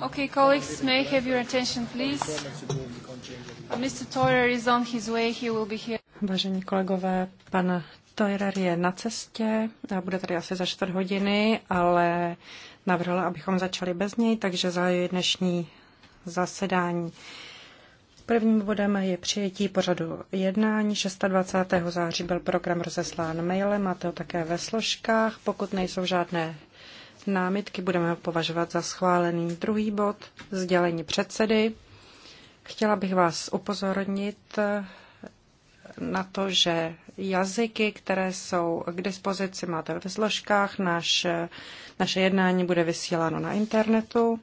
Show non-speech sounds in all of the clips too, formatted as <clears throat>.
Okay, colleagues, may I have your attention, please? Uh, Mr. Teurer is on his way. He will be here. Vážení kolegové, pan Teurer je na cestě, bude tady asi za čtvrt hodiny, ale navrhla, abychom začali bez něj, takže zahajuji dnešní zasedání. Prvním bodem je přijetí pořadu jednání. 26. září byl program rozeslán mailem, máte ho také ve složkách. Pokud nejsou žádné námitky, budeme považovat za schválený druhý bod, sdělení předsedy. Chtěla bych vás upozornit eh, na to, že jazyky, které jsou k dispozici, máte ve složkách. Naš, eh, naše jednání bude vysíláno na internetu.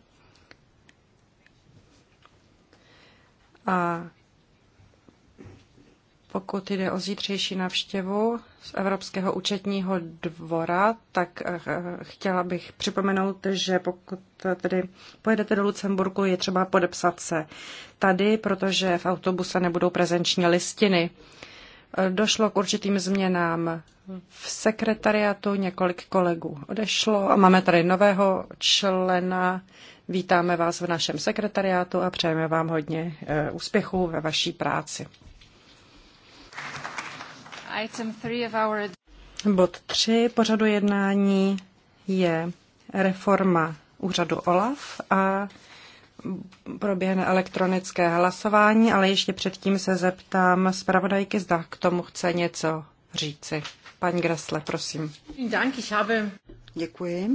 A pokud jde o zítřejší navštěvu z Evropského účetního dvora, tak eh, eh, chtěla bych připomenout, že pokud tedy pojedete do Lucemburku, je třeba podepsat se tady, protože v autobuse nebudou prezenční listiny. Eh, došlo k určitým změnám v sekretariátu, několik kolegů odešlo a máme tady nového člena. Vítáme vás v našem sekretariátu a přejeme vám hodně úspěchů ve vaší práci. Bod 3 pořadu jednání je reforma úřadu OLAF a proběhne elektronické hlasování, ale ještě předtím se zeptám zpravodajky, zda k tomu chce něco říci. Paní Gressle, prosím. Děkuji.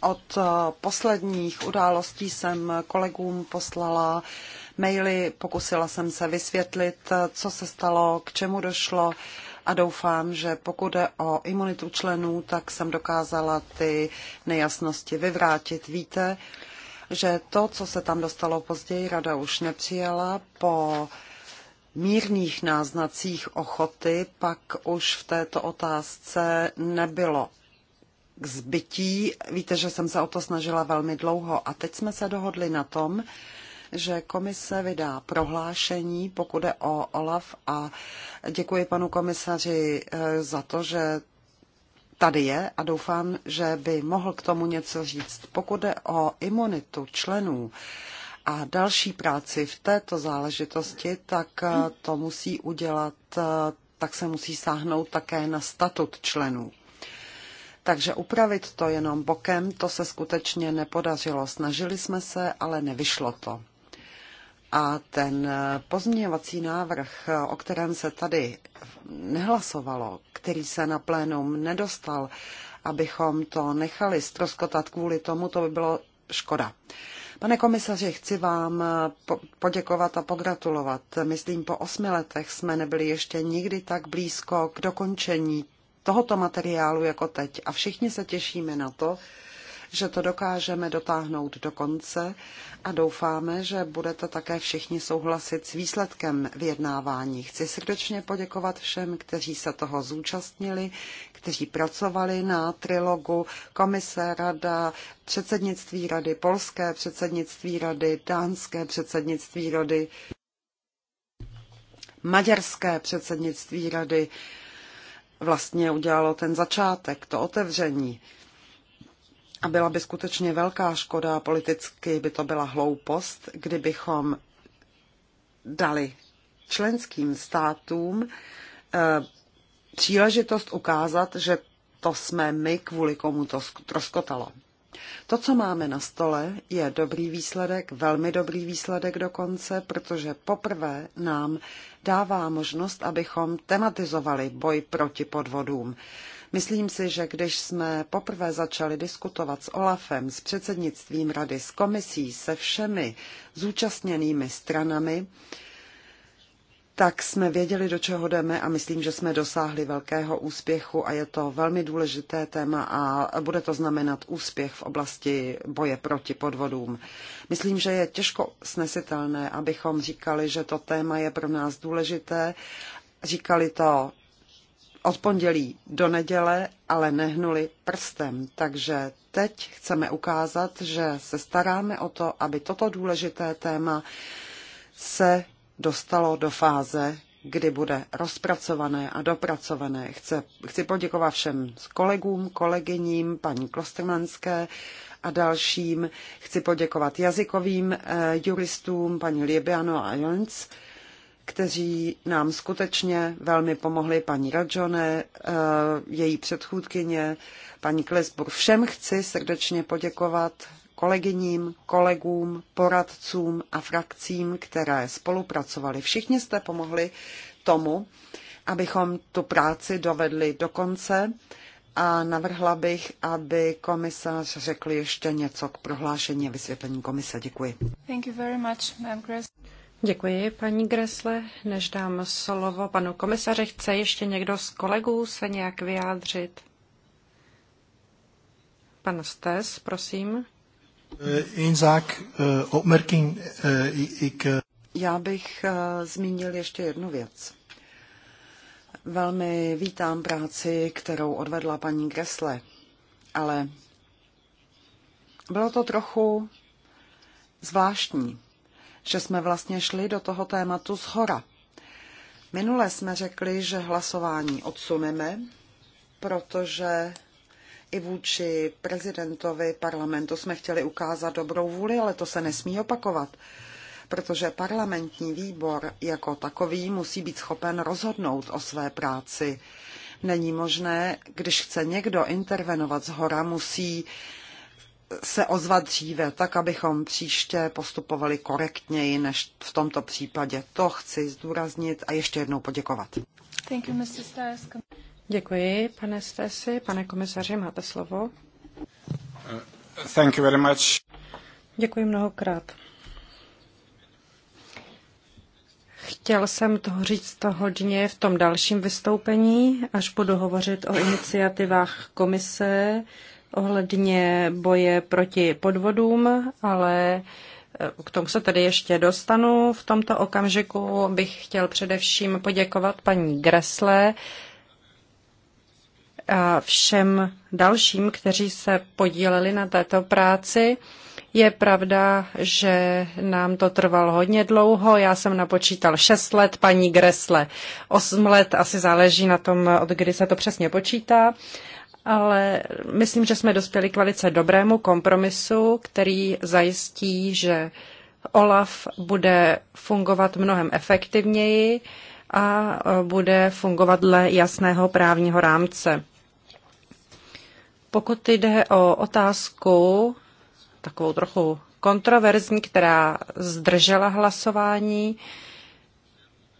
Od eh, posledních událostí jsem kolegům poslala uh, maily, pokusila jsem se vysvětlit, co se stalo, k čemu došlo a doufám, že pokud jde o imunitu členů, tak jsem dokázala ty nejasnosti vyvrátit. Víte, že to, co se tam dostalo později, rada už nepřijala po mírných náznacích ochoty, pak už v této otázce nebylo k zbytí. Víte, že jsem se o to snažila velmi dlouho a teď jsme se dohodli na tom, že komise vydá prohlášení, pokud je o OLAF a děkuji panu komisaři eh, za to, že tady je a doufám, že by mohl k tomu něco říct. Pokud je o imunitu členů a další práci v této záležitosti, tak eh, to musí udělat, eh, tak se musí sáhnout také na statut členů. Takže upravit to jenom bokem, to se skutečně nepodařilo. Snažili jsme se, ale nevyšlo to. A ten pozměňovací návrh, o kterém se tady nehlasovalo, který se na plénum nedostal, abychom to nechali stroskotat kvůli tomu, to by bylo škoda. Pane komisaři, chci vám poděkovat a pogratulovat. Myslím, po osmi letech jsme nebyli ještě nikdy tak blízko k dokončení tohoto materiálu jako teď a všichni se těšíme na to, že to dokážeme dotáhnout do konce a doufáme, že budete také všichni souhlasit s výsledkem vyjednávání. Chci srdečně poděkovat všem, kteří se toho zúčastnili, kteří pracovali na trilogu, komise, rada, předsednictví rady, polské předsednictví rady, dánské předsednictví rady, maďarské předsednictví rady vlastně udělalo ten začátek, to otevření. A byla by skutečně velká škoda, politicky by to byla hloupost, kdybychom dali členským státům eh, příležitost ukázat, že to jsme my, kvůli komu to troskotalo. To, co máme na stole, je dobrý výsledek, velmi dobrý výsledek dokonce, protože poprvé nám dává možnost, abychom tematizovali boj proti podvodům. Myslím si, že když jsme poprvé začali diskutovat s Olafem, s předsednictvím rady, s komisí, se všemi zúčastněnými stranami, tak jsme věděli, do čeho jdeme a myslím, že jsme dosáhli velkého úspěchu a je to velmi důležité téma a bude to znamenat úspěch v oblasti boje proti podvodům. Myslím, že je těžko snesitelné, abychom říkali, že to téma je pro nás důležité. Říkali to od pondělí do neděle, ale nehnuli prstem. Takže teď chceme ukázat, že se staráme o to, aby toto důležité téma se dostalo do fáze, kdy bude rozpracované a dopracované. Chce, chci poděkovat všem kolegům, kolegyním, paní Klostermanské a dalším. Chci poděkovat jazykovým eh, juristům, paní Liebiano a Jons, eh, kteří nám skutečně velmi pomohli, paní Radžone, eh, její předchůdkyně, paní Klesburg. Všem chci srdečně poděkovat kolegyním, kolegům, poradcům a frakcím, které spolupracovali. Všichni jste pomohli tomu, abychom tu práci dovedli do konce a navrhla bych, aby komisař řekl ještě něco k prohlášení a vysvětlení komise. Děkuji. Thank you very much, Děkuji, paní Gresle. Než dám slovo panu komisaři, chce ještě někdo z kolegů se nějak vyjádřit? Pan Stes, prosím. Eh, eh, eh, Já bych zmínil ještě jednu věc. Velmi vítám práci, kterou odvedla paní Gresle, ale bylo to trochu zvláštní, že jsme vlastně šli do toho tématu z hora. Minule jsme řekli, že hlasování odsuneme, protože i vůči prezidentovi parlamentu jsme chtěli ukázat dobrou vůli, ale to se nesmí opakovat, protože parlamentní výbor jako takový musí být schopen rozhodnout o své práci. Není možné, když chce někdo intervenovat z hora, musí se ozvat dříve, tak abychom příště postupovali korektněji než v tomto případě. To chci zdůraznit a ještě jednou poděkovat. Thank you, Mr. Děkuji, pane Stasi. Pane komisaři, máte slovo. Uh, thank you very much. Děkuji mnohokrát. Chtěl jsem toho říct hodně v tom dalším vystoupení, až budu hovořit o iniciativách komise ohledně boje proti podvodům, ale eh, k tomu se tedy ještě dostanu. V tomto okamžiku bych chtěl především poděkovat paní Gresle a všem dalším, kteří se podíleli na této práci. Je pravda, že nám to trvalo hodně dlouho. Já jsem napočítal 6 let, paní Gresle 8 let, asi záleží na tom, od kdy se to přesně počítá ale myslím, že jsme dospěli k velice dobrému kompromisu, který zajistí, že OLAF bude fungovat mnohem efektivněji a e, bude fungovat dle jasného právního rámce. Pokud jde o otázku, takovou trochu kontroverzní, která zdržela hlasování,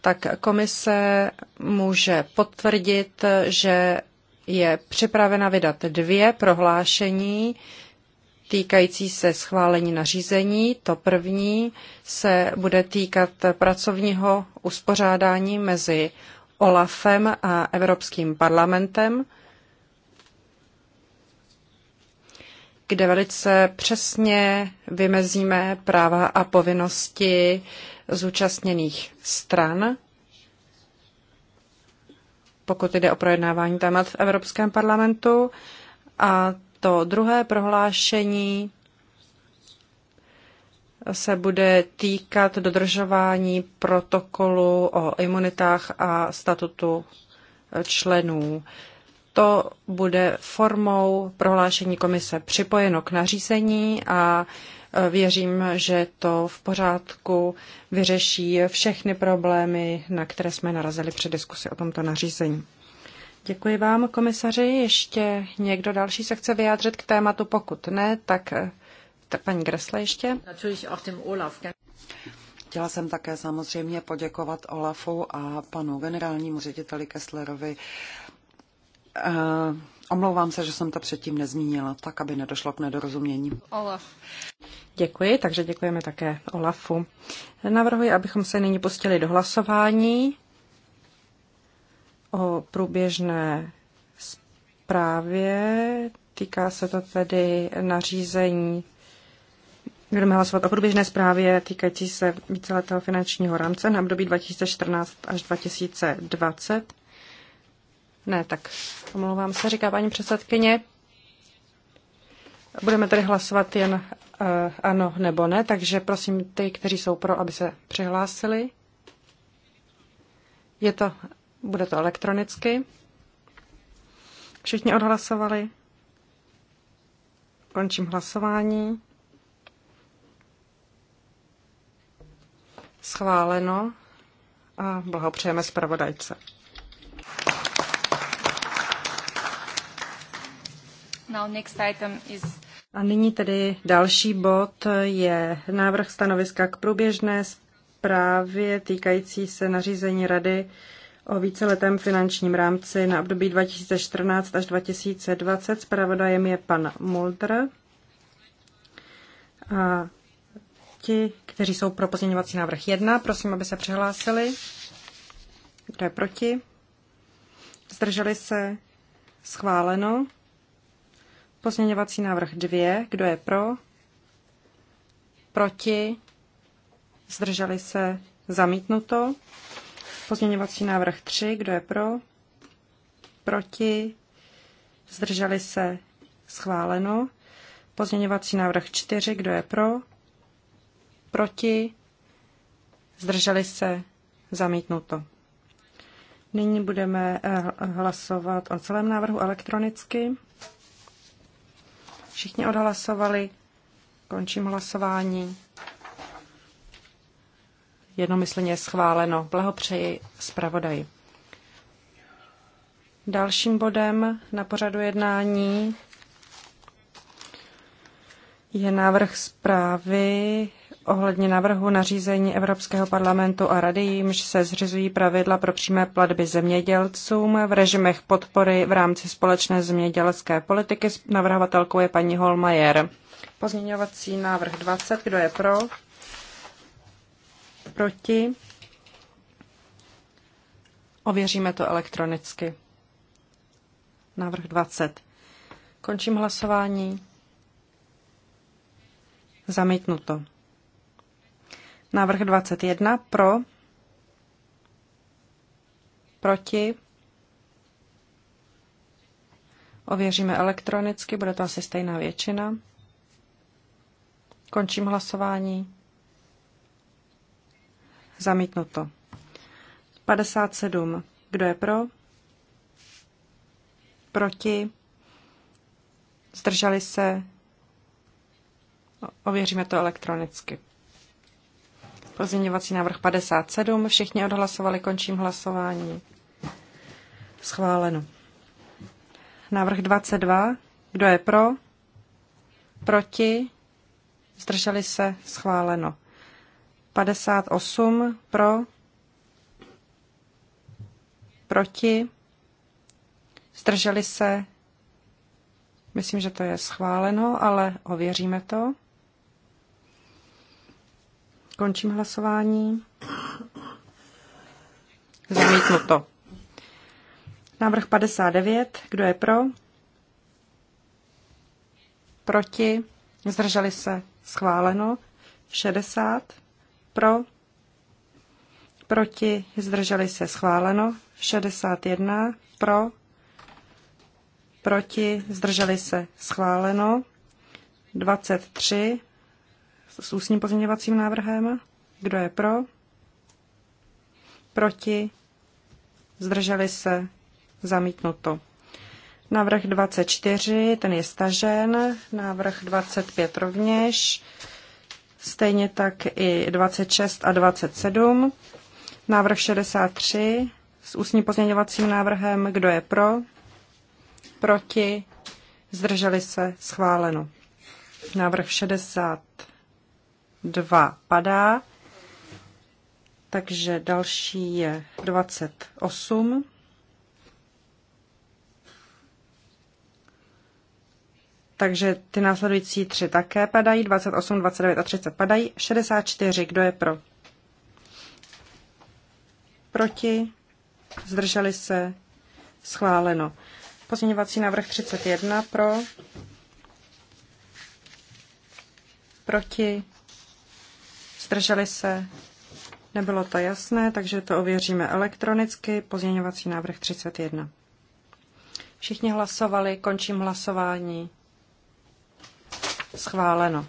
tak komise může potvrdit, že je připravena vydat dvě prohlášení týkající se schválení nařízení. To první se bude týkat pracovního uspořádání mezi OLAFem a Evropským parlamentem, kde velice přesně vymezíme práva a povinnosti zúčastněných stran pokud jde o projednávání témat v Evropském parlamentu. A to druhé prohlášení se bude týkat dodržování protokolu o imunitách a statutu členů. To bude formou prohlášení komise připojeno k nařízení a uh, Věřím, že to v pořádku vyřeší všechny problémy, na které jsme narazili při diskusi o tomto nařízení. Děkuji vám, komisaři. Ještě někdo další se chce vyjádřit k tématu? Pokud ne, tak paní Gresle ještě. Chtěla jsem také samozřejmě poděkovat Olafu a panu generálnímu řediteli Kesslerovi. Uh Omlouvám se, že jsem to předtím nezmínila, tak aby nedošlo k nedorozumění. Olaf. Děkuji, takže děkujeme také Olafu. Navrhuji, abychom se nyní pustili do hlasování o průběžné zprávě. Týká se to tedy nařízení Budeme hlasovat o průběžné zprávě týkající se víceletého finančního rámce na období 2014 až 2020. Ne, tak omlouvám se, říká paní předsedkyně. Budeme tedy hlasovat jen uh, ano nebo ne, takže prosím ty, kteří jsou pro, aby se přihlásili. Je to, bude to elektronicky. Všichni odhlasovali. Končím hlasování. Schváleno a blahopřejeme zpravodajce. Now next item is... A nyní tedy další bod je návrh stanoviska k průběžné zprávě týkající se nařízení Rady o víceletém finančním rámci na období 2014 až 2020. Zpravodajem je pan Mulder. A ti, kteří jsou pro pozměňovací návrh 1, prosím, aby se přihlásili. Kdo je proti? Zdrželi se? Schváleno. Pozměňovací návrh 2. Kdo je pro? Proti? Zdrželi se? Zamítnuto. Pozměňovací návrh 3. Kdo je pro? Proti? Zdrželi se? Schváleno. Pozměňovací návrh 4. Kdo je pro? Proti? Zdrželi se? Zamítnuto. Nyní budeme eh, hlasovat o celém návrhu elektronicky. Všichni odhlasovali. Končím hlasování. Jednomyslně schváleno. Blahopřeji zpravodaji. Dalším bodem na pořadu jednání je návrh zprávy ohledně návrhu nařízení Evropského parlamentu a rady, jimž se zřizují pravidla pro přímé platby zemědělcům v režimech podpory v rámci společné zemědělské politiky. Navrhovatelkou je paní Holmajer. Pozměňovací návrh 20. Kdo je pro? Proti? Ověříme to elektronicky. Návrh 20. Končím hlasování. Zamítnuto. Návrh 21 pro, proti. Ověříme elektronicky, bude to asi stejná většina. Končím hlasování. Zamítnuto. 57. Kdo je pro? Proti? Zdrželi se? Ověříme to elektronicky. Pozměňovací návrh 57. Všichni odhlasovali, končím hlasování. Schváleno. Návrh 22. Kdo je pro? Proti? Zdrželi se? Schváleno. 58 pro? Proti? Zdrželi se? Myslím, že to je schváleno, ale ověříme to. Končím hlasování. Zamítnuto. Návrh 59. Kdo je pro? Proti? Zdrželi se? Schváleno. 60. Pro? Proti? Zdrželi se? Schváleno. 61. Pro? Proti? Zdrželi se? Schváleno. 23 s ústním pozměňovacím návrhem. Kdo je pro? Proti? Zdrželi se? Zamítnuto. Návrh 24, ten je stažen. Návrh 25 rovněž. Stejně tak i 26 a 27. Návrh 63 s ústním pozměňovacím návrhem. Kdo je pro? Proti? Zdrželi se? Schváleno. Návrh 60. 2 padá, takže další je 28. Takže ty následující tři také padají, 28, 29 a 30 padají. 64, kdo je pro? Proti? Zdrželi se? Schváleno. Pozměňovací návrh 31 pro? Proti? Zdrželi se? Nebylo to jasné, takže to ověříme elektronicky. Pozměňovací návrh 31. Všichni hlasovali, končím hlasování. Schváleno.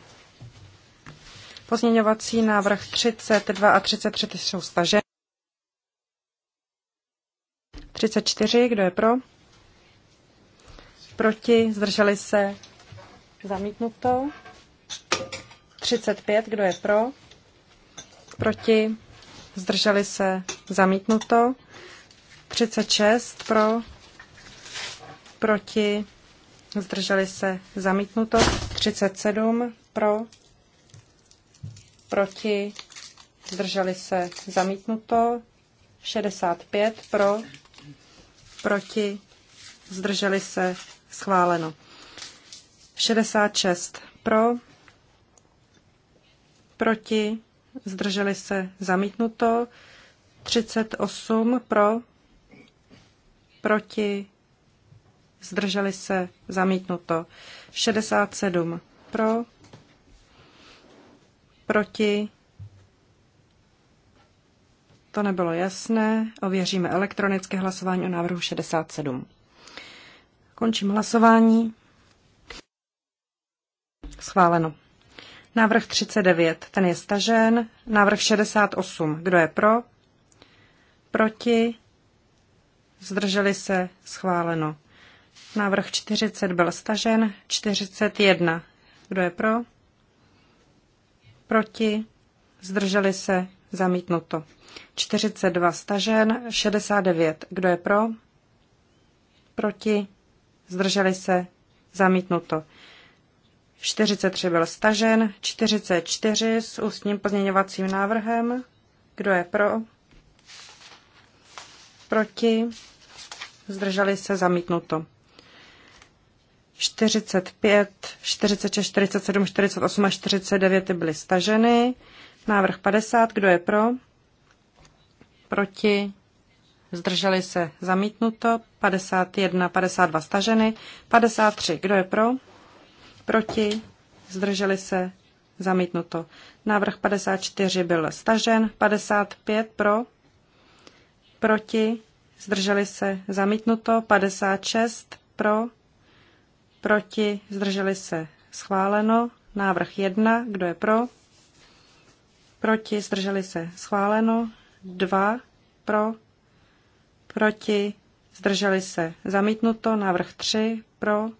Pozměňovací návrh 32 a 33 jsou staženy. 34, kdo je pro? Proti, zdrželi se, zamítnuto. 35, kdo je pro? proti, zdrželi se, zamítnuto. 36 pro, proti, zdrželi se, zamítnuto. 37 pro, proti, zdrželi se, zamítnuto. 65 pro, proti, zdrželi se, schváleno. 66 pro, proti, zdrželi se zamítnuto, 38 pro, proti, zdrželi se zamítnuto, 67 pro, proti, to nebylo jasné, ověříme elektronické hlasování o návrhu 67. Končím hlasování. Schváleno. Návrh 39, ten je stažen. Návrh 68, kdo je pro? Proti? Zdrželi se? Schváleno. Návrh 40 byl stažen. 41, kdo je pro? Proti? Zdrželi se? Zamítnuto. 42 stažen. 69, kdo je pro? Proti? Zdrželi se? Zamítnuto. 43 byl stažen, 44 s ústním pozměňovacím návrhem. Kdo je pro? Proti? Zdrželi se zamítnuto. 45, 46, 47, 48 a 49 byly staženy. Návrh 50, kdo je pro? Proti? Zdrželi se zamítnuto. 51, 52 staženy. 53, kdo je pro? proti, zdrželi se, zamítnuto. Návrh 54 byl stažen, 55 pro, proti, zdrželi se, zamítnuto, 56 pro, proti, zdrželi se, schváleno, návrh 1, kdo je pro, proti, zdrželi se, schváleno, 2 pro, proti, zdrželi se, zamítnuto, návrh 3 pro,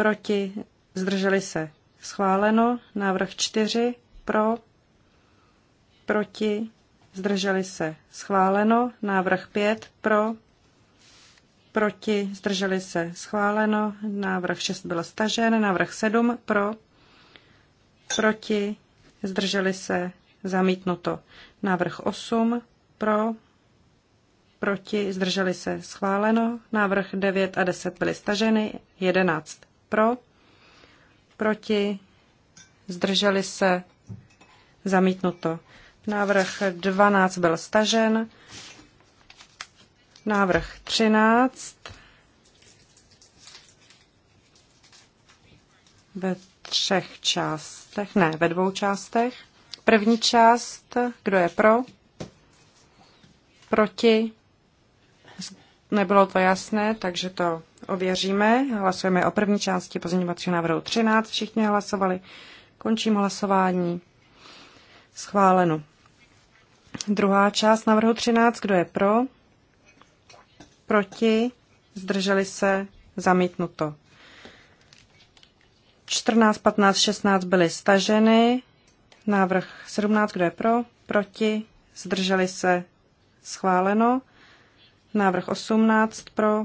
proti, zdrželi se, schváleno. Návrh 4 pro, proti, zdrželi se, schváleno. Návrh 5 pro, proti, zdrželi se, schváleno. Návrh 6 byl stažen, návrh 7 pro, proti, zdrželi se, zamítnuto. Návrh 8 pro, proti, zdrželi se, schváleno. Návrh 9 a 10 byly staženy, 11 pro, proti, zdrželi se, zamítnuto. Návrh 12 byl stažen. Návrh 13 ve třech částech, ne, ve dvou částech. První část, kdo je pro, proti, Nebylo to jasné, takže to ověříme. Hlasujeme o první části pozměňovacího návrhu 13. Všichni hlasovali. Končím hlasování. Schváleno. Druhá část návrhu 13. Kdo je pro? Proti? Zdrželi se? Zamítnuto. 14, 15, 16 byly staženy. Návrh 17, kdo je pro? Proti? Zdrželi se? Schváleno. Návrh 18 pro,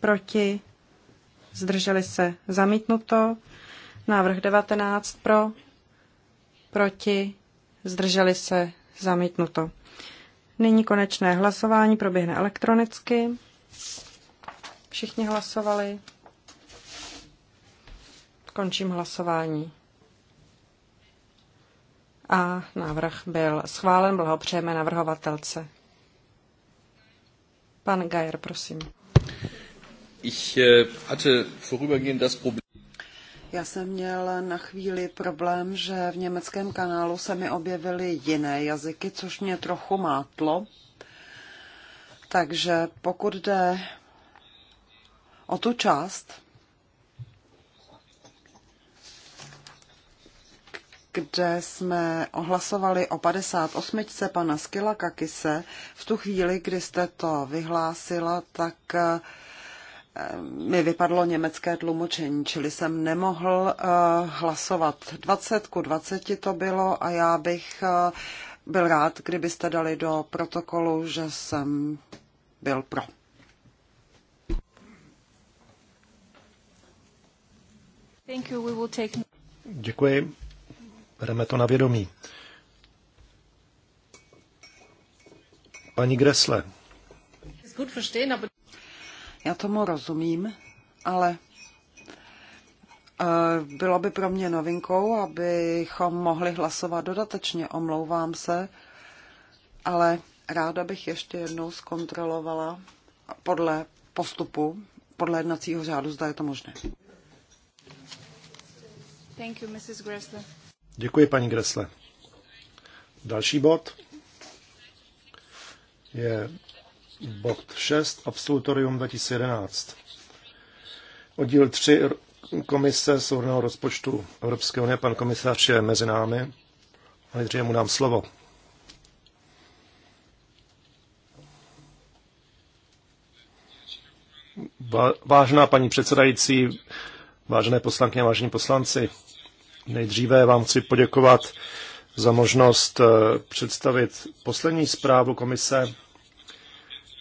proti, zdrželi se zamítnuto. Návrh 19 pro, proti, zdrželi se zamítnuto. Nyní konečné hlasování proběhne elektronicky. Všichni hlasovali. Končím hlasování. A návrh byl schválen, blahopřejeme navrhovatelce. Pan Gajer, prosím. Ich eh, hatte vorübergehend das Problem. Já jsem měl na chvíli problém, že v německém kanálu se mi objevily jiné jazyky, což mě trochu mátlo. Takže pokud jde o tu část, kde jsme ohlasovali o 58. pana Skila Kakise. V tu chvíli, kdy jste to vyhlásila, tak eh, mi vypadlo německé tlumočení, čili jsem nemohl eh, hlasovat. 20 ku 20 to bylo a já bych eh, byl rád, kdybyste dali do protokolu, že jsem byl pro. Děkuji. Bereme to na vědomí. Paní Gresle. Já tomu rozumím, ale eh, bylo by pro mě novinkou, abychom mohli hlasovat dodatečně. Omlouvám se, ale ráda bych ještě jednou zkontrolovala podle postupu, podle jednacího řádu, zda je to možné. Thank you, Mrs. Gressler. Děkuji, paní Gresle. Další bod je bod 6, Absolutorium 2011. Oddíl 3 komise souhrného rozpočtu Evropské unie. Pan komisař je mezi námi. A nejdříve mu dám slovo. Vážená paní předsedající, vážené poslankyně, vážení poslanci, Nejdříve vám chci poděkovat za možnost eh, představit poslední zprávu komise,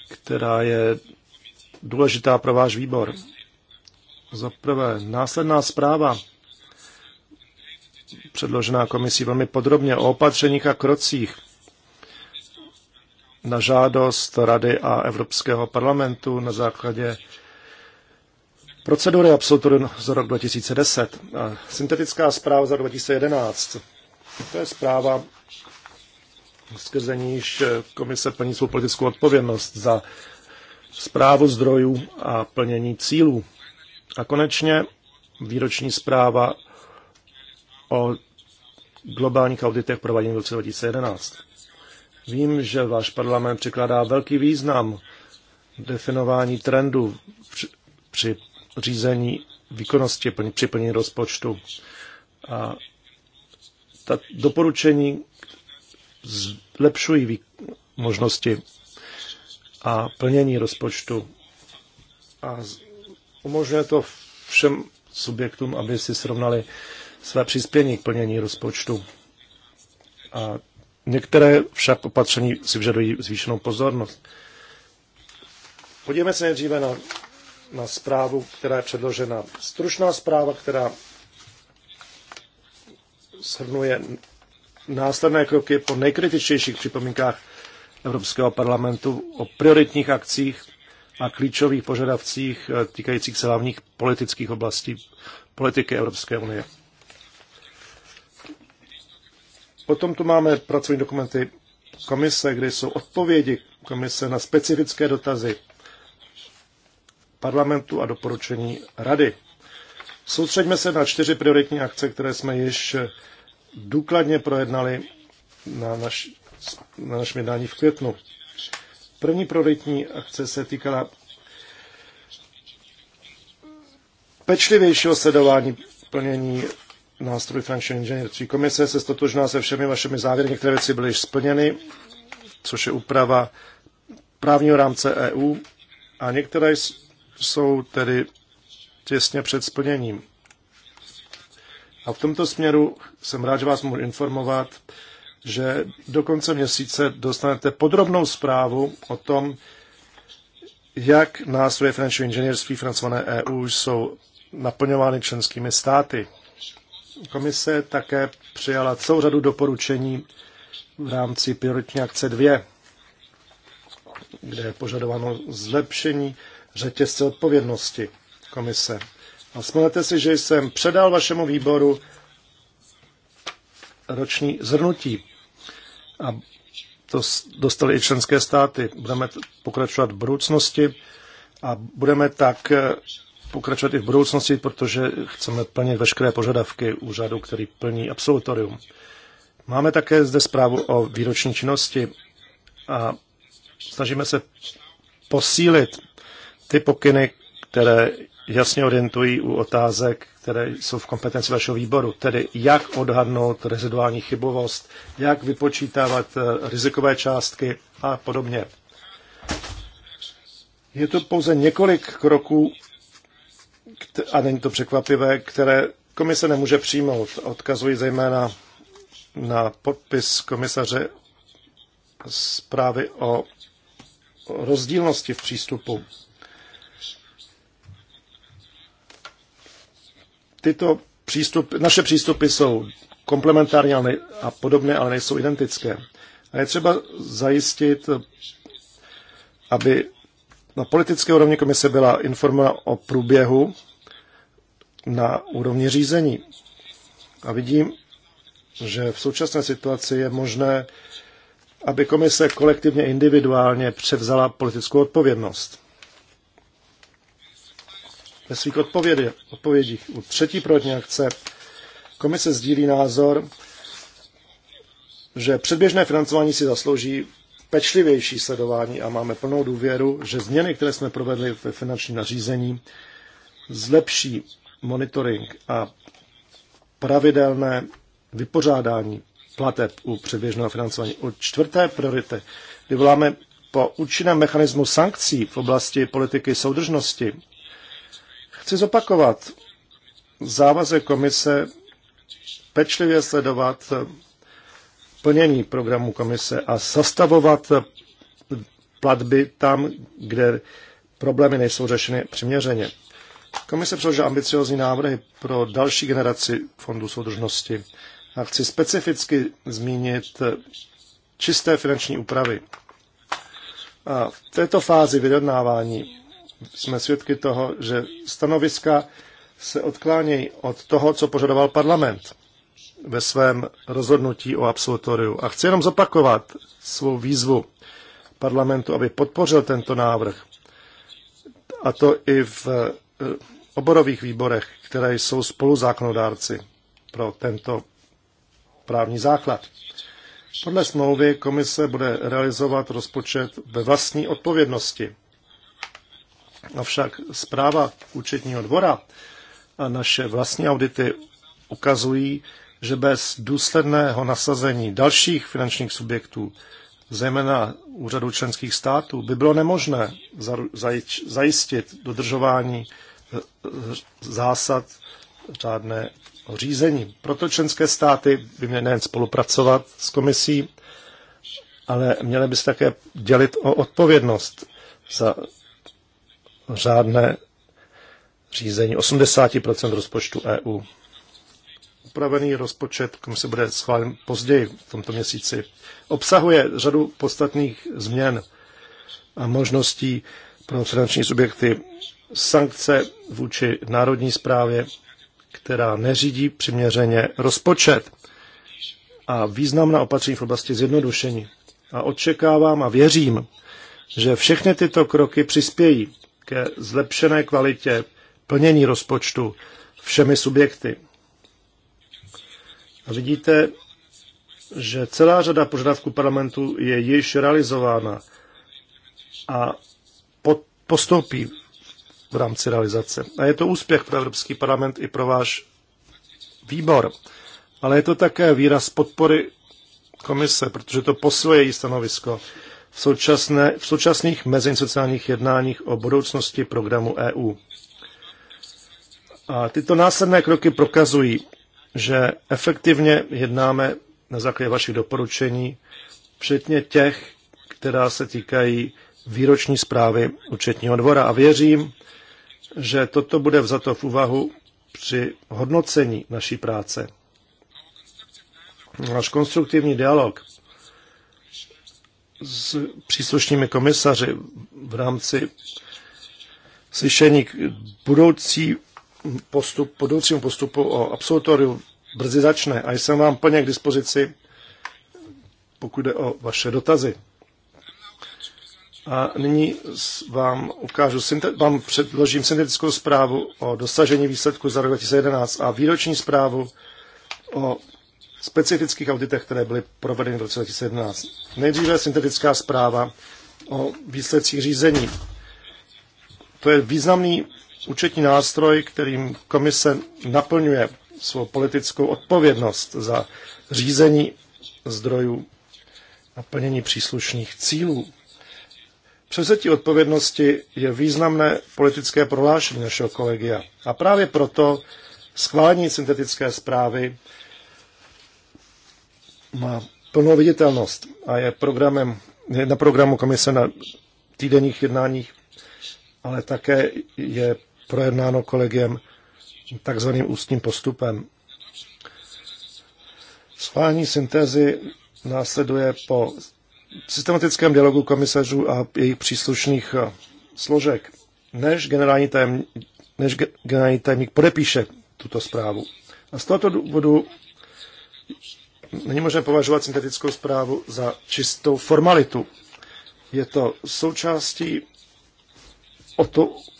která je důležitá pro váš výbor. Za prvé, následná zpráva předložená komisí velmi podrobně o opatřeních a krocích na žádost Rady a Evropského parlamentu na základě Procedury absolutorium za rok 2010 a syntetická zpráva za 2011. To je zpráva, skrze níž eh, komise plní svou politickou odpovědnost za zprávu zdrojů a plnění cílů. A konečně výroční zpráva o globálních auditech prováděných v roce 2011. Vím, že váš parlament přikládá velký význam definování trendu při, při řízení výkonnosti při plnění rozpočtu. A ta doporučení zlepšují možnosti a plnění rozpočtu a umožňuje to všem subjektům, aby si srovnali své přispění k plnění rozpočtu. A některé však opatření si vyžadují zvýšenou pozornost. Podívejme se nejdříve na na zprávu, která je předložena. Stručná zpráva, která shrnuje následné kroky po nejkritičtějších připomínkách Evropského parlamentu o prioritních akcích a klíčových požadavcích eh, týkajících se hlavních politických oblastí politiky Evropské unie. Potom tu máme pracovní dokumenty komise, kde jsou odpovědi komise na specifické dotazy parlamentu a doporučení rady. Soustřeďme se na čtyři prioritní akce, které jsme již eh, důkladně projednali na, naš, na našem jednání v květnu. První prioritní akce se týkala pečlivějšího sledování plnění nástroj Financial Engineering. Komise se stotožná se všemi vašimi závěry, některé věci byly již splněny, což je úprava právního rámce EU a některé jsou tedy těsně před splněním. A v tomto směru jsem rád, že vás mohu informovat, že do konce měsíce dostanete podrobnou zprávu o tom, jak nástroje finančního inženýrství financované EU jsou naplňovány členskými státy. Komise také přijala celou řadu doporučení v rámci prioritní akce 2, kde je požadováno zlepšení řetězce odpovědnosti komise. A vzpomenete si, že jsem předal vašemu výboru roční zhrnutí. A to dostali i členské státy. Budeme pokračovat v budoucnosti a budeme tak eh, pokračovat i v budoucnosti, protože chceme plnit veškeré požadavky úřadu, který plní absolutorium. Máme také zde zprávu o výroční činnosti a snažíme se posílit ty pokyny, které jasně orientují u otázek, které jsou v kompetenci vašeho výboru, tedy jak odhadnout reziduální chybovost, jak vypočítávat eh, rizikové částky a podobně. Je to pouze několik kroků, a není to překvapivé, které komise nemůže přijmout. Odkazují zejména na podpis komisaře zprávy o rozdílnosti v přístupu tyto přístupy, naše přístupy jsou komplementární a podobné, ale nejsou identické. A je třeba zajistit, aby na politické úrovni komise byla informována o průběhu na úrovni řízení. A vidím, že v současné situaci je možné, aby komise kolektivně individuálně převzala politickou odpovědnost ve svých odpovědě, odpovědích. U třetí pilotní akce komise sdílí názor, že předběžné financování si zaslouží pečlivější sledování a máme plnou důvěru, že změny, které jsme provedli ve finančním nařízení, zlepší monitoring a pravidelné vypořádání plateb u předběžného financování. U čtvrté priority, kdy voláme po účinném mechanismu sankcí v oblasti politiky soudržnosti Chci zopakovat závazek komise pečlivě sledovat plnění programu komise a zastavovat platby tam, kde problémy nejsou řešeny přiměřeně. Komise předložila ambiciozní návrhy pro další generaci fondů soudržnosti a chci specificky zmínit čisté finanční úpravy. A v této fázi vyjednávání jsme svědky toho, že stanoviska se odklánějí od toho, co požadoval parlament ve svém rozhodnutí o absolutoriu. A chci jenom zopakovat svou výzvu parlamentu, aby podpořil tento návrh. A to i v eh, oborových výborech, které jsou spoluzákonodárci pro tento právní základ. Podle smlouvy komise bude realizovat rozpočet ve vlastní odpovědnosti Avšak zpráva účetního dvora a naše vlastní audity ukazují, že bez důsledného nasazení dalších finančních subjektů, zejména úřadů členských států, by bylo nemožné zajistit dodržování eh, eh, zásad řádné řízení. Proto členské státy by měly nejen spolupracovat s komisí, ale měly by se také dělit o odpovědnost za řádné řízení 80% rozpočtu EU. Upravený rozpočet, který se bude schválen později v tomto měsíci, obsahuje řadu podstatných změn a možností pro finanční subjekty sankce vůči národní správě, která neřídí přiměřeně rozpočet a významná opatření v oblasti zjednodušení. A očekávám a věřím, že všechny tyto kroky přispějí ke zlepšené kvalitě plnění rozpočtu všemi subjekty. A vidíte, že celá řada požadavků parlamentu je již realizována a postoupí v rámci realizace. A je to úspěch pro Evropský parlament i pro váš výbor. Ale je to také výraz podpory komise, protože to posiluje její stanovisko v, současné, v současných mezinsociálních jednáních o budoucnosti programu EU. A tyto následné kroky prokazují, že efektivně jednáme na základě vašich doporučení, včetně těch, která se týkají výroční zprávy účetního dvora. A věřím, že toto bude vzato v úvahu při hodnocení naší práce. Náš konstruktivní dialog s příslušnými komisaři v rámci slyšení k budoucí postup, budoucímu postupu o absolutoriu brzy začne a jsem vám plně k dispozici, pokud jde o vaše dotazy. A nyní vám ukážu, vám předložím syntetickou zprávu o dosažení výsledku za rok 2011 a výroční zprávu o specifických auditech, které byly provedeny v roce 2017. Nejdříve syntetická zpráva o výsledcích řízení. To je významný účetní nástroj, kterým komise naplňuje svou politickou odpovědnost za řízení zdrojů a plnění příslušných cílů. Převzetí odpovědnosti je významné politické prohlášení našeho kolegia. A právě proto schválení syntetické zprávy má plnou viditelnost a je, programem, je na programu komise na týdenních jednáních, ale také je projednáno kolegiem takzvaným ústním postupem. Schválení syntézy následuje po systematickém dialogu komisařů a jejich příslušných eh, složek, než generální, tajem, než generální tajemník podepíše tuto zprávu. A z tohoto důvodu Není možné považovat syntetickou zprávu za čistou formalitu. Je to součástí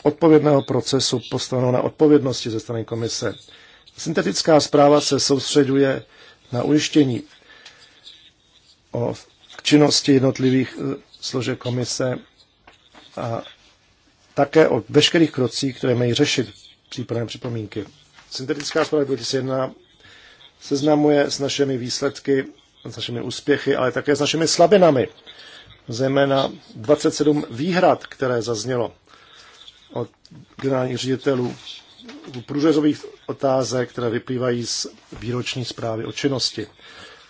odpovědného procesu postaveného na odpovědnosti ze strany komise. Syntetická zpráva se soustředuje na ujištění o činnosti jednotlivých eh, složek komise a také o veškerých krocích, které mají řešit případné připomínky. Syntetická spravedlnost se jedná seznamuje s našimi výsledky, s našimi úspěchy, ale také s našimi slabinami. Zejména 27 výhrad, které zaznělo od generálních ředitelů průřezových otázek, které vyplývají z výroční zprávy o činnosti.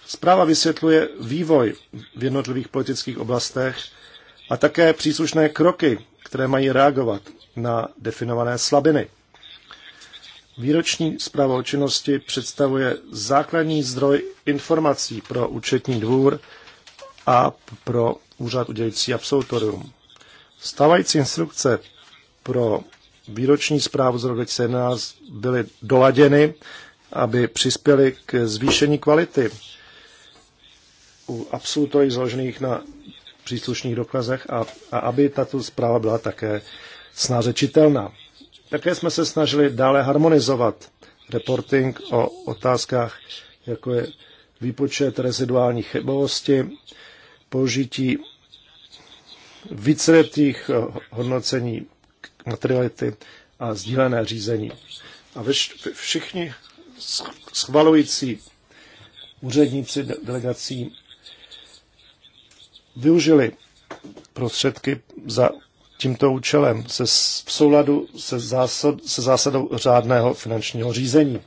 Zpráva vysvětluje vývoj v jednotlivých politických oblastech a také příslušné kroky, které mají reagovat na definované slabiny. Výroční zpráva o činnosti představuje základní zdroj informací pro účetní dvůr a pro úřad udělující absolutorium. Stávající instrukce pro výroční zprávu z roku 2017 byly doladěny, aby přispěly k zvýšení kvality u absolutorií založených na příslušných dokazech a, a aby tato zpráva byla také snáze čitelná. Také jsme se snažili dále harmonizovat reporting o otázkách, jako je výpočet reziduální chybovosti, použití víceletých eh, hodnocení materiality a sdílené řízení. A všichni schvalující úředníci delegací využili prostředky za tímto účelem se v souladu se, zásad, se zásadou řádného finančního řízení.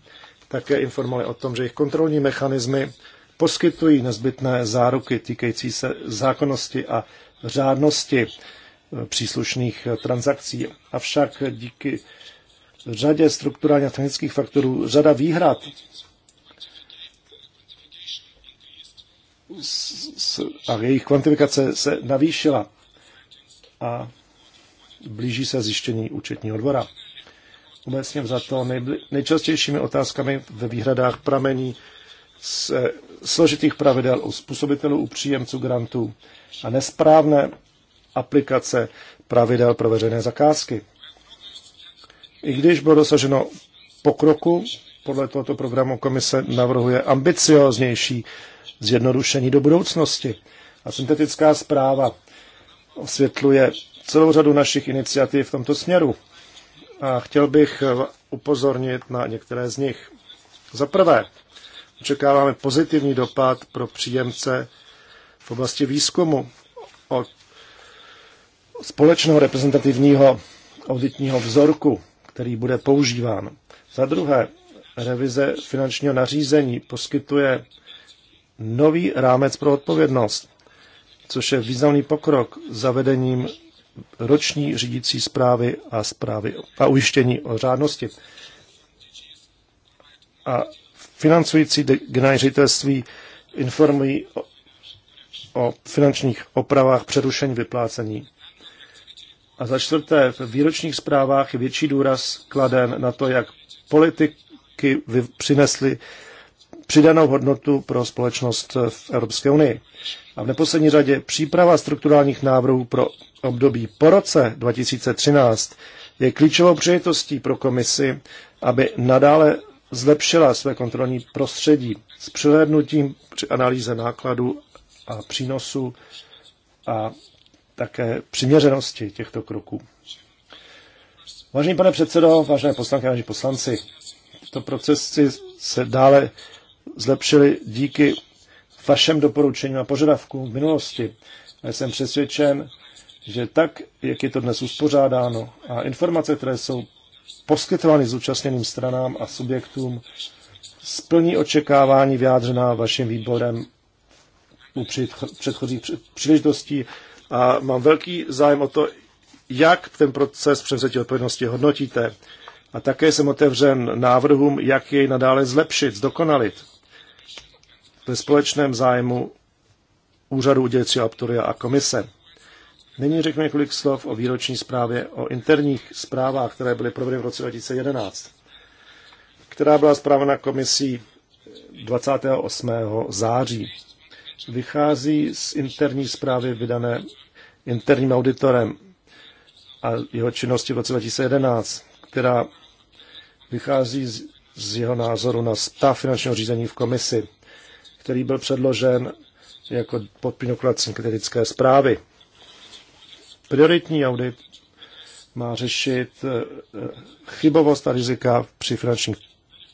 Také informovali o tom, že jejich kontrolní mechanismy poskytují nezbytné záruky týkající se zákonnosti a řádnosti eh, příslušných eh, transakcí. Avšak díky řadě strukturálně a technických faktorů řada výhrad a jejich kvantifikace se navýšila a blíží se zjištění účetního dvora. Obecně za to nejčastějšími otázkami ve výhradách pramení z eh, složitých pravidel u způsobitelů, u příjemců grantů a nesprávné aplikace pravidel pro veřejné zakázky. I když bylo dosaženo pokroku, podle tohoto programu komise navrhuje ambicioznější zjednodušení do budoucnosti. A syntetická zpráva osvětluje celou řadu našich iniciativ v tomto směru. A chtěl bych upozornit na některé z nich. Za prvé, očekáváme pozitivní dopad pro příjemce v oblasti výzkumu od společného reprezentativního auditního vzorku, který bude používán. Za druhé, revize finančního nařízení poskytuje nový rámec pro odpovědnost, což je významný pokrok zavedením roční řídící zprávy a, zprávy a ujištění o řádnosti. A financující generální informují o, o finančních opravách přerušení vyplácení. A za čtvrté, v výročních zprávách je větší důraz kladen na to, jak politiky přinesly přidanou hodnotu pro společnost v Evropské unii a v neposlední řadě příprava strukturálních návrhů pro období po roce 2013 je klíčovou přejetostí pro komisi, aby nadále zlepšila své kontrolní prostředí s přihlédnutím při analýze nákladů a přínosu a také přiměřenosti těchto kroků. Vážený pane předsedo, vážené poslanky, vážení poslanci, tyto procesy se dále zlepšily díky vašem doporučením a požadavkům v minulosti. Já jsem přesvědčen, že tak, jak je to dnes uspořádáno a informace, které jsou poskytovány zúčastněným stranám a subjektům, splní očekávání vyjádřená vaším výborem u předchozích příležitostí a mám velký zájem o to, jak ten proces převzetí odpovědnosti hodnotíte. A také jsem otevřen návrhům, jak jej nadále zlepšit, zdokonalit ve společném zájmu úřadu udělícího Aptoria a komise. Nyní řeknu několik slov o výroční zprávě o interních zprávách, které byly provedeny v roce 2011, která byla zprávena komisí 28. září. Vychází z interní zprávy vydané interním auditorem a jeho činnosti v roce 2011, která vychází z, z jeho názoru na stav finančního řízení v komisi který byl předložen jako podpinoklad synkretické zprávy. Prioritní audit má řešit eh, chybovost a rizika při finančních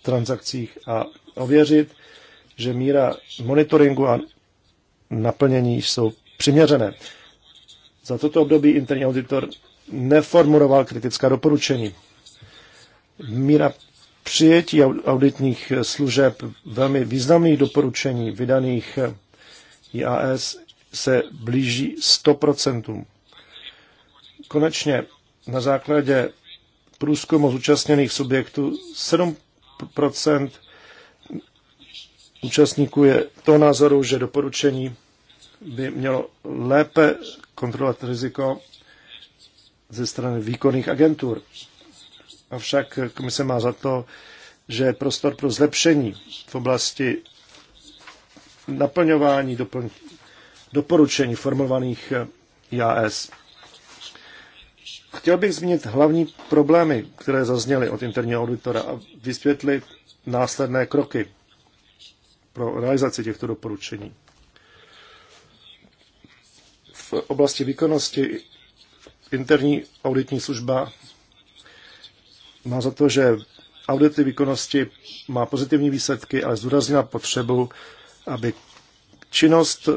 transakcích a ověřit, že míra monitoringu a naplnění jsou přiměřené. Za toto období interní auditor neformuloval kritická doporučení. Míra přijetí auditních služeb velmi významných doporučení vydaných IAS se blíží 100%. Konečně na základě průzkumu zúčastněných subjektů 7% účastníků je to názoru, že doporučení by mělo lépe kontrolovat riziko ze strany výkonných agentur. Avšak komise má za to, že je prostor pro zlepšení v oblasti naplňování doplň, doporučení formovaných eh, IAS. Chtěl bych zmínit hlavní problémy, které zazněly od interního auditora a vysvětlit následné kroky pro realizaci těchto doporučení. V oblasti výkonnosti interní auditní služba má za to, že audity výkonnosti má pozitivní výsledky, ale zdůraznila potřebu, aby činnost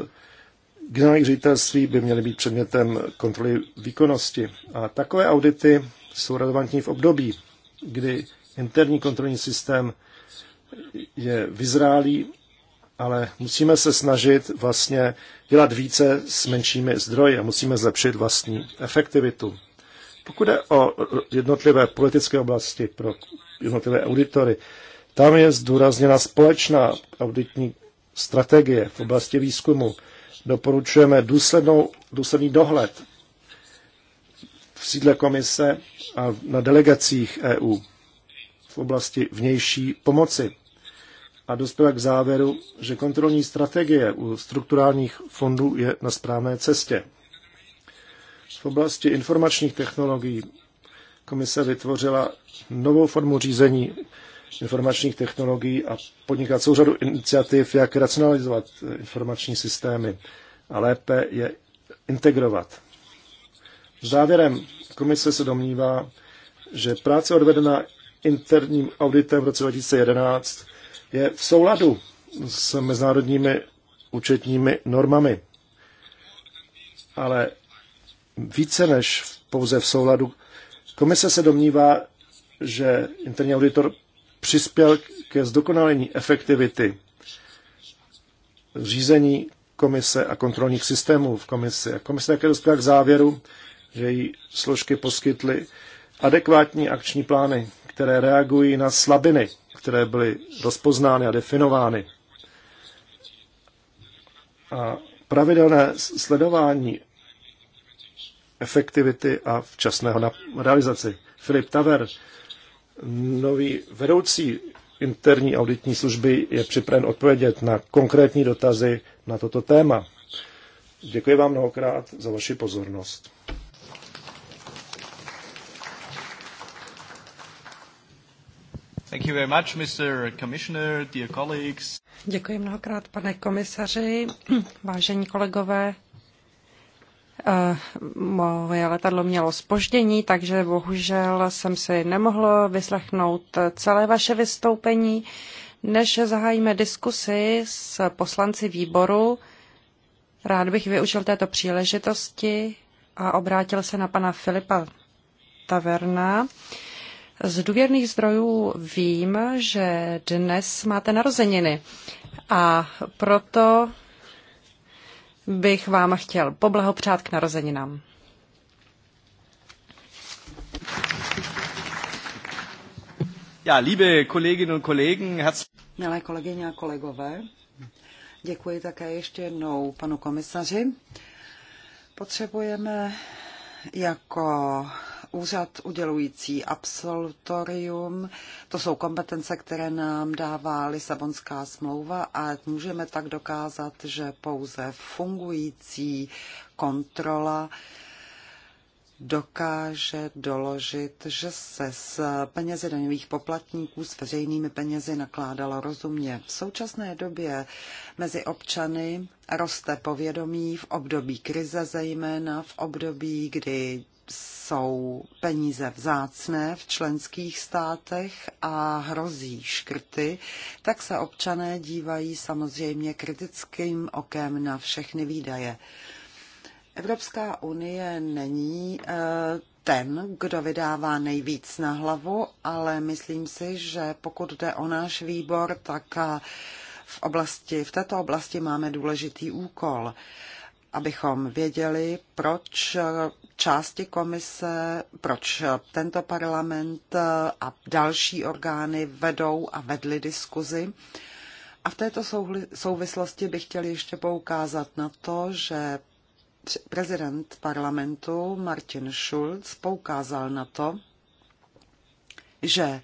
generálních ředitelství by měly být předmětem kontroly výkonnosti. A takové audity jsou relevantní v období, kdy interní kontrolní systém je vyzrálý, ale musíme se snažit vlastně dělat více s menšími zdroji a musíme zlepšit vlastní efektivitu. Pokud je o jednotlivé politické oblasti pro jednotlivé auditory, tam je zdůrazněna společná auditní strategie v oblasti výzkumu. Doporučujeme důslednou, důsledný dohled v sídle komise a na delegacích EU v oblasti vnější pomoci. A dospěla k závěru, že kontrolní strategie u strukturálních fondů je na správné cestě. V oblasti informačních technologií komise vytvořila novou formu řízení informačních technologií a podniká celou řadu iniciativ, jak racionalizovat informační systémy a lépe je integrovat. Závěrem komise se domnívá, že práce odvedená interním auditem v roce 2011 je v souladu s mezinárodními účetními normami. Ale více než pouze v souladu. Komise se domnívá, že interní auditor přispěl ke zdokonalení efektivity řízení komise a kontrolních systémů v komisi. A komise také dospěla k závěru, že její složky poskytly adekvátní akční plány, které reagují na slabiny, které byly rozpoznány a definovány. A pravidelné sledování efektivity a včasného na realizaci. Filip Taver, nový vedoucí interní auditní služby, je připraven odpovědět na konkrétní dotazy na toto téma. Děkuji vám mnohokrát za vaši pozornost. Thank you very much, Mr. Commissioner, dear colleagues. Děkuji mnohokrát, pane komisaři, <clears throat> vážení kolegové. Eh, moje letadlo mělo spoždění, takže bohužel jsem si nemohla vyslechnout celé vaše vystoupení. Než zahájíme diskusi s poslanci výboru, rád bych využil této příležitosti a obrátil se na pana Filipa Taverna. Z důvěrných zdrojů vím, že dnes máte narozeniny a proto bych vám chtěl poblahopřát k narozeninám. Ja, liebe Kolleginnen und Kollegen, herz... Milé kolegyně a kolegové, děkuji také ještě jednou panu komisaři. Potřebujeme jako úřad udělující absolutorium. To jsou kompetence, které nám dává Lisabonská smlouva a můžeme tak dokázat, že pouze fungující kontrola dokáže doložit, že se s penězi daňových poplatníků s veřejnými penězi nakládalo rozumně. V současné době mezi občany roste povědomí v období krize, zejména v období, kdy jsou peníze vzácné v členských státech a hrozí škrty, tak se občané dívají samozřejmě kritickým okem na všechny výdaje. Evropská unie není eh, ten, kdo vydává nejvíc na hlavu, ale myslím si, že pokud jde o náš výbor, tak eh, v, oblasti, v této oblasti máme důležitý úkol abychom věděli, proč části komise, proč tento parlament a další orgány vedou a vedly diskuzi. A v této souvislosti bych chtěl ještě poukázat na to, že prezident parlamentu Martin Schulz poukázal na to, že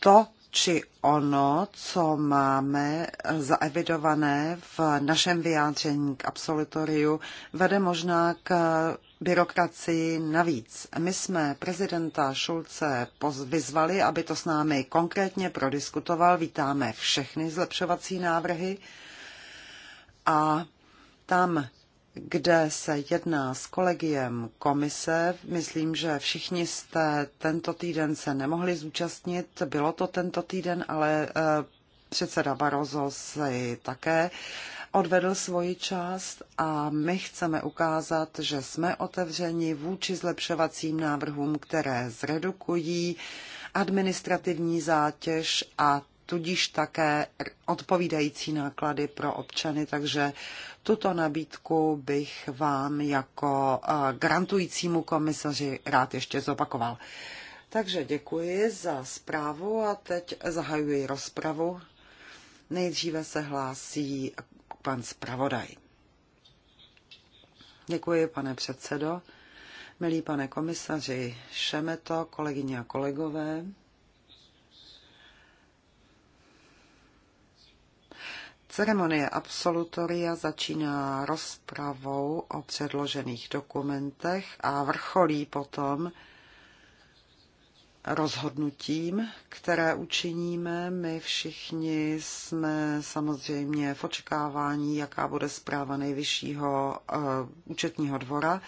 to, či ono, co máme zaevidované v našem vyjádření k absolutoriu, vede možná k byrokracii navíc. My jsme prezidenta Šulce vyzvali, aby to s námi konkrétně prodiskutoval. Vítáme všechny zlepšovací návrhy a tam, kde se jedná s kolegiem komise. Myslím, že všichni jste tento týden se nemohli zúčastnit. Bylo to tento týden, ale eh, předseda Barozo si také odvedl svoji část a my chceme ukázat, že jsme otevřeni vůči zlepšovacím návrhům, které zredukují administrativní zátěž a tudíž také odpovídající náklady pro občany, takže tuto nabídku bych vám jako eh, grantujícímu komisaři rád ještě zopakoval. Takže děkuji za zprávu a teď zahajuji rozpravu. Nejdříve se hlásí pan zpravodaj. Děkuji, pane předsedo. Milí pane komisaři Šemeto, kolegyně a kolegové, Ceremonie absolutoria začíná rozpravou o předložených dokumentech a vrcholí potom rozhodnutím, které učiníme. My všichni jsme samozřejmě v očekávání, jaká bude zpráva nejvyššího uh, účetního dvora.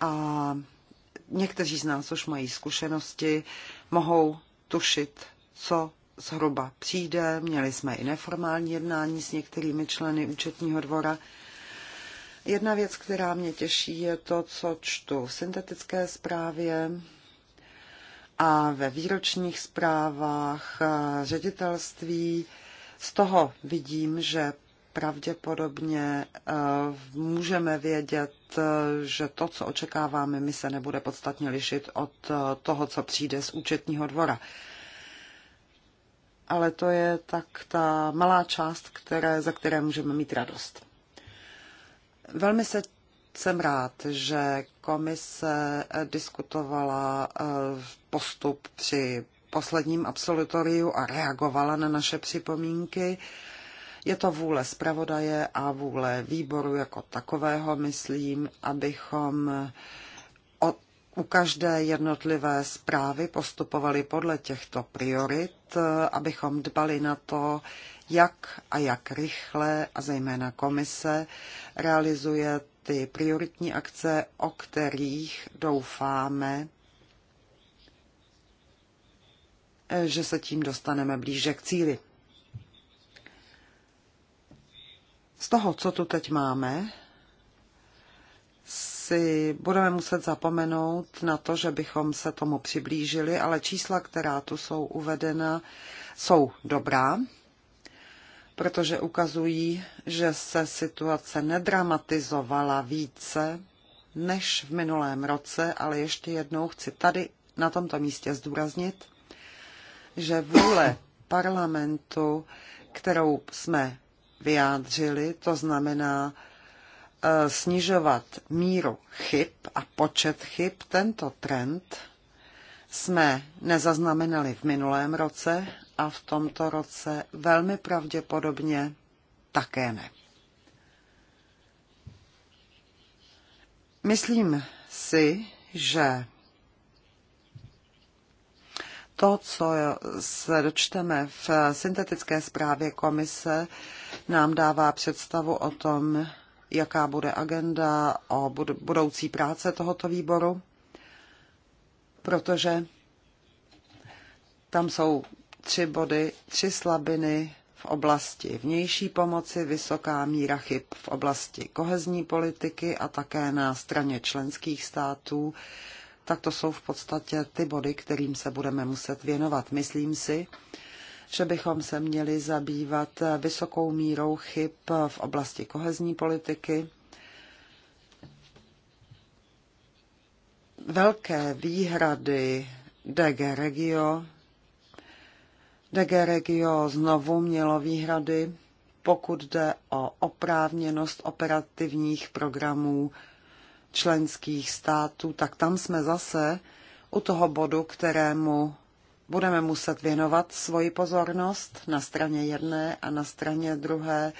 A někteří z nás už mají zkušenosti, mohou tušit, co zhruba přijde. Měli jsme i neformální jednání s některými členy účetního dvora. Jedna věc, která mě těší, je to, co čtu v syntetické zprávě a ve výročních zprávách eh, ředitelství. Z toho vidím, že pravděpodobně eh, můžeme vědět, eh, že to, co očekáváme mi se nebude podstatně lišit od toho, co přijde z účetního dvora ale to je tak ta malá část, které, za které můžeme mít radost. Velmi se jsem rád, že komise diskutovala eh, postup při posledním absolutoriu a reagovala na naše připomínky. Je to vůle zpravodaje a vůle výboru jako takového, myslím, abychom u každé jednotlivé zprávy postupovali podle těchto priorit, abychom dbali na to, jak a jak rychle a zejména komise realizuje ty prioritní akce, o kterých doufáme, že se tím dostaneme blíže k cíli. Z toho, co tu teď máme, si budeme muset zapomenout na to, že bychom se tomu přiblížili, ale čísla, která tu jsou uvedena, jsou dobrá, protože ukazují, že se situace nedramatizovala více než v minulém roce, ale ještě jednou chci tady na tomto místě zdůraznit, že vůle parlamentu, kterou jsme vyjádřili, to znamená Eh, snižovat míru chyb a počet chyb, tento trend jsme nezaznamenali v minulém roce a v tomto roce velmi pravděpodobně také ne. Myslím si, že to, co se dočteme v syntetické zprávě komise, nám dává představu o tom, jaká bude agenda o budoucí práce tohoto výboru, protože tam jsou tři body, tři slabiny v oblasti vnější pomoci, vysoká míra chyb v oblasti kohezní politiky a také na straně členských států, tak to jsou v podstatě ty body, kterým se budeme muset věnovat. Myslím si, že bychom se měli zabývat vysokou mírou chyb v oblasti kohezní politiky. Velké výhrady DG Regio. DG Regio znovu mělo výhrady, pokud jde o oprávněnost operativních programů členských států, tak tam jsme zase u toho bodu, kterému budeme muset věnovat svoji pozornost na straně jedné a na straně druhé.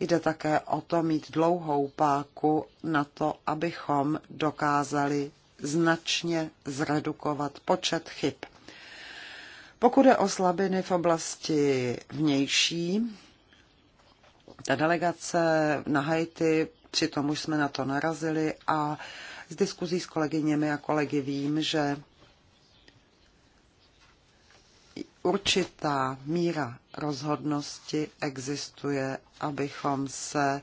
Jde také o to mít dlouhou páku na to, abychom dokázali značně zredukovat počet chyb. Pokud je o slabiny v oblasti vnější, ta delegace na Haiti, přitom už jsme na to narazili a z diskuzí s kolegyněmi a kolegy vím, že určitá míra rozhodnosti existuje, abychom se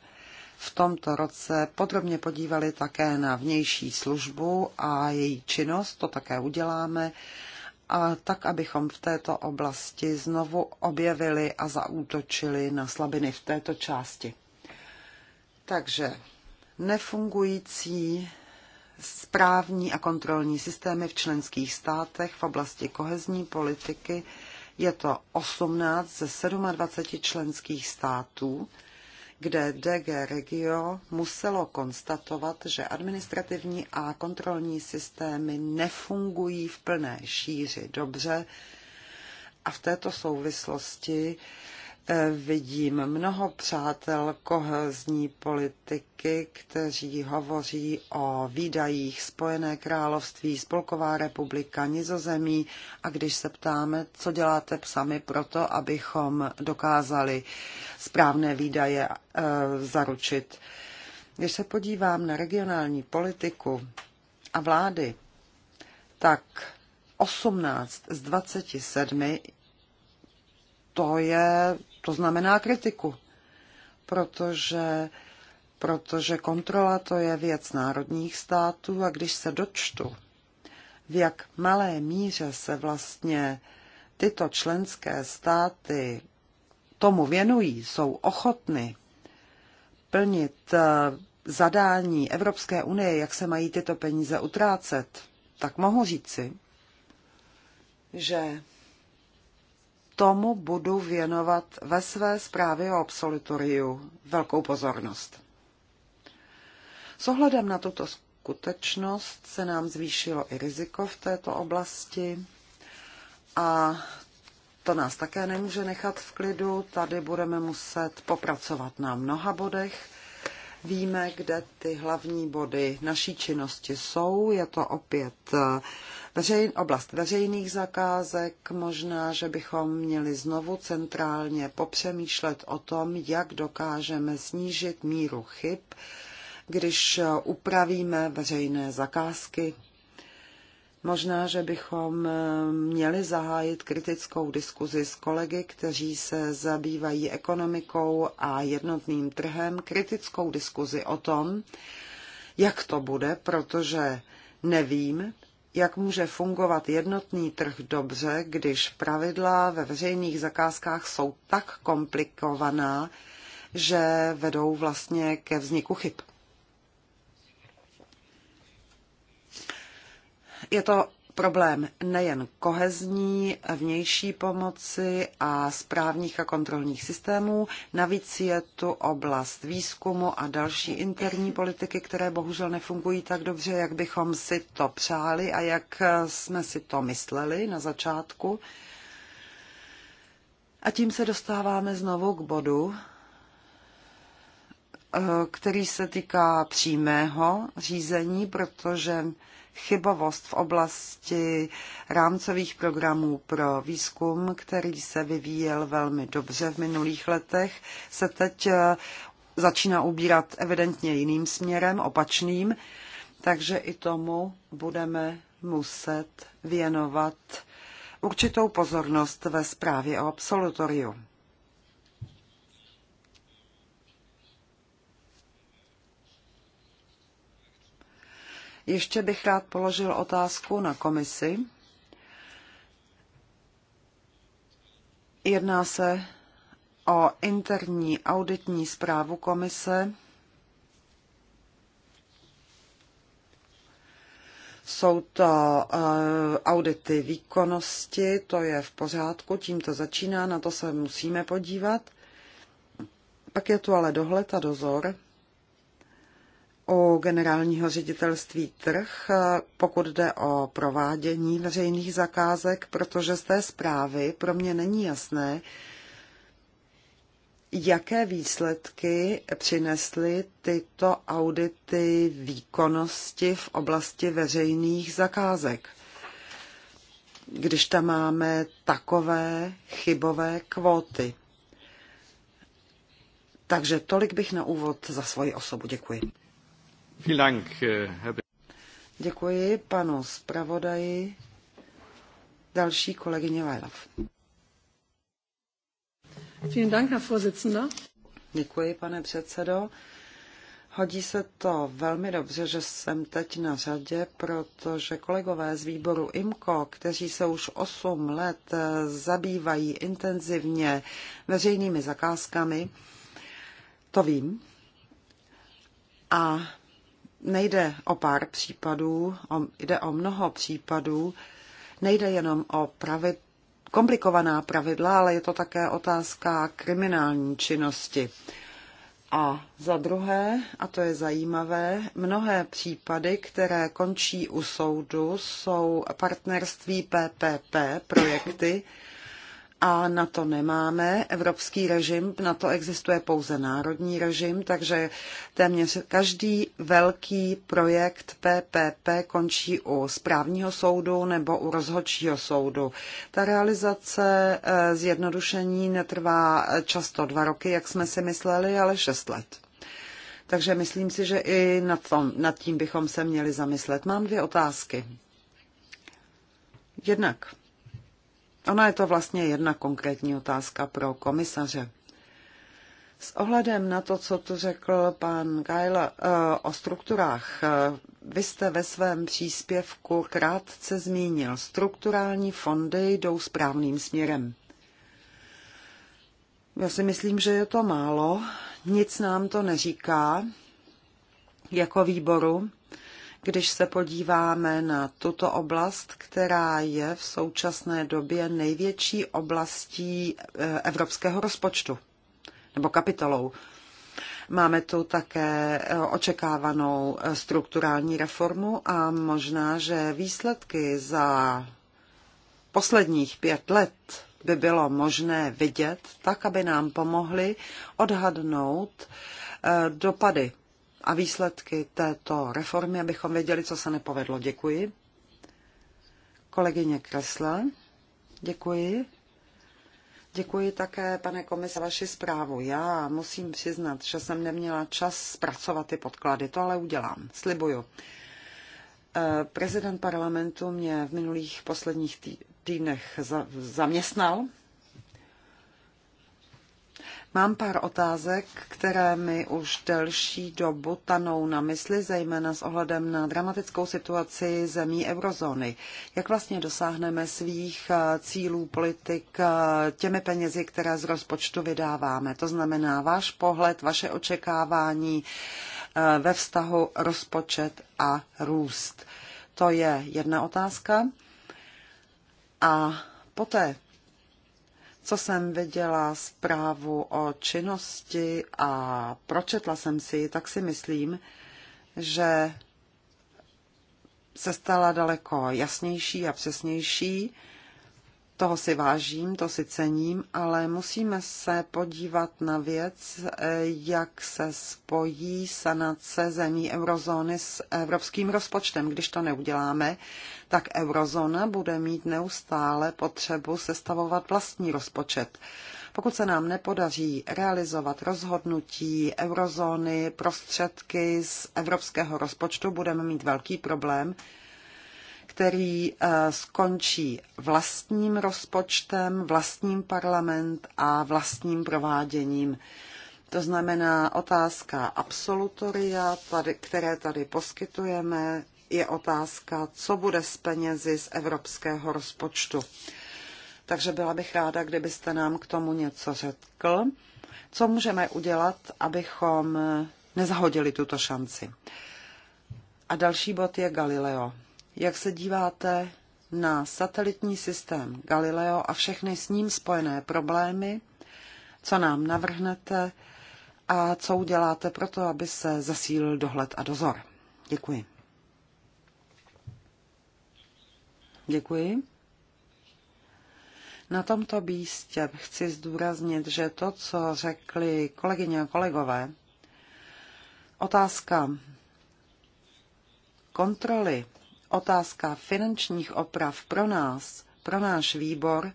v tomto roce podrobně podívali také na vnější službu a její činnost, to také uděláme, a tak, abychom v této oblasti znovu objevili a zaútočili na slabiny v této části. Takže nefungující správní a kontrolní systémy v členských státech v oblasti kohezní politiky. Je to 18 ze 27 členských států, kde DG Regio muselo konstatovat, že administrativní a kontrolní systémy nefungují v plné šíři dobře. A v této souvislosti Vidím mnoho přátel kohezní politiky, kteří hovoří o výdajích Spojené království, Spolková republika, Nizozemí a když se ptáme, co děláte sami pro to, abychom dokázali správné výdaje e, zaručit. Když se podívám na regionální politiku a vlády, tak 18 z 27 to je to znamená kritiku, protože, protože kontrola to je věc národních států a když se dočtu, v jak malé míře se vlastně tyto členské státy tomu věnují, jsou ochotny plnit eh, zadání Evropské unie, jak se mají tyto peníze utrácet, tak mohu říci, že tomu budu věnovat ve své zprávě o absolutoriu velkou pozornost. S ohledem na tuto skutečnost se nám zvýšilo i riziko v této oblasti a to nás také nemůže nechat v klidu. Tady budeme muset popracovat na mnoha bodech. Víme, kde ty hlavní body naší činnosti jsou. Je to opět Veřejn, oblast veřejných zakázek, možná, že bychom měli znovu centrálně popřemýšlet o tom, jak dokážeme snížit míru chyb, když upravíme veřejné zakázky. Možná, že bychom eh, měli zahájit kritickou diskuzi s kolegy, kteří se zabývají ekonomikou a jednotným trhem, kritickou diskuzi o tom, jak to bude, protože nevím, jak může fungovat jednotný trh dobře, když pravidla ve veřejných zakázkách jsou tak komplikovaná, že vedou vlastně ke vzniku chyb. Je to problém nejen kohezní, vnější pomoci a správních a kontrolních systémů. Navíc je tu oblast výzkumu a další interní politiky, které bohužel nefungují tak dobře, jak bychom si to přáli a jak jsme si to mysleli na začátku. A tím se dostáváme znovu k bodu, eh, který se týká přímého řízení, protože chybovost v oblasti rámcových programů pro výzkum, který se vyvíjel velmi dobře v minulých letech, se teď eh, začíná ubírat evidentně jiným směrem, opačným, takže i tomu budeme muset věnovat určitou pozornost ve zprávě o absolutoriu. Ještě bych rád položil otázku na komisi. Jedná se o interní auditní zprávu komise. Jsou to eh, audity výkonnosti, to je v pořádku, tím to začíná, na to se musíme podívat. Pak je tu ale dohled a dozor u generálního ředitelství trh, pokud jde o provádění veřejných zakázek, protože z té zprávy pro mě není jasné, jaké výsledky přinesly tyto audity výkonnosti v oblasti veřejných zakázek. Když tam máme takové chybové kvóty. Takže tolik bych na úvod za svoji osobu. Děkuji. Äh, Děkuji panu zpravodaji. Další kolegyně Vajlav. Děkuji, pane předsedo. Hodí se to velmi dobře, že jsem teď na řadě, protože kolegové z výboru IMCO, kteří se už 8 let eh, zabývají intenzivně veřejnými zakázkami, to vím. A nejde o pár případů, o, jde o mnoho případů. Nejde jenom o pravid, komplikovaná pravidla, ale je to také otázka kriminální činnosti. A za druhé, a to je zajímavé, mnohé případy, které končí u soudu, jsou partnerství PPP projekty, a na to nemáme evropský režim, na to existuje pouze národní režim, takže téměř každý velký projekt PPP končí u správního soudu nebo u rozhodčího soudu. Ta realizace eh, zjednodušení netrvá eh, často dva roky, jak jsme si mysleli, ale šest let. Takže myslím si, že i nad, tom, nad tím bychom se měli zamyslet. Mám dvě otázky. Jednak Ona je to vlastně jedna konkrétní otázka pro komisaře. S ohledem na to, co tu řekl pan Geil eh, o strukturách, eh, vy jste ve svém příspěvku krátce zmínil, strukturální fondy jdou správným směrem. Já si myslím, že je to málo, nic nám to neříká jako výboru, když se podíváme na tuto oblast, která je v současné době největší oblastí e, evropského rozpočtu nebo kapitolou. Máme tu také e, očekávanou e, strukturální reformu a možná, že výsledky za posledních pět let by bylo možné vidět, tak aby nám pomohly odhadnout dopady a výsledky této reformy, abychom věděli, co se nepovedlo. Děkuji. Kolegyně Kresle, děkuji. Děkuji také, pane komise, vaši zprávu. Já musím přiznat, že jsem neměla čas zpracovat ty podklady. To ale udělám, slibuju. E, prezident parlamentu mě v minulých posledních týdnech zaměstnal Mám pár otázek, které mi už delší dobu tanou na mysli, zejména s ohledem na dramatickou situaci zemí eurozóny. Jak vlastně dosáhneme svých eh, cílů politik eh, těmi penězi, které z rozpočtu vydáváme? To znamená váš pohled, vaše očekávání eh, ve vztahu rozpočet a růst. To je jedna otázka. A poté co jsem viděla zprávu o činnosti a pročetla jsem si ji, tak si myslím, že se stala daleko jasnější a přesnější toho si vážím, to si cením, ale musíme se podívat na věc, eh, jak se spojí sanace zemí eurozóny s evropským rozpočtem. Když to neuděláme, tak eurozóna bude mít neustále potřebu sestavovat vlastní rozpočet. Pokud se nám nepodaří realizovat rozhodnutí eurozóny, prostředky z evropského rozpočtu, budeme mít velký problém, který eh, skončí vlastním rozpočtem, vlastním parlament a vlastním prováděním. To znamená otázka absolutoria, tady, které tady poskytujeme, je otázka, co bude s penězi z evropského rozpočtu. Takže byla bych ráda, kdybyste nám k tomu něco řekl. Co můžeme udělat, abychom nezahodili tuto šanci? A další bod je Galileo jak se díváte na satelitní systém Galileo a všechny s ním spojené problémy, co nám navrhnete a co uděláte pro to, aby se zasílil dohled a dozor. Děkuji. Děkuji. Na tomto místě chci zdůraznit, že to, co řekli kolegyně a kolegové, otázka kontroly otázka finančních oprav pro nás, pro náš výbor,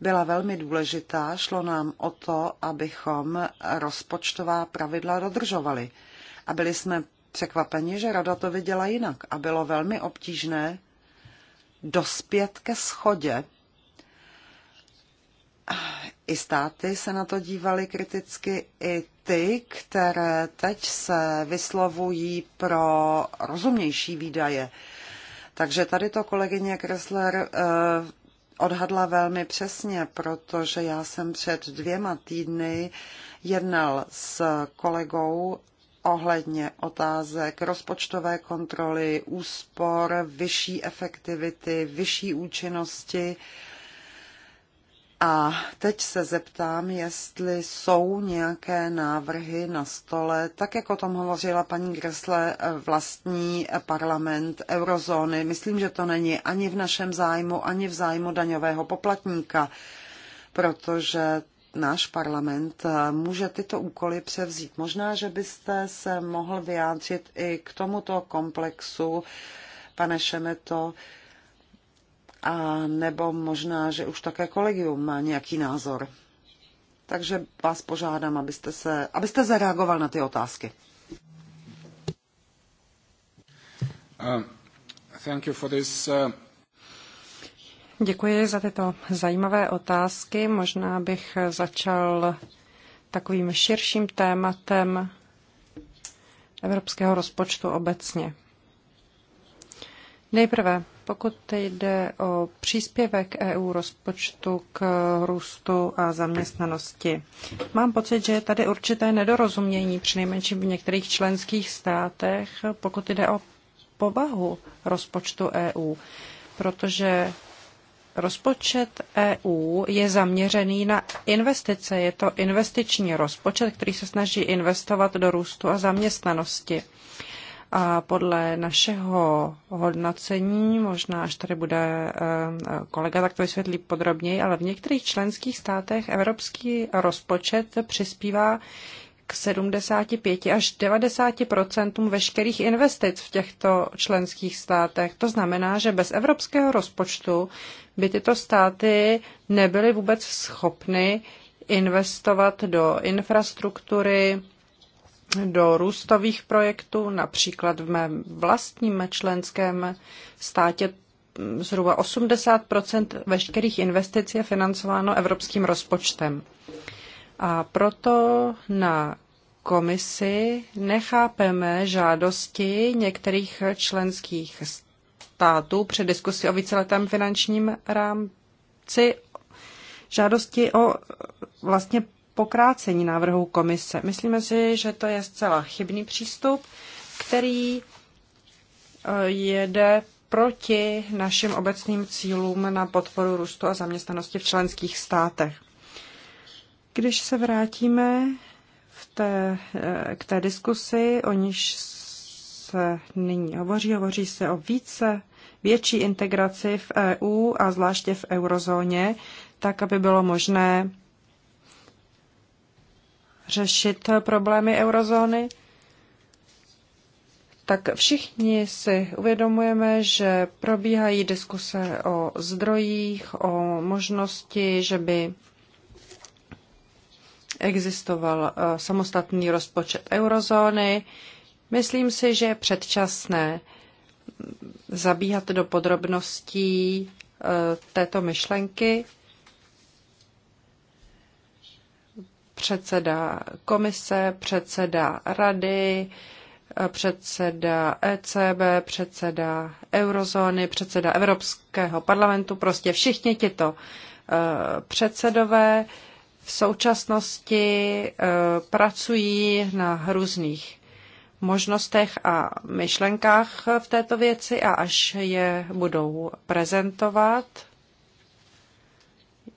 byla velmi důležitá. Šlo nám o to, abychom rozpočtová pravidla dodržovali. A byli jsme překvapeni, že rada to viděla jinak. A bylo velmi obtížné dospět ke schodě. I státy se na to dívaly kriticky, i ty, které teď se vyslovují pro rozumnější výdaje. Takže tady to kolegyně Kressler eh, odhadla velmi přesně, protože já jsem před dvěma týdny jednal s kolegou ohledně otázek rozpočtové kontroly, úspor, vyšší efektivity, vyšší účinnosti. Uh, a teď se zeptám, jestli jsou nějaké návrhy na stole, tak jak o tom hovořila paní Gresle, eh, vlastní eh, parlament eurozóny. Myslím, že to není ani v našem zájmu, ani v zájmu daňového poplatníka, protože náš parlament eh, může tyto úkoly převzít. Možná, že byste se mohl vyjádřit i k tomuto komplexu, pane Šemeto, to a nebo možná, že už také kolegium má nějaký názor. Takže vás požádám, abyste, se, abyste zareagoval na ty otázky. Uh, thank you for this, uh... Děkuji za tyto zajímavé otázky. Možná bych začal takovým širším tématem evropského rozpočtu obecně. Nejprve pokud jde o příspěvek EU rozpočtu k růstu a zaměstnanosti, mám pocit, že je tady určité nedorozumění, přinejmenším v některých členských státech, pokud jde o povahu rozpočtu EU, protože rozpočet EU je zaměřený na investice. Je to investiční rozpočet, který se snaží investovat do růstu a zaměstnanosti a podle našeho hodnocení, možná až tady bude eh, kolega, tak to vysvětlí podrobněji, ale v některých členských státech evropský rozpočet přispívá k 75 až 90 veškerých investic v těchto členských státech. To znamená, že bez evropského rozpočtu by tyto státy nebyly vůbec schopny investovat do infrastruktury, do růstových projektů. Například v mém vlastním členském státě zhruba 80 veškerých investic je financováno evropským rozpočtem. A proto na komisi nechápeme žádosti některých členských států při diskusi o víceletém finančním rámci žádosti o vlastně pokrácení návrhu komise. Myslíme si, že to je zcela chybný přístup, který eh, jede proti našim obecným cílům na podporu růstu a zaměstnanosti v členských státech. Když se vrátíme v té, eh, k té diskusi, o níž se nyní hovoří, hovoří se o více větší integraci v EU a zvláště v eurozóně, tak aby bylo možné řešit problémy eurozóny, tak všichni si uvědomujeme, že probíhají diskuse o zdrojích, o možnosti, že by existoval eh, samostatný rozpočet eurozóny. Myslím si, že je předčasné mm, zabíhat do podrobností eh, této myšlenky. předseda komise, předseda rady, předseda ECB, předseda eurozóny, předseda Evropského parlamentu, prostě všichni tito eh, předsedové v současnosti eh, pracují na různých možnostech a myšlenkách v této věci a až je budou prezentovat,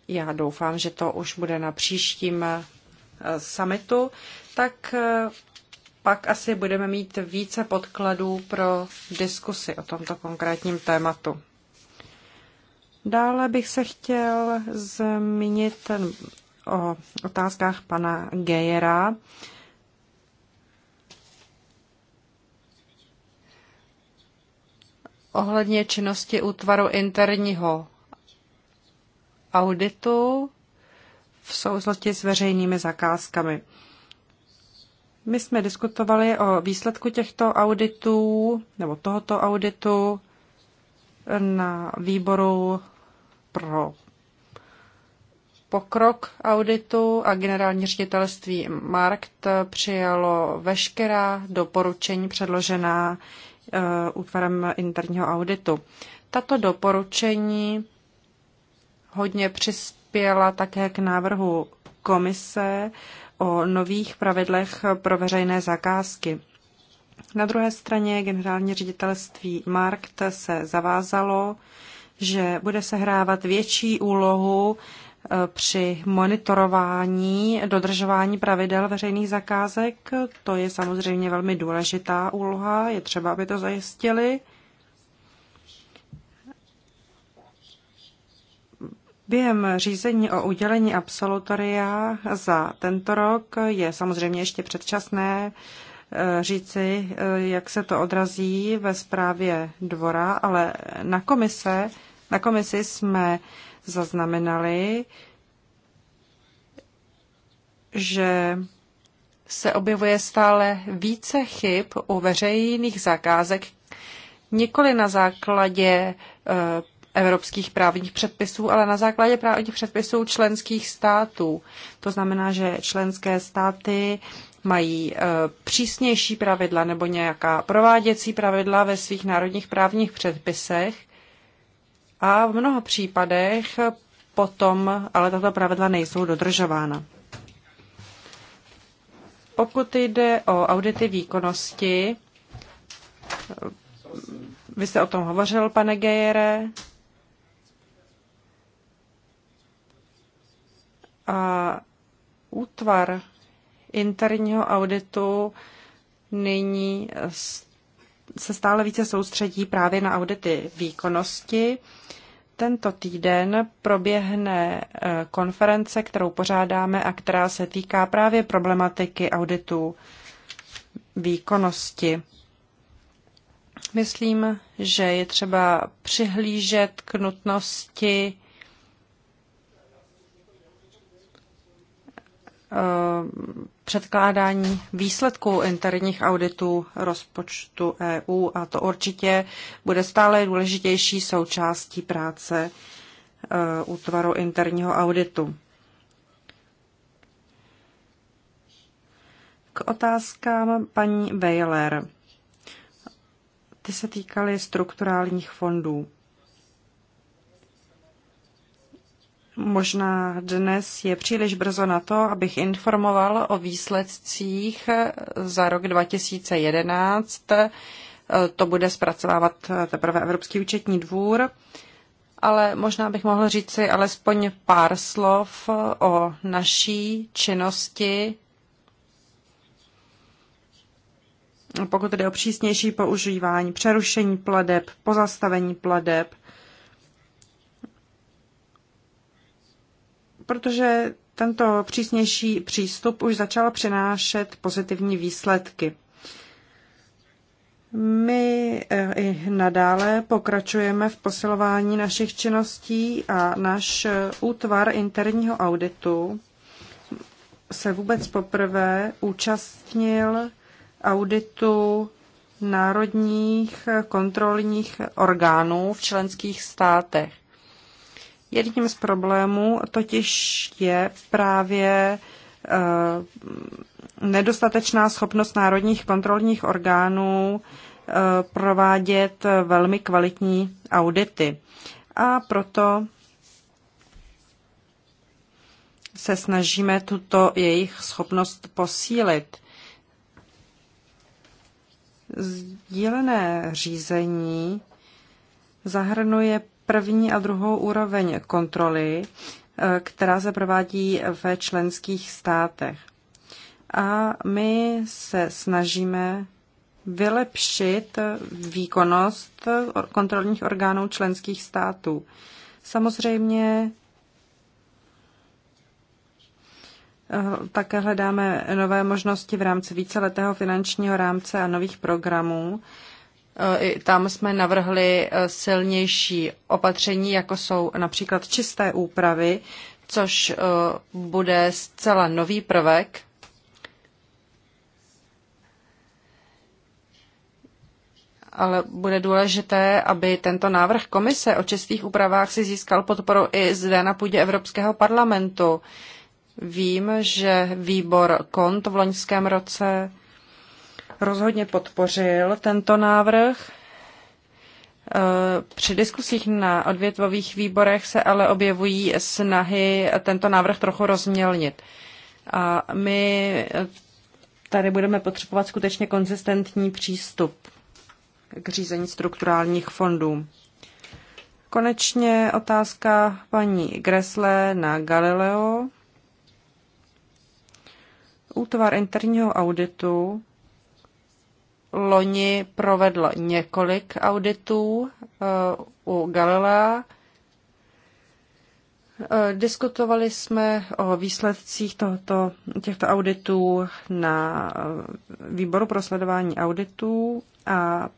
já doufám, že to už bude na příštím Eh, summitu, tak eh, pak asi budeme mít více podkladů pro diskusy o tomto konkrétním tématu. Dále bych se chtěl zmínit o otázkách pana Gejera. Ohledně činnosti útvaru interního auditu v souvislosti s veřejnými zakázkami. My jsme diskutovali o výsledku těchto auditů nebo tohoto auditu na výboru pro pokrok auditu a generální ředitelství Markt přijalo veškerá doporučení předložená eh, útvarem interního auditu. Tato doporučení hodně přispěla přispěla také k návrhu komise o nových pravidlech pro veřejné zakázky. Na druhé straně generální ředitelství Markt se zavázalo, že bude sehrávat větší úlohu eh, při monitorování dodržování pravidel veřejných zakázek. To je samozřejmě velmi důležitá úloha, je třeba, aby to zajistili. Během řízení o udělení absolutoria za tento rok je samozřejmě ještě předčasné eh, říci, eh, jak se to odrazí ve zprávě dvora, ale na, komise, na komisi jsme zaznamenali, že se objevuje stále více chyb u veřejných zakázek, nikoli na základě eh, evropských právních předpisů, ale na základě právních předpisů členských států. To znamená, že členské státy mají e, přísnější pravidla nebo nějaká prováděcí pravidla ve svých národních právních předpisech a v mnoha případech potom ale tato pravidla nejsou dodržována. Pokud jde o audity výkonnosti, e, vy jste o tom hovořil, pane Gejere, A útvar interního auditu nyní se stále více soustředí právě na audity výkonnosti. Tento týden proběhne e, konference, kterou pořádáme a která se týká právě problematiky auditu výkonnosti. Myslím, že je třeba přihlížet k nutnosti Eh, předkládání výsledků interních auditů rozpočtu EU a to určitě bude stále důležitější součástí práce eh, útvaru interního auditu. K otázkám paní Weiler. Ty se týkaly strukturálních fondů. Možná dnes je příliš brzo na to, abych informoval o výsledcích za rok 2011. To bude zpracovávat teprve Evropský účetní dvůr, ale možná bych mohl říci alespoň pár slov o naší činnosti pokud jde o přísnější používání, přerušení pladeb, pozastavení pladeb, protože tento přísnější přístup už začal přinášet pozitivní výsledky. My eh, i nadále pokračujeme v posilování našich činností a náš eh, útvar interního auditu se vůbec poprvé účastnil auditu národních kontrolních orgánů v členských státech. Jedním z problémů totiž je právě eh, nedostatečná schopnost národních kontrolních orgánů eh, provádět velmi kvalitní audity. A proto se snažíme tuto jejich schopnost posílit. Sdílené řízení zahrnuje první a druhou úroveň kontroly, eh, která se provádí ve členských státech. A my se snažíme vylepšit výkonnost kontrolních orgánů členských států. Samozřejmě eh, také hledáme nové možnosti v rámci víceletého finančního rámce a nových programů, E, tam jsme navrhli e, silnější opatření, jako jsou například čisté úpravy, což e, bude zcela nový prvek. Ale bude důležité, aby tento návrh komise o čistých úpravách si získal podporu i zde na půdě Evropského parlamentu. Vím, že výbor KONT v loňském roce rozhodně podpořil tento návrh. Eh, při diskusích na odvětvových výborech se ale objevují snahy tento návrh trochu rozmělnit. A my eh, tady budeme potřebovat skutečně konzistentní přístup k řízení strukturálních fondů. Konečně otázka paní Gresle na Galileo. Útvar interního auditu loni provedl několik auditů eh, u Galilea. Eh, diskutovali jsme o výsledcích tohoto, těchto auditů na eh, výboru pro sledování auditů a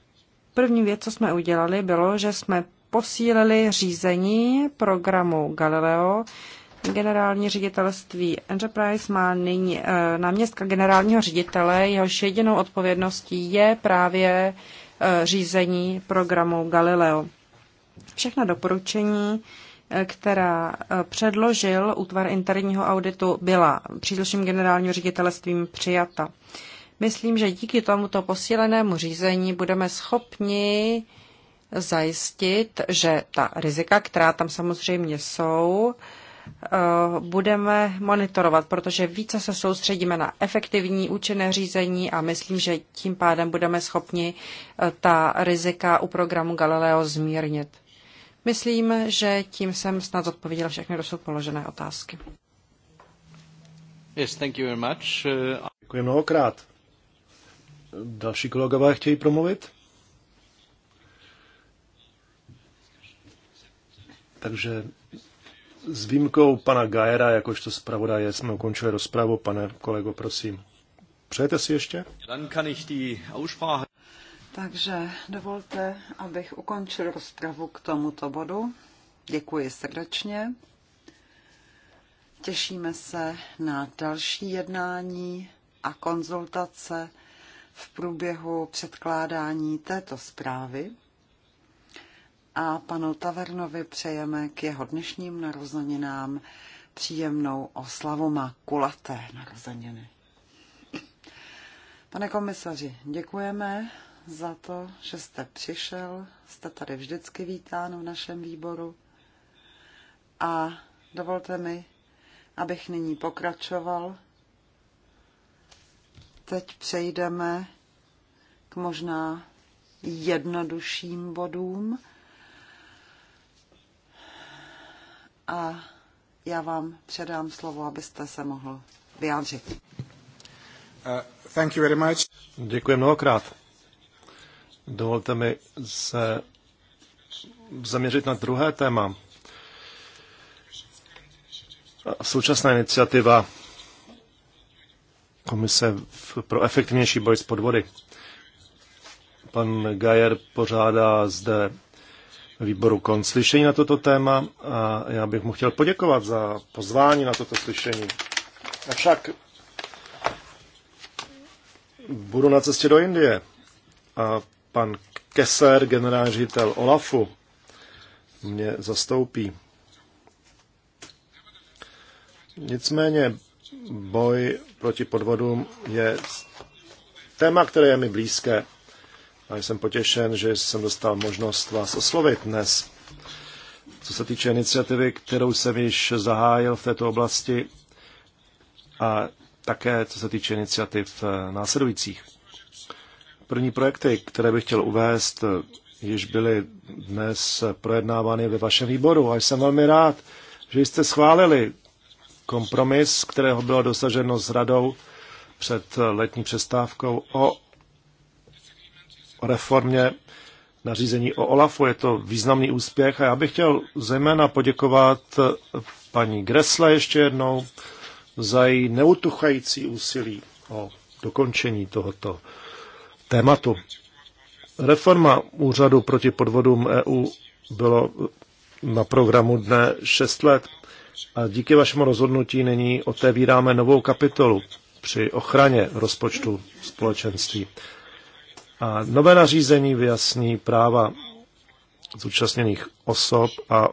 první věc, co jsme udělali, bylo, že jsme posílili řízení programu Galileo Generální ředitelství Enterprise má nyní eh, náměstka generálního ředitele, jehož jedinou odpovědností je právě eh, řízení programu Galileo. Všechna doporučení, eh, která předložil útvar interního auditu, byla příslušným generálním ředitelstvím přijata. Myslím, že díky tomuto posílenému řízení budeme schopni zajistit, že ta rizika, která tam samozřejmě jsou, Eh, budeme monitorovat, protože více se soustředíme na efektivní účinné řízení a myslím, že tím pádem budeme schopni eh, ta rizika u programu Galileo zmírnit. Myslím, že tím jsem snad odpověděl všechny dosud položené otázky. Yes, thank you very much. Eh, Děkuji mnohokrát. Další kolegové chtějí promluvit? Takže s výjimkou pana Gajera, jakožto zpravodaje, jsme ukončili rozpravu. Pane kolego, prosím. Přejete si ještě? Takže dovolte, abych ukončil rozpravu k tomuto bodu. Děkuji srdečně. Těšíme se na další jednání a konzultace v průběhu předkládání této zprávy a panu Tavernovi přejeme k jeho dnešním narozeninám příjemnou oslavu má kulaté narozeniny. Pane komisaři, děkujeme za to, že jste přišel. Jste tady vždycky vítán v našem výboru. A dovolte mi, abych nyní pokračoval. Teď přejdeme k možná jednodušším bodům a já vám předám slovo, abyste se mohl vyjádřit. Uh, thank you very much. Děkuji mnohokrát. Dovolte mi se zaměřit na druhé téma. Současná iniciativa Komise pro efektivnější boj s podvody. Pan Gajer pořádá zde výboru KON slyšení na toto téma a já bych mu chtěl poděkovat za pozvání na toto slyšení. Avšak budu na cestě do Indie a pan Keser, generální ředitel Olafu, mě zastoupí. Nicméně boj proti podvodům je téma, které je mi blízké a jsem potěšen, že jsem dostal možnost vás oslovit dnes. Co se týče iniciativy, kterou jsem již zahájil v této oblasti a také co se týče iniciativ eh, následujících. První projekty, které bych chtěl uvést, eh, již byly dnes eh, projednávány ve vašem výboru a jsem velmi rád, že jste schválili kompromis, kterého bylo dosaženo s radou před letní přestávkou o reformě nařízení o OLAFu. Je to významný úspěch a já bych chtěl zejména poděkovat paní Gresle ještě jednou za její neutuchající úsilí o dokončení tohoto tématu. Reforma úřadu proti podvodům EU bylo na programu dne 6 let a díky vašemu rozhodnutí nyní otevíráme novou kapitolu při ochraně rozpočtu společenství. A nové nařízení vyjasní práva zúčastněných osob a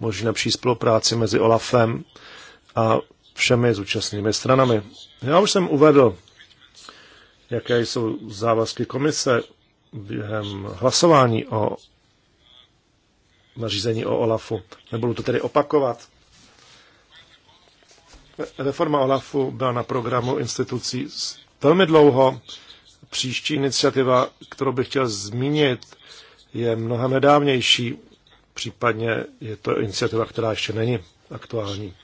možná lepší spolupráci mezi OLAFem a všemi zúčastněnými stranami. Já už jsem uvedl, jaké jsou závazky komise během hlasování o nařízení o OLAFu. Nebudu to tedy opakovat. Reforma OLAFu byla na programu institucí velmi dlouho Příští iniciativa, kterou bych chtěl zmínit, je mnohem nedávnější, případně je to iniciativa, která ještě není aktuální.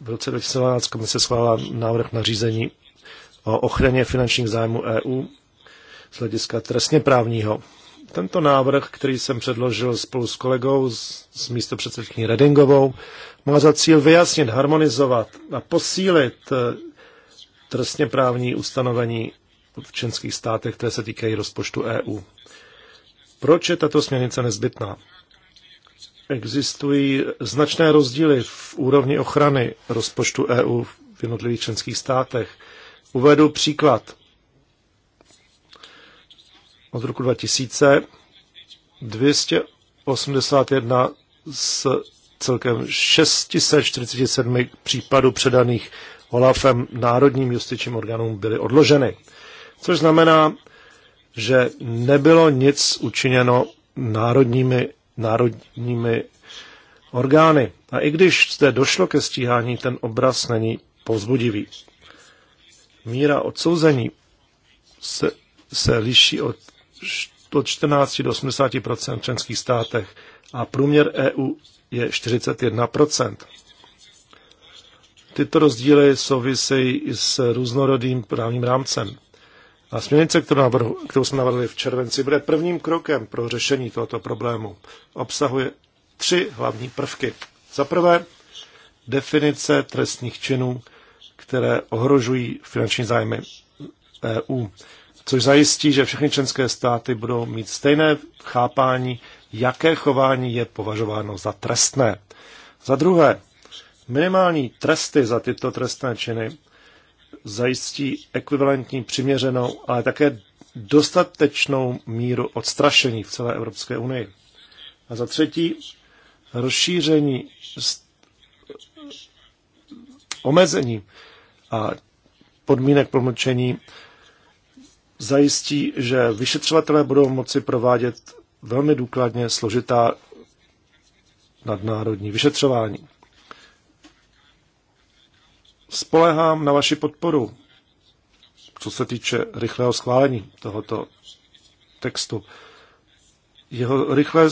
V roce 2012 komise schválila návrh na řízení o ochraně finančních zájmů EU z hlediska trestně právního. Tento návrh, který jsem předložil spolu s kolegou, z místo předsedkyní Redingovou, má za cíl vyjasnit, harmonizovat a posílit eh, trestně právní ustanovení v členských státech, které se týkají rozpočtu EU. Proč je tato směrnice nezbytná? Existují značné rozdíly v úrovni ochrany rozpočtu EU v jednotlivých členských státech. Uvedu příklad. Od roku 2000 281 z celkem 647 případů předaných Olafem národním justičním orgánům byly odloženy což znamená, že nebylo nic učiněno národními, národními orgány. A i když zde došlo ke stíhání, ten obraz není povzbudivý. Míra odsouzení se, se liší od, od 14 do 80 v členských státech a průměr EU je 41 Tyto rozdíly souvisejí s různorodým právním rámcem. A směrnice, kterou, navrhu, kterou jsme navrhli v červenci, bude prvním krokem pro řešení tohoto problému. Obsahuje tři hlavní prvky. Za prvé, definice trestních činů, které ohrožují finanční zájmy EU, což zajistí, že všechny členské státy budou mít stejné chápání, jaké chování je považováno za trestné. Za druhé, minimální tresty za tyto trestné činy zajistí ekvivalentní, přiměřenou, ale také dostatečnou míru odstrašení v celé Evropské unii. A za třetí, rozšíření omezení a podmínek promlčení zajistí, že vyšetřovatelé budou moci provádět velmi důkladně složitá nadnárodní vyšetřování spolehám na vaši podporu, co se týče rychlého schválení tohoto textu. Jeho rychlé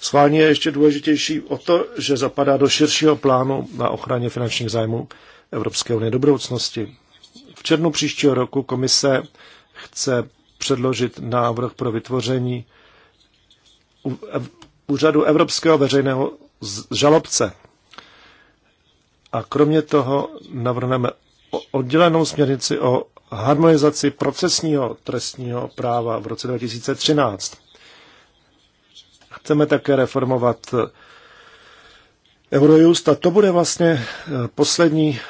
schválení je ještě důležitější o to, že zapadá do širšího plánu na ochraně finančních zájmů Evropské unie do budoucnosti. V červnu příštího roku komise chce předložit návrh pro vytvoření úřadu Evropského veřejného žalobce a kromě toho navrhneme oddělenou směrnici o harmonizaci procesního trestního práva v roce 2013. Chceme také reformovat eh, Eurojust a to bude vlastně eh, poslední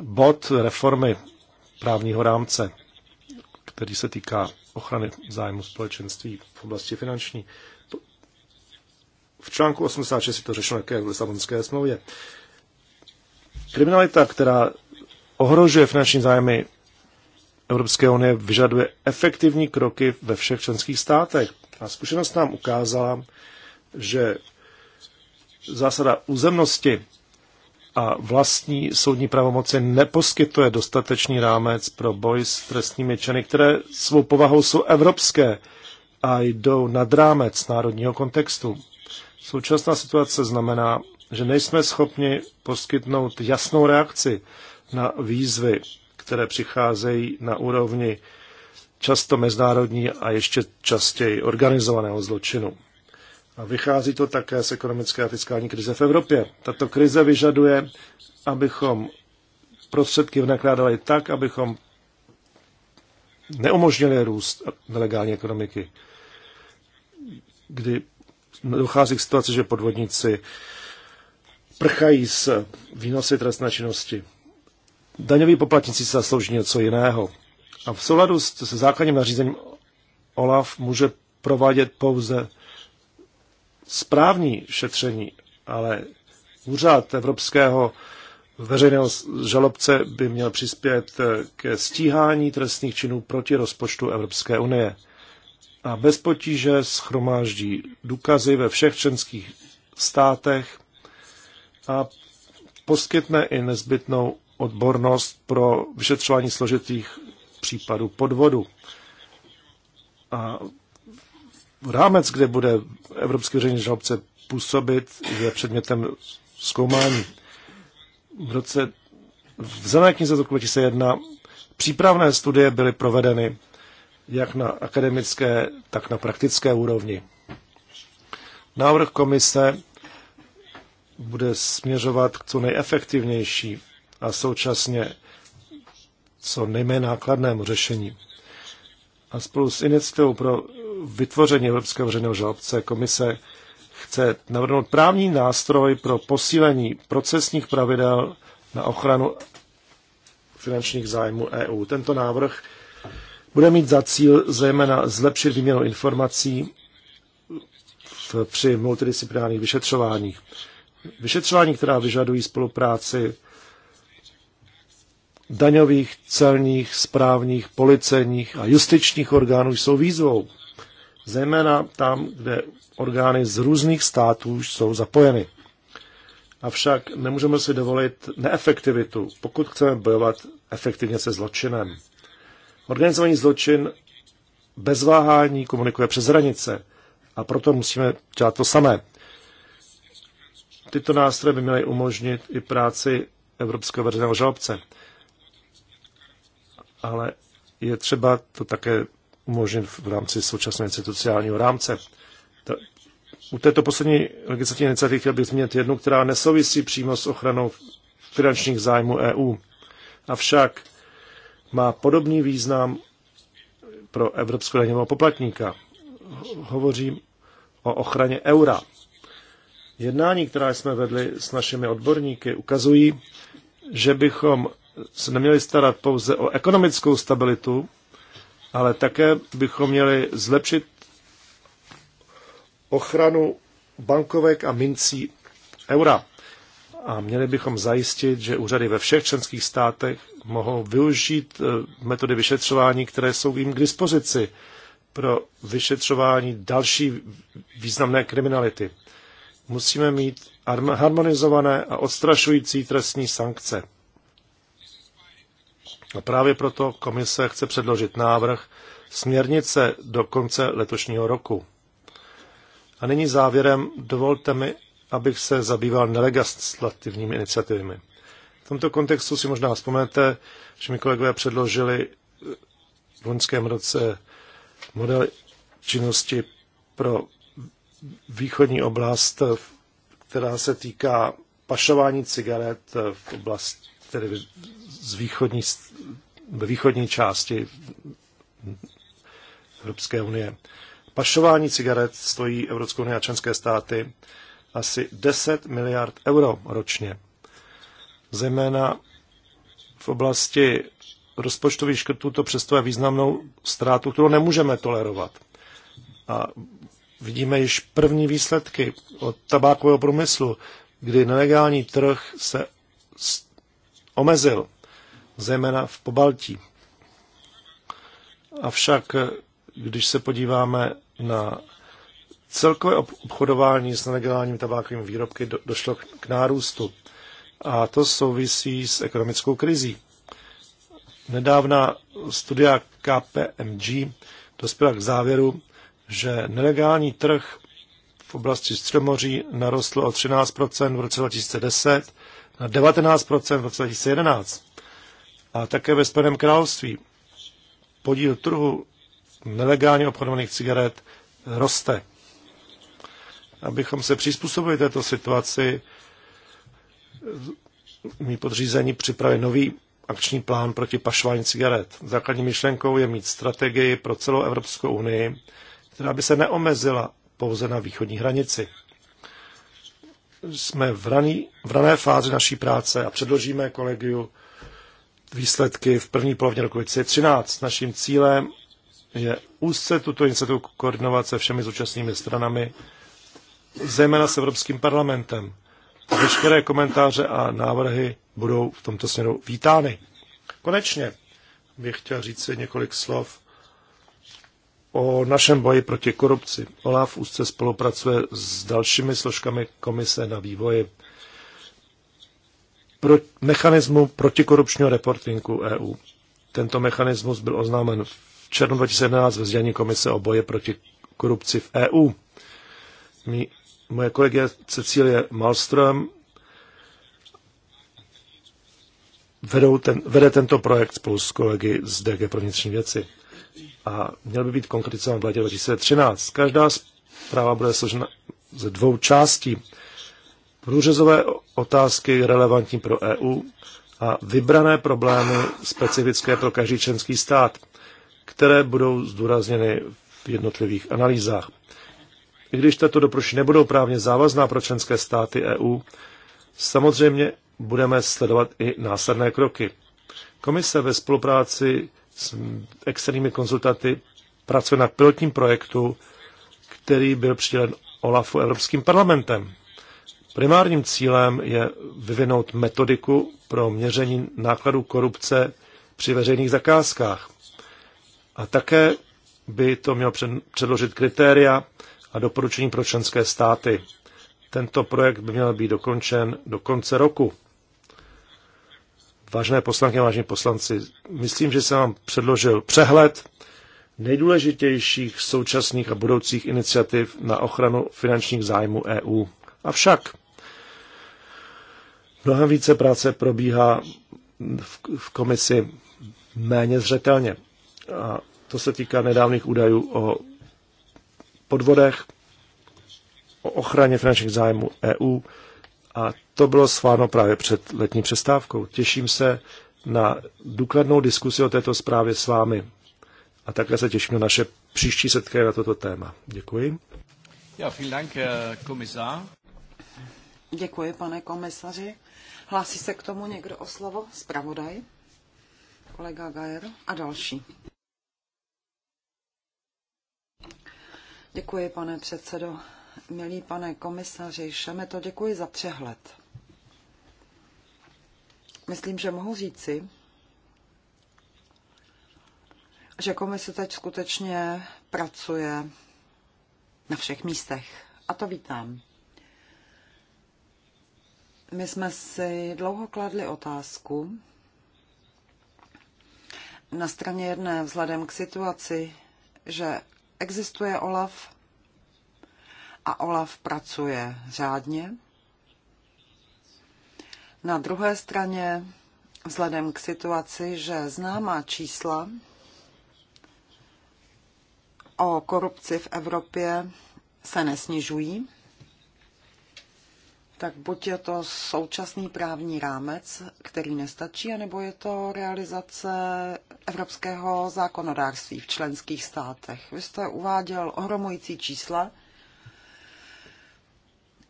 bod reformy právního rámce, který se týká ochrany zájmu společenství v oblasti finanční. V článku 86 je to řešeno také v Lisabonské smlouvě. Kriminalita, která ohrožuje finanční zájmy Evropské unie, vyžaduje efektivní kroky ve všech členských státech. A zkušenost nám ukázala, že zásada územnosti a vlastní soudní pravomoci neposkytuje dostatečný rámec pro boj s trestními činy, které svou povahou jsou evropské a jdou nad rámec národního kontextu. Současná situace znamená, že nejsme schopni poskytnout jasnou reakci na výzvy, které přicházejí na úrovni často mezinárodní a ještě častěji organizovaného zločinu. A vychází to také z ekonomické a fiskální krize v Evropě. Tato krize vyžaduje, abychom prostředky vnakládali tak, abychom neumožnili růst nelegální ekonomiky, kdy dochází k situaci, že podvodníci prchají s výnosy trestné činnosti. Daňoví poplatníci se zaslouží něco jiného. A v souladu s, se základním nařízením OLAF může provádět pouze správní šetření, ale úřad Evropského veřejného žalobce by měl přispět eh, ke stíhání trestných činů proti rozpočtu Evropské unie a bez potíže schromáždí důkazy ve všech členských státech a poskytne i nezbytnou odbornost pro vyšetřování složitých případů podvodu. A rámec, kde bude Evropský veřejný žalobce působit, je předmětem zkoumání. V roce v zelené knize roku 2001 přípravné studie byly provedeny jak na akademické, tak na praktické úrovni. Návrh komise bude směřovat k co nejefektivnější a současně co nejméně nákladnému řešení. A spolu s iniciativou pro vytvoření Evropského veřejného žalobce komise chce navrhnout právní nástroj pro posílení procesních pravidel na ochranu finančních zájmů EU. Tento návrh bude mít za cíl zejména zlepšit výměnu informací v, při multidisciplinárních vyšetřováních vyšetřování, která vyžadují spolupráci daňových, celních, správních, policejních a justičních orgánů jsou výzvou. Zejména tam, kde orgány z různých států jsou zapojeny. Avšak nemůžeme si dovolit neefektivitu, pokud chceme bojovat efektivně se zločinem. Organizovaný zločin bez váhání komunikuje přes hranice a proto musíme dělat to samé. Tyto nástroje by měly umožnit i práci Evropského veřejného žalobce. Ale je třeba to také umožnit v rámci současného institucionálního rámce. U této poslední legislativní iniciativy chtěl bych zmínit jednu, která nesouvisí přímo s ochranou finančních zájmů EU. Avšak má podobný význam pro evropského daňového poplatníka. Hovořím o ochraně eura jednání, která jsme vedli s našimi odborníky, ukazují, že bychom se neměli starat pouze o ekonomickou stabilitu, ale také bychom měli zlepšit ochranu bankovek a mincí eura. A měli bychom zajistit, že úřady ve všech členských státech mohou využít eh, metody vyšetřování, které jsou jim k dispozici pro vyšetřování další významné kriminality musíme mít harmonizované a odstrašující trestní sankce. A právě proto komise chce předložit návrh směrnice do konce letošního roku. A nyní závěrem dovolte mi, abych se zabýval nelegislativními iniciativami. V tomto kontextu si možná vzpomenete, že mi kolegové předložili v loňském roce model činnosti pro východní oblast, která se týká pašování cigaret v oblasti, tedy z východní, ve východní části Evropské unie. Pašování cigaret stojí Evropskou unii a členské státy asi 10 miliard euro ročně. Zejména v oblasti rozpočtových škrtů to představuje významnou ztrátu, kterou nemůžeme tolerovat. A Vidíme již první výsledky od tabákového průmyslu, kdy nelegální trh se omezil, zejména v Pobaltí. Avšak, když se podíváme na celkové obchodování s nelegálním tabákovými výrobky, do, došlo k nárůstu. A to souvisí s ekonomickou krizí. Nedávná studia KPMG dospěla k závěru, že nelegální trh v oblasti Středomoří narostl o 13 v roce 2010 na 19 v roce 2011. A také ve Spojeném království podíl trhu nelegálně obchodovaných cigaret roste. Abychom se přizpůsobili této situaci, mý podřízení připravil nový akční plán proti pašování cigaret. Základní myšlenkou je mít strategii pro celou Evropskou unii, která by se neomezila pouze na východní hranici. Jsme v, raný, v rané fázi naší práce a předložíme kolegiu výsledky v první polovině roku 2013. Naším cílem je úzce tuto iniciativu koordinovat se všemi zúčastnými stranami, zejména s Evropským parlamentem. Veškeré komentáře a návrhy budou v tomto směru vítány. Konečně bych chtěl říct si několik slov o našem boji proti korupci. OLAF úzce spolupracuje s dalšími složkami komise na vývoji pro, mechanismu protikorupčního reportingu EU. Tento mechanismus byl oznámen v červnu 2017 ve sdělení komise o boji proti korupci v EU. Mí, moje kolegie Cecílie Malström vedou ten, vede tento projekt spolu s kolegy z DG pro vnitřní věci a měl by být konkretizován v letě 2013. Každá zpráva bude složena ze dvou částí. Průřezové otázky relevantní pro EU a vybrané problémy specifické pro každý členský stát, které budou zdůrazněny v jednotlivých analýzách. I když tato doproši nebudou právně závazná pro členské státy EU, samozřejmě budeme sledovat i následné kroky. Komise ve spolupráci s externími konzultaty pracuje na pilotním projektu, který byl přidělen OLAFu Evropským parlamentem. Primárním cílem je vyvinout metodiku pro měření nákladů korupce při veřejných zakázkách. A také by to mělo předložit kritéria a doporučení pro členské státy. Tento projekt by měl být dokončen do konce roku. Vážené poslanky, vážení poslanci, myslím, že jsem vám předložil přehled nejdůležitějších současných a budoucích iniciativ na ochranu finančních zájmů EU. Avšak mnohem více práce probíhá v komisi méně zřetelně. A to se týká nedávných údajů o podvodech, o ochraně finančních zájmů EU a to bylo sváno právě před letní přestávkou. Těším se na důkladnou diskusi o této zprávě s vámi. A také se těším na naše příští setkání na toto téma. Děkuji. Ja, vielen Dank, Děkuji, pane komisaři. Hlásí se k tomu někdo o slovo? Spravodaj, kolega Gajer a další. Děkuji, pane předsedo milý pane komisaři Šemeto, děkuji za přehled. Myslím, že mohu říci, že komise teď skutečně pracuje na všech místech. A to vítám. My jsme si dlouho kladli otázku. Na straně jedné vzhledem k situaci, že existuje OLAF, a OLAF pracuje řádně. Na druhé straně, vzhledem k situaci, že známá čísla o korupci v Evropě se nesnižují, tak buď je to současný právní rámec, který nestačí, anebo je to realizace evropského zákonodárství v členských státech. Vy jste uváděl ohromující čísla,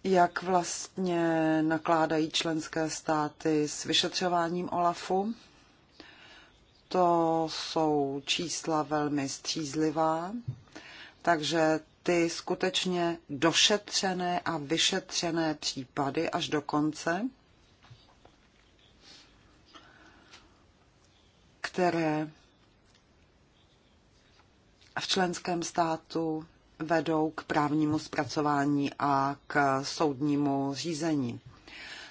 jak vlastně nakládají členské státy s vyšetřováním OLAFu. To jsou čísla velmi střízlivá, takže ty skutečně došetřené a vyšetřené případy až do konce, které v členském státu vedou k právnímu zpracování a k soudnímu řízení.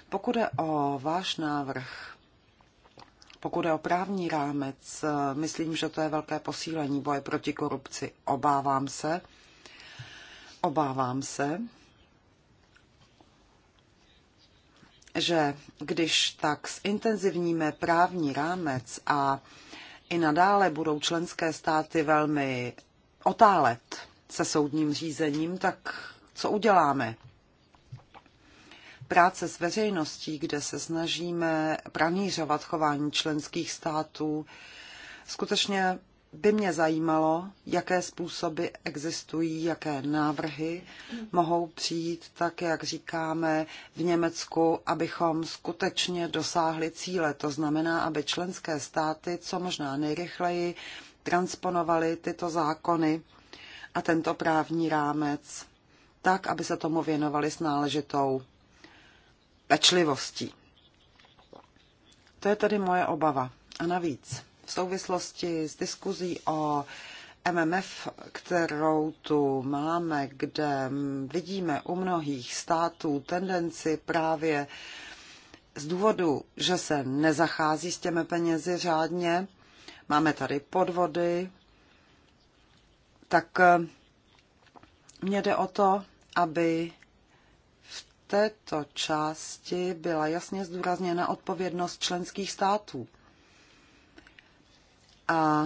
Pokud je o váš návrh, pokud je o právní rámec, myslím, že to je velké posílení boje proti korupci. Obávám se, obávám se, že když tak zintenzivníme právní rámec a i nadále budou členské státy velmi otálet se soudním řízením, tak co uděláme? Práce s veřejností, kde se snažíme pranířovat chování členských států, skutečně by mě zajímalo, jaké způsoby existují, jaké návrhy mohou přijít, tak jak říkáme v Německu, abychom skutečně dosáhli cíle. To znamená, aby členské státy co možná nejrychleji transponovaly tyto zákony a tento právní rámec tak, aby se tomu věnovali s náležitou pečlivostí. To je tedy moje obava. A navíc v souvislosti s diskuzí o MMF, kterou tu máme, kde vidíme u mnohých států tendenci právě z důvodu, že se nezachází s těmi penězi řádně, máme tady podvody, tak eh, mně jde o to, aby v této části byla jasně zdůrazněna odpovědnost členských států. A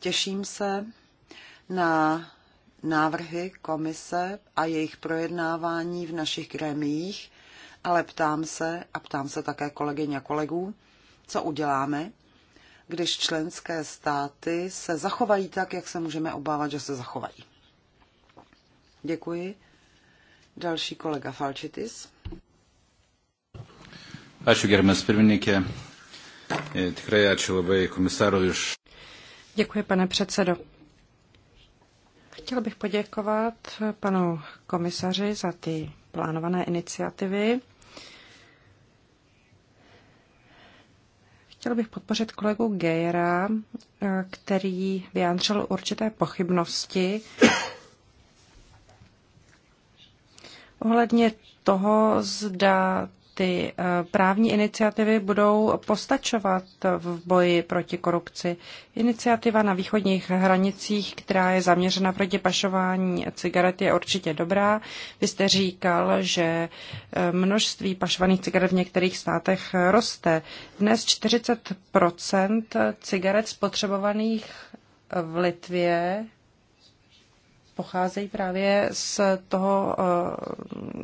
těším se na návrhy komise a jejich projednávání v našich gremiích, ale ptám se a ptám se také kolegyň a kolegů, co uděláme, když členské státy se zachovají tak, jak se můžeme obávat, že se zachovají. Děkuji. Další kolega Falčitis. Ačiū, gerbiamas pirmininkė. E, tikrai ačiū labai komisarui už. Děkuji, pane předsedo. Chtěl bych poděkovat panu komisaři za ty plánované iniciativy. Chtěl bych podpořit kolegu Gejera, eh, který vyjádřil určité pochybnosti ohledně toho, zda ty eh, právní iniciativy budou postačovat v boji proti korupci. Iniciativa na východních hranicích, která je zaměřena proti pašování cigaret, je určitě dobrá. Vy jste říkal, že eh, množství pašovaných cigaret v některých státech roste. Dnes 40 cigaret spotřebovaných v Litvě pocházejí právě z toho eh,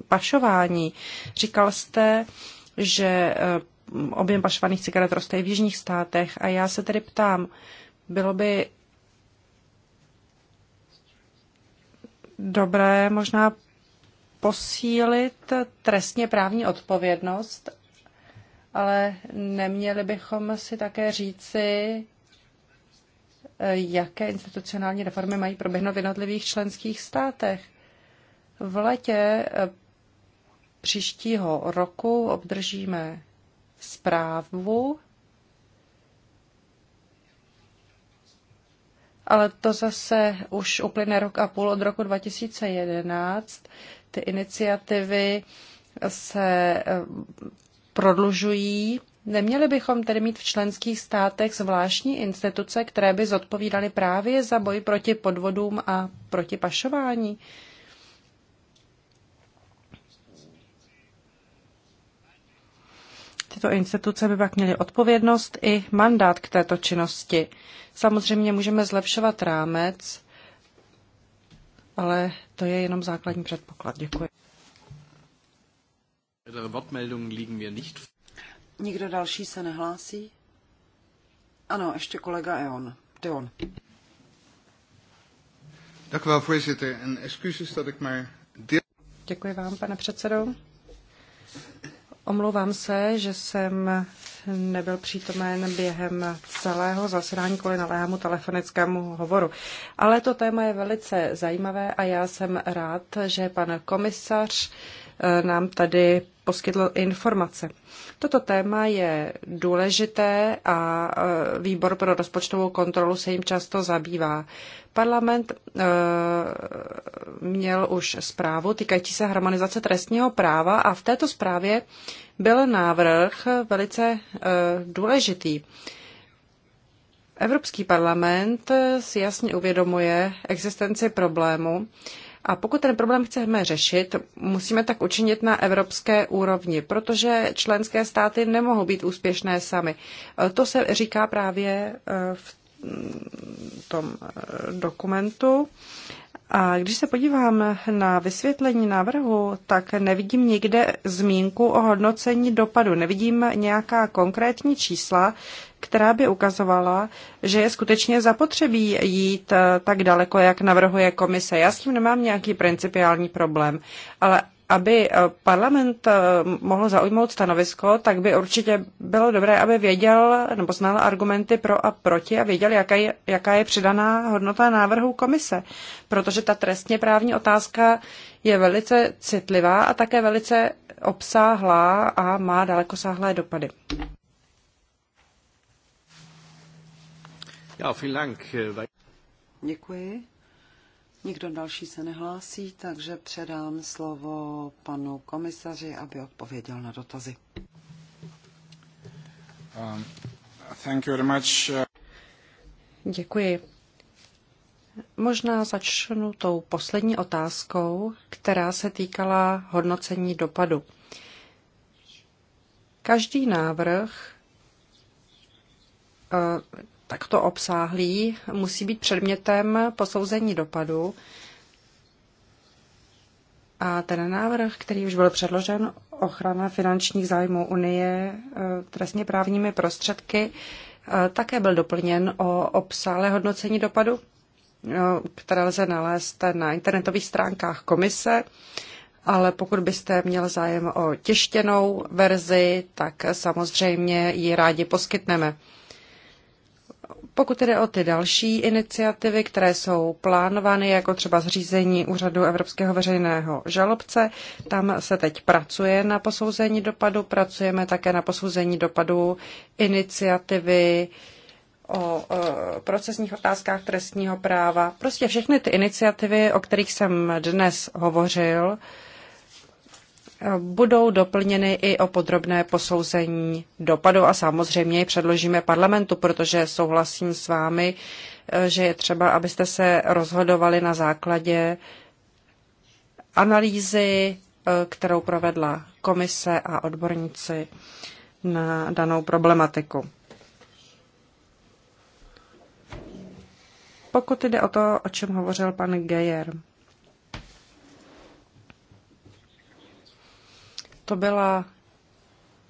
pašování. Říkal jste, že eh, objem pašovaných cigaret roste i v jižních státech a já se tedy ptám, bylo by dobré možná posílit trestně právní odpovědnost, ale neměli bychom si také říci, jaké institucionální reformy mají proběhnout v jednotlivých členských státech. V letě eh, příštího roku obdržíme zprávu, ale to zase už uplyne rok a půl od roku 2011. Ty iniciativy se eh, prodlužují Neměli bychom tedy mít v členských státech zvláštní instituce, které by zodpovídaly právě za boj proti podvodům a proti pašování? Tyto instituce by pak měly odpovědnost i mandát k této činnosti. Samozřejmě můžeme zlepšovat rámec, ale to je jenom základní předpoklad. Děkuji. Nikdo další se nehlásí? Ano, ještě kolega Eon. Deon. Děkuji vám, pane předsedo. Omlouvám se, že jsem nebyl přítomen během celého zasedání kvůli naléhému telefonickému hovoru. Ale to téma je velice zajímavé a já jsem rád, že pan komisař eh, nám tady poskytl informace. Toto téma je důležité a e, výbor pro rozpočtovou kontrolu se jim často zabývá. Parlament e, měl už zprávu týkající se harmonizace trestního práva a v této zprávě byl návrh velice e, důležitý. Evropský parlament si jasně uvědomuje existenci problému, a pokud ten problém chceme řešit, musíme tak učinit na evropské úrovni, protože členské státy nemohou být úspěšné sami. E, to se říká právě e, v mm, tom e, dokumentu. A když se podívám na vysvětlení návrhu, tak nevidím nikde zmínku o hodnocení dopadu, nevidím nějaká konkrétní čísla, která by ukazovala, že je skutečně zapotřebí jít eh, tak daleko, jak navrhuje komise. Já s tím nemám nějaký principiální problém, ale aby eh, parlament eh, mohl zaujmout stanovisko, tak by určitě bylo dobré, aby věděl nebo znal argumenty pro a proti a věděl, jaká je, jaká je přidaná hodnota návrhu komise. Protože ta trestně právní otázka je velice citlivá a také velice obsáhlá a má dalekosáhlé dopady. Eh, Děkuji. Nikdo další se nehlásí, takže předám slovo panu komisaři, aby odpověděl na dotazy. Um, thank you very much. Eh. Děkuji. Možná začnu tou poslední otázkou, která se týkala hodnocení dopadu. Každý návrh eh, takto obsáhlý musí být předmětem posouzení dopadu. A ten návrh, který už byl předložen, ochrana finančních zájmů Unie e, trestně právními prostředky, e, také byl doplněn o obsáhlé hodnocení dopadu, e, které lze nalézt na internetových stránkách komise. Ale pokud byste měl zájem o tištěnou verzi, tak samozřejmě ji rádi poskytneme. Pokud jde o ty další iniciativy, které jsou plánovány, jako třeba zřízení úřadu Evropského veřejného žalobce, tam se teď pracuje na posouzení dopadu, pracujeme také na posouzení dopadu iniciativy o procesních otázkách trestního práva. Prostě všechny ty iniciativy, o kterých jsem dnes hovořil, budou doplněny i o podrobné posouzení dopadu a samozřejmě ji předložíme parlamentu, protože souhlasím s vámi, eh, že je třeba, abyste se rozhodovali na základě analýzy, eh, kterou provedla komise a odborníci na danou problematiku. Pokud jde o to, o čem hovořil pan Geyer, to byla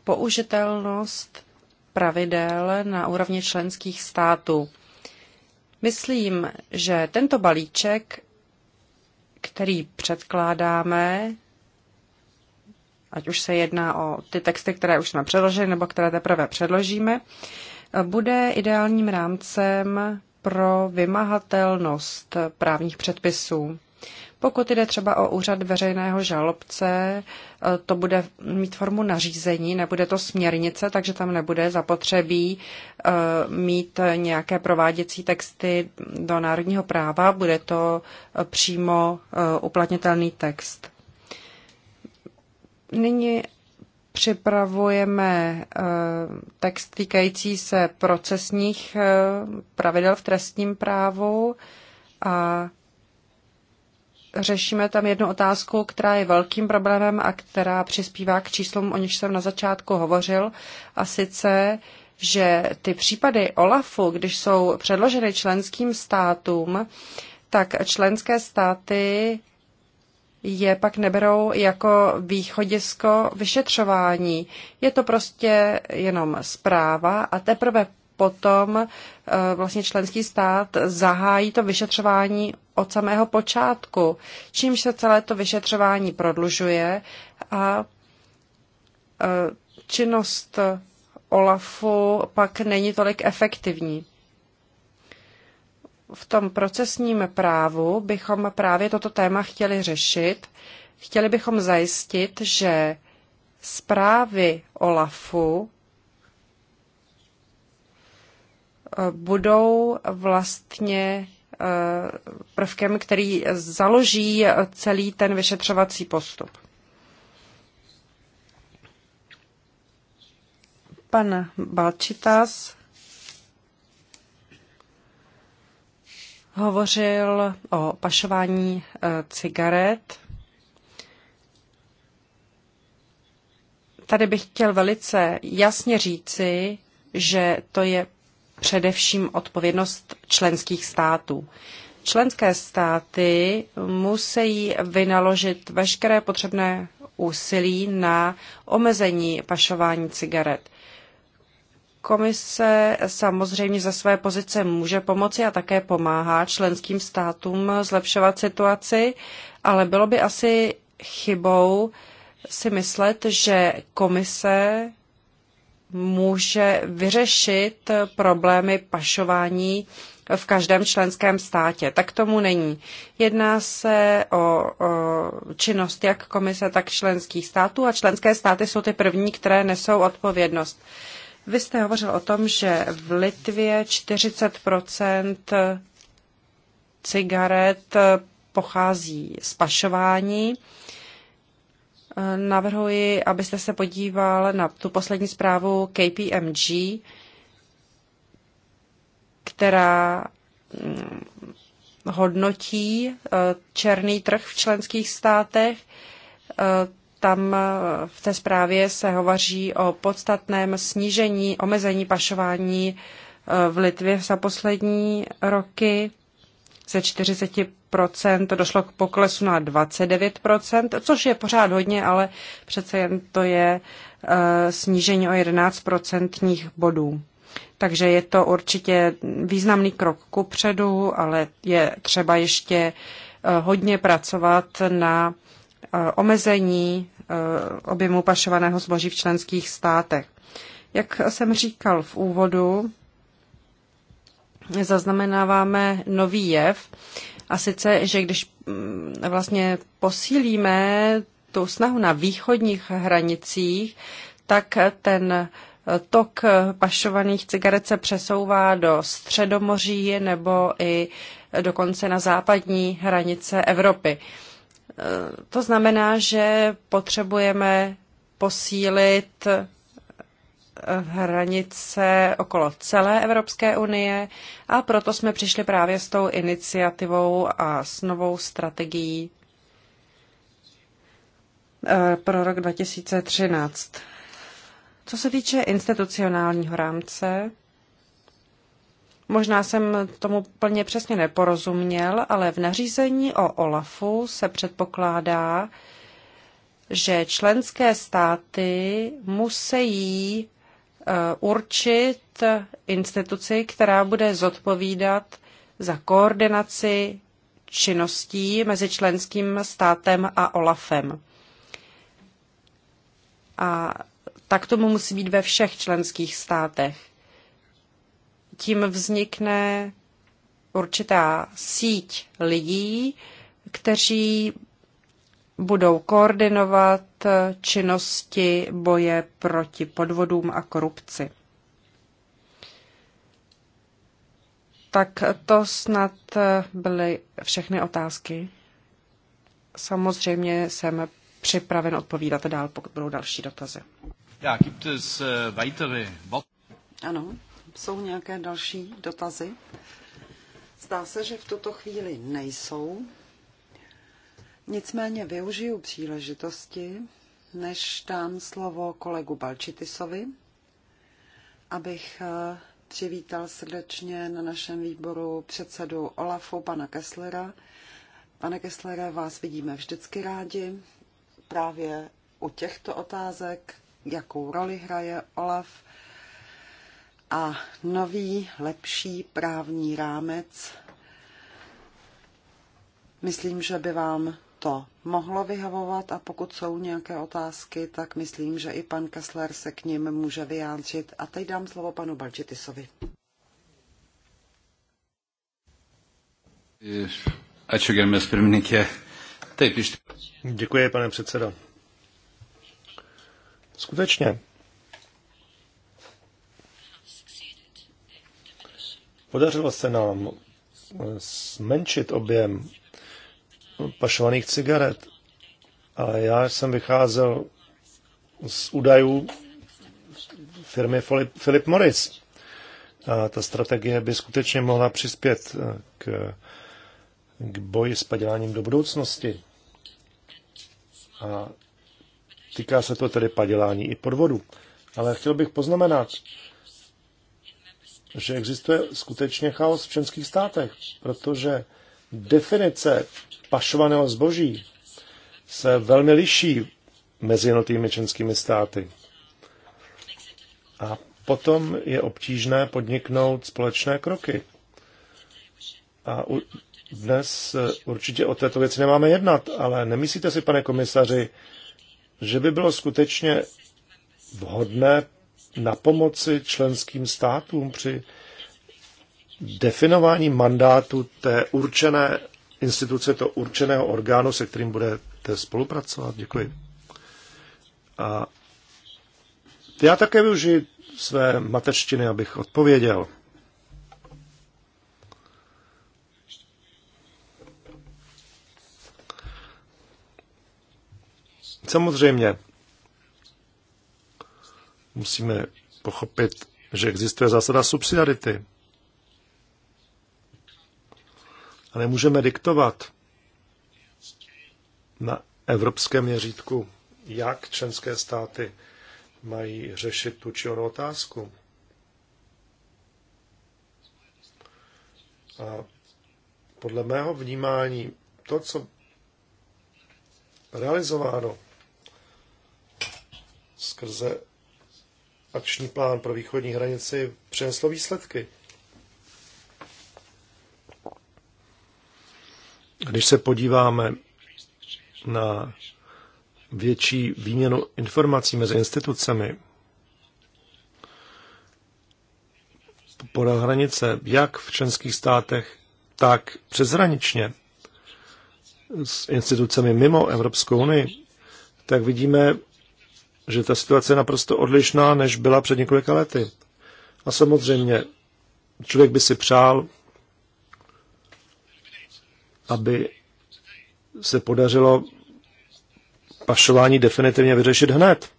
použitelnost pravidel na úrovni členských států. Myslím, že tento balíček, který předkládáme, ať už se jedná o ty texty, které už jsme předložili nebo které teprve předložíme, bude ideálním rámcem pro vymahatelnost právních předpisů. Pokud jde třeba o úřad veřejného žalobce, eh, to bude mít formu nařízení, nebude to směrnice, takže tam nebude zapotřebí eh, mít nějaké prováděcí texty do národního práva, bude to eh, přímo uplatnitelný text. Nyní připravujeme text týkající se procesních pravidel v trestním právu a řešíme tam jednu otázku, která je velkým problémem a která přispívá k číslům, o nich jsem na začátku hovořil, a sice, že ty případy OLAFu, když jsou předloženy členským státům, tak členské státy je pak neberou jako východisko vyšetřování. Je to prostě jenom zpráva a teprve potom eh, vlastně členský stát zahájí to vyšetřování od samého počátku, čímž se celé to vyšetřování prodlužuje a eh, činnost OLAFu pak není tolik efektivní. V tom procesním právu bychom právě toto téma chtěli řešit. Chtěli bychom zajistit, že zprávy OLAFu budou vlastně eh, prvkem, který založí celý ten vyšetřovací postup. Pan Balčitas hovořil o pašování eh, cigaret. Tady bych chtěl velice jasně říci, že to je především odpovědnost členských států. Členské státy musí vynaložit veškeré potřebné úsilí na omezení pašování cigaret. Komise samozřejmě za své pozice může pomoci a také pomáhá členským státům zlepšovat situaci, ale bylo by asi chybou si myslet, že komise může vyřešit problémy pašování v každém členském státě. Tak tomu není. Jedná se o, o činnost jak komise, tak členských států a členské státy jsou ty první, které nesou odpovědnost. Vy jste hovořil o tom, že v Litvě 40 cigaret pochází z pašování navrhuji, abyste se podíval na tu poslední zprávu KPMG, která mm, hodnotí eh, černý trh v členských státech. Eh, tam eh, v té zprávě se hovoří o podstatném snížení, omezení pašování v Litvě za poslední roky ze 40 došlo k poklesu na 29 což je pořád hodně, ale přece jen to je eh, snížení o 11 bodů. Takže je to určitě významný krok ku předu, ale je třeba ještě eh, hodně pracovat na eh, omezení objemu pašovaného zboží v členských státech. Jak jsem říkal v úvodu, zaznamenáváme nový jev, a sice, že když mm, vlastně posílíme tu snahu na východních hranicích, tak ten tok pašovaných cigaret se přesouvá do Středomoří nebo i dokonce na západní hranice Evropy. E, to znamená, že potřebujeme posílit hranice okolo celé Evropské unie a proto jsme přišli právě s tou iniciativou a s novou strategií eh, pro rok 2013. Co se týče institucionálního rámce, možná jsem tomu plně přesně neporozuměl, ale v nařízení o OLAFu se předpokládá, že členské státy musí Eh, určit instituci, která bude zodpovídat za koordinaci činností mezi členským státem a OLAFem. A tak tomu musí být ve všech členských státech. Tím vznikne určitá síť lidí, kteří budou koordinovat činnosti boje proti podvodům a korupci. Tak to snad byly všechny otázky. Samozřejmě jsem připraven odpovídat dál, pokud budou další dotazy. Ja, gibt es eh, weitere Ano, jsou nějaké další dotazy? Zdá se, že v tuto chvíli nejsou. Nicméně využiju příležitosti, než dám slovo kolegu Balčitisovi, abych eh, přivítal srdečně na našem výboru předsedu Olafu, pana Kesslera. Pane Kesslere, vás vidíme vždycky rádi. Právě u těchto otázek, jakou roli hraje Olaf a nový, lepší právní rámec. Myslím, že by vám to mohlo vyhovovat a pokud jsou nějaké otázky, tak myslím, že i pan Kessler se k ním může vyjádřit. A teď dám slovo panu Balčitisovi. Děkuji, pane předsedo. Skutečně. Podařilo se nám zmenšit objem pašovaných cigaret. Ale já jsem vycházel z údajů firmy Philip Morris. A ta strategie by skutečně mohla přispět eh, k, k boji s paděláním do budoucnosti. A týká se to tedy padělání i podvodu. Ale chtěl bych poznamenat, že existuje skutečně chaos v členských státech, protože definice pašovaného zboží se velmi liší mezi jednotlivými členskými státy. A potom je obtížné podniknout společné kroky. A u, dnes eh, určitě o této věci nemáme jednat, ale nemyslíte si, pane komisaři, že by bylo skutečně vhodné na pomoci členským státům při definování mandátu té určené instituce to určeného orgánu, se kterým budete spolupracovat. Děkuji. A já také využiji své mateřštiny, abych odpověděl. Samozřejmě musíme pochopit, že existuje zásada subsidiarity. A nemůžeme diktovat na evropském měřítku, jak členské státy mají řešit tu či onou otázku. A podle mého vnímání to, co realizováno skrze akční plán pro východní hranici, přineslo výsledky. Když se podíváme na větší výměnu informací mezi institucemi, podél hranice, jak v členských státech, tak přeshraničně s institucemi mimo Evropskou unii, tak vidíme, že ta situace je naprosto odlišná, než byla před několika lety. A samozřejmě člověk by si přál, aby se podařilo pašování definitivně vyřešit hned.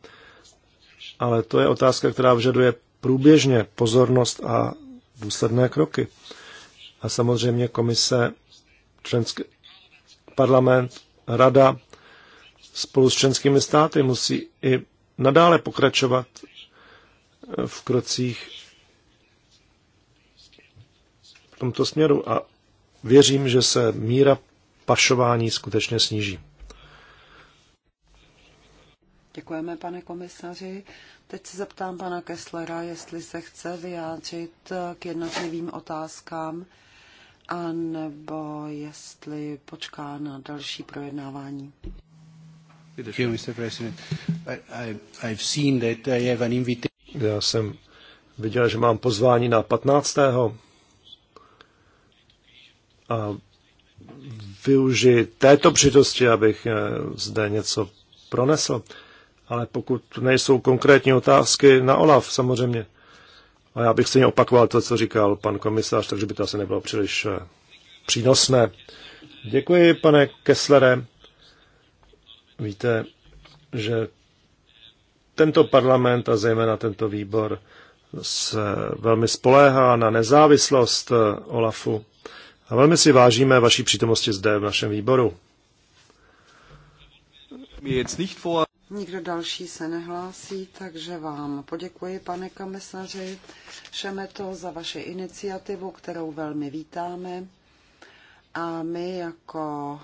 Ale to je otázka, která vyžaduje průběžně pozornost a důsledné kroky. A samozřejmě komise, členský parlament, rada spolu s členskými státy musí i nadále pokračovat v krocích v tomto směru. A Věřím, že se míra pašování skutečně sníží. Děkujeme, pane komisaři. Teď se zeptám pana Kesslera, jestli se chce vyjádřit k jednotlivým otázkám, anebo jestli počká na další projednávání. Já jsem viděl, že mám pozvání na 15. A využiji této přitosti, abych eh, zde něco pronesl. Ale pokud nejsou konkrétní otázky na OLAF, samozřejmě. A já bych stejně opakoval to, co říkal pan komisař, takže by to asi nebylo příliš eh, přínosné. Děkuji, pane Kesslere. Víte, že tento parlament a zejména tento výbor se velmi spoléhá na nezávislost eh, OLAFu a velmi si vážíme vaší přítomnosti zde v našem výboru. Nikdo další se nehlásí, takže vám poděkuji, pane komisaři Šemeto, za vaši iniciativu, kterou velmi vítáme. A my jako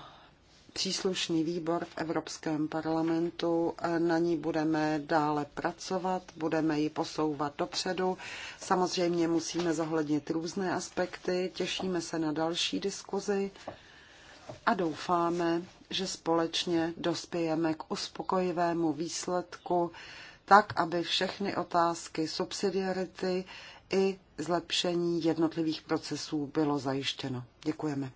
příslušný výbor v Evropském parlamentu. Na ní budeme dále pracovat, budeme ji posouvat dopředu. Samozřejmě musíme zohlednit různé aspekty, těšíme se na další diskuzi a doufáme, že společně dospějeme k uspokojivému výsledku, tak, aby všechny otázky subsidiarity i zlepšení jednotlivých procesů bylo zajištěno. Děkujeme.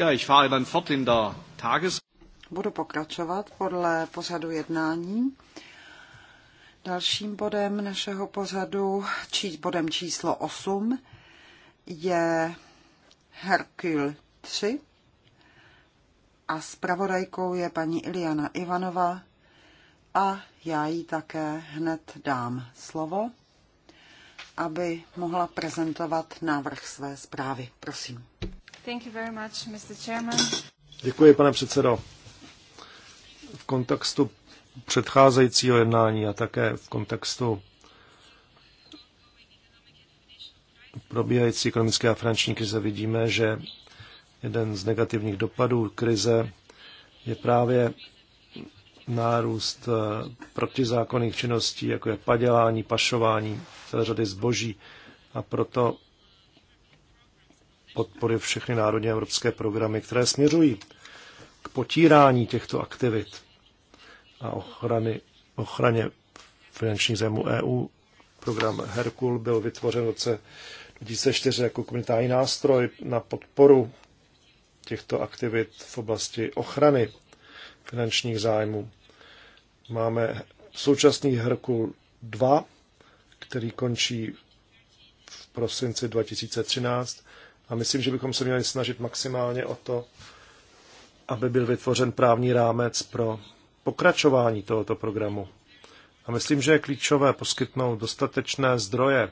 Ja, ich fahre dann fort in der Tages... Budu pokračovat podle pořadu jednání. Dalším bodem našeho pořadu, či, bodem číslo 8, je Herkul 3 a zpravodajkou je paní Iliana Ivanova a já jí také hned dám slovo, aby mohla prezentovat návrh své zprávy. Prosím. Thank you very much, Mr. Chairman. Děkuji, pane předsedo. V kontextu předcházejícího jednání a také v kontextu probíhající ekonomické a finanční krize vidíme, že jeden z negativních dopadů krize je právě nárůst eh, protizákonných činností, jako je padělání, pašování celé řady zboží. A proto podpory všechny národně evropské programy, které směřují k potírání těchto aktivit a ochrany, ochraně finančních zemů EU. Program Herkul byl vytvořen v roce 2004 jako komunitární nástroj na podporu těchto aktivit v oblasti ochrany finančních zájmů. Máme současný Herkul 2, který končí v prosinci 2013 a myslím, že bychom se měli snažit maximálně o to, aby byl vytvořen právní rámec pro pokračování tohoto programu. A myslím, že je klíčové poskytnout dostatečné zdroje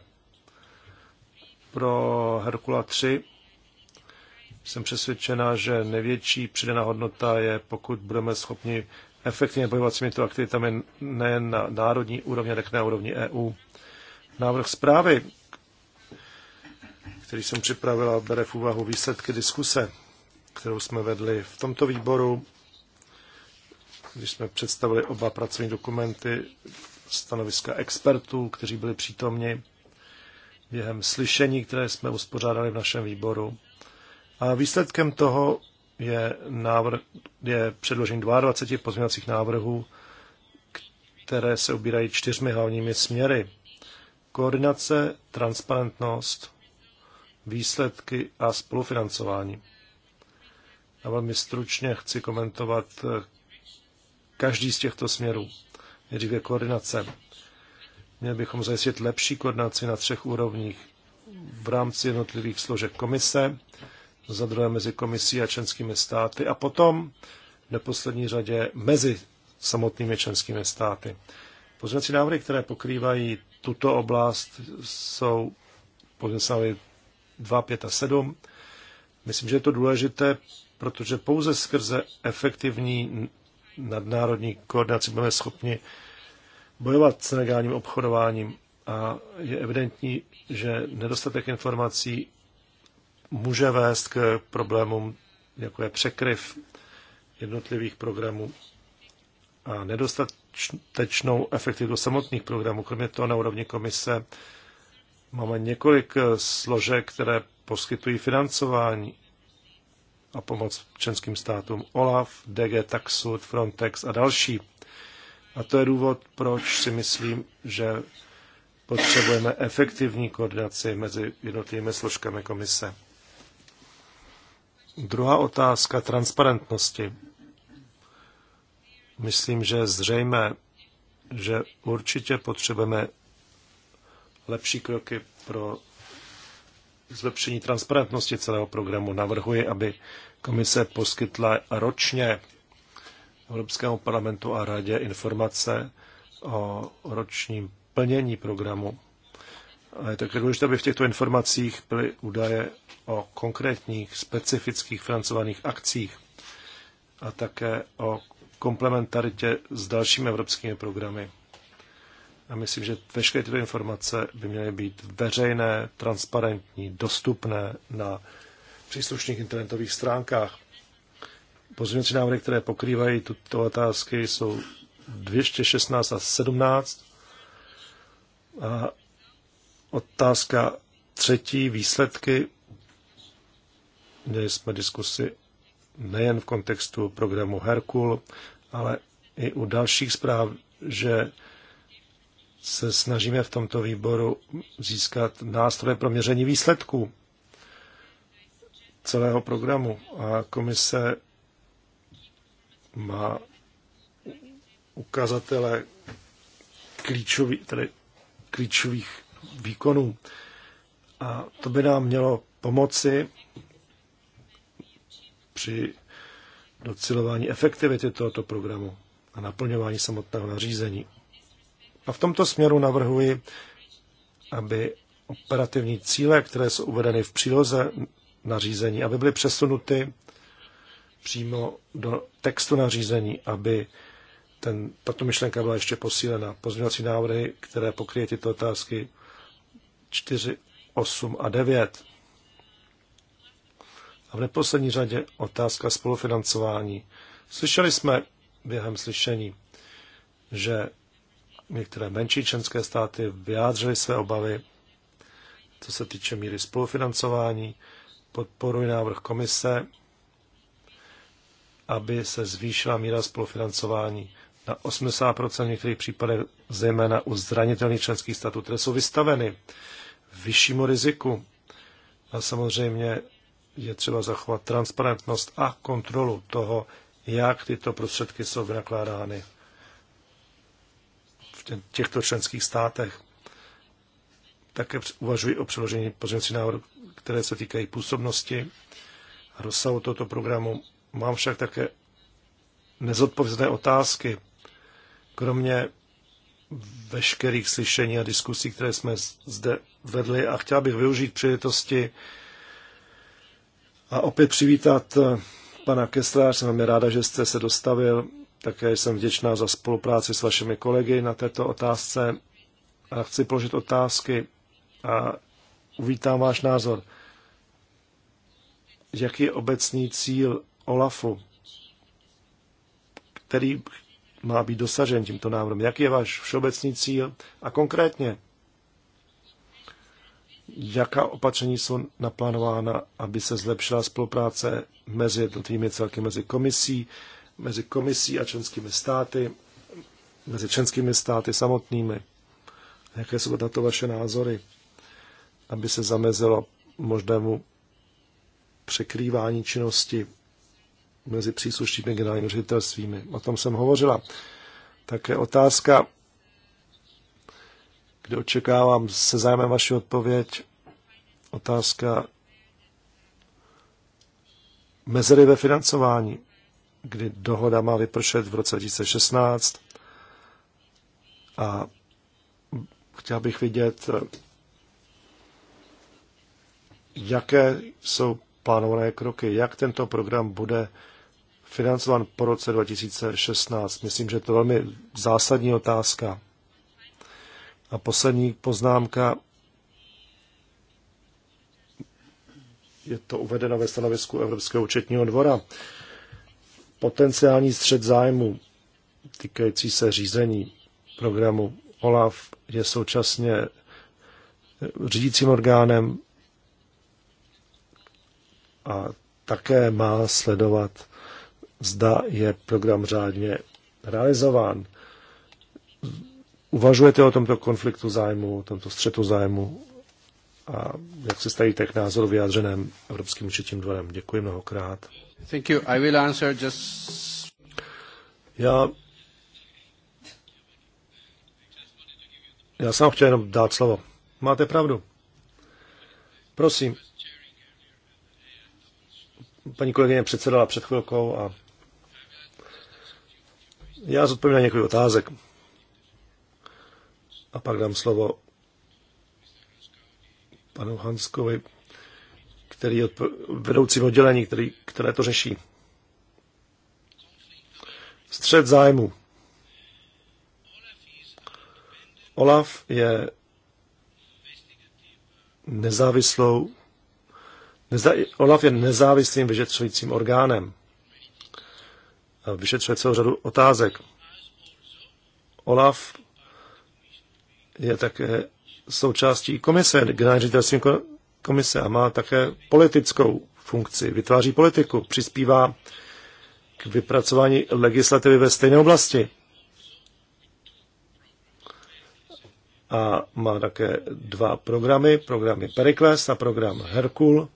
pro Herkula 3. Jsem přesvědčena, že největší přidaná hodnota je, pokud budeme schopni efektivně bojovat s těmito aktivitami nejen na národní úrovni, ale na úrovni EU. Návrh zprávy který jsem a bere v úvahu výsledky diskuse, kterou jsme vedli v tomto výboru, když jsme představili oba pracovní dokumenty, stanoviska expertů, kteří byli přítomni během slyšení, které jsme uspořádali v našem výboru. A výsledkem toho je, návrh, je předložení 22 pozměňovacích návrhů, které se ubírají čtyřmi hlavními směry. Koordinace, transparentnost, výsledky a spolufinancování. A velmi stručně chci komentovat eh, každý z těchto směrů. je koordinace. Měli bychom zajistit lepší koordinaci na třech úrovních v rámci jednotlivých složek komise, za druhé mezi komisí a členskými státy a potom v neposlední řadě mezi samotnými členskými státy. Pozměňovací návrhy, které pokrývají tuto oblast, jsou pozměňovací 2, 5 a 7. Myslím, že je to důležité, protože pouze skrze efektivní nadnárodní koordinaci budeme schopni bojovat s nelegálním obchodováním a je evidentní, že nedostatek informací může vést k problémům, jako je překryv jednotlivých programů a nedostatečnou efektivitu samotných programů. Kromě toho na úrovni komise Máme několik eh, složek, které poskytují financování a pomoc členským státům. OLAF, DG Taxud, Frontex a další. A to je důvod, proč si myslím, že potřebujeme efektivní koordinaci mezi jednotlivými složkami komise. Druhá otázka transparentnosti. Myslím, že je zřejmé, že určitě potřebujeme lepší kroky pro zlepšení transparentnosti celého programu. Navrhuji, aby komise poskytla ročně Evropskému parlamentu a radě informace o ročním plnění programu. A je také důležité, aby v těchto informacích byly údaje o konkrétních, specifických financovaných akcích a také o komplementaritě s dalšími evropskými programy. A myslím, že veškeré tyto informace by měly být veřejné, transparentní, dostupné na příslušných internetových stránkách. Pozměňovací návrhy, které pokrývají tuto otázky, jsou 216 a 17. A otázka třetí, výsledky. Měli jsme diskusi nejen v kontextu programu Herkul, ale i u dalších zpráv, že se snažíme v tomto výboru získat nástroje pro měření výsledků celého programu. A komise má ukazatele klíčový, tedy klíčových výkonů. A to by nám mělo pomoci při docilování efektivity tohoto programu a naplňování samotného nařízení. A v tomto směru navrhuji, aby operativní cíle, které jsou uvedeny v příloze nařízení, aby byly přesunuty přímo do textu nařízení, aby ten, tato myšlenka byla ještě posílena. Pozměňovací návrhy, které pokryje tyto otázky 4, 8 a 9. A v neposlední řadě otázka spolufinancování. Slyšeli jsme během slyšení, že Některé menší členské státy vyjádřily své obavy, co se týče míry spolufinancování. Podporuji návrh komise, aby se zvýšila míra spolufinancování na 80% v některých případech, zejména u zranitelných členských států, které jsou vystaveny vyššímu riziku. A samozřejmě je třeba zachovat transparentnost a kontrolu toho, jak tyto prostředky jsou vynakládány těchto členských státech. Také uvažuji o přeložení pozměňovacích návrhu, které se týkají působnosti a rozsahu tohoto programu. Mám však také nezodpovězné otázky, kromě veškerých slyšení a diskusí, které jsme zde vedli a chtěl bych využít příležitosti a opět přivítat eh, pana Kestra, jsem velmi ráda, že jste se dostavil také jsem vděčná za spolupráci s vašimi kolegy na této otázce a chci položit otázky a uvítám váš názor. Jaký je obecný cíl OLAFu, který má být dosažen tímto návrhem? Jaký je váš všeobecný cíl? A konkrétně, jaká opatření jsou naplánována, aby se zlepšila spolupráce mezi jednotlivými celky, mezi komisí, mezi komisí a členskými státy, mezi členskými státy samotnými. Jaké jsou na to vaše názory, aby se zamezilo možnému překrývání činnosti mezi příslušnými generálními ředitelstvími. O tom jsem hovořila. Také otázka, kde očekávám se zájmem vaši odpověď, otázka mezery ve financování kdy dohoda má vypršet v roce 2016 a chtěl bych vidět, jaké jsou plánované kroky, jak tento program bude financován po roce 2016. Myslím, že to je velmi zásadní otázka. A poslední poznámka. Je to uvedeno ve stanovisku Evropského účetního dvora potenciální střed zájmu týkající se řízení programu OLAF je současně řídícím orgánem a také má sledovat, zda je program řádně realizován. Uvažujete o tomto konfliktu zájmu, o tomto střetu zájmu a jak se stavíte k názoru vyjádřeném Evropským určitým dvorem? Děkuji mnohokrát. Thank you. I will answer just... Já... Já jsem chtěl jenom dát slovo. Máte pravdu. Prosím. Paní kolegyně předsedala před chvilkou a já zodpovím na několik otázek. A pak dám slovo panu Hanskovi, který vedoucím oddělení, který, které to řeší. Střed zájmu. Olaf je nezávislou Neza, Olaf je nezávislým vyšetřujícím orgánem. A vyšetřuje celou řadu otázek. Olaf je také součástí komise, generální ředitelství komise a má také politickou funkci, vytváří politiku, přispívá k vypracování legislativy ve stejné oblasti. A má také dva programy, programy Perikles a program Herkul.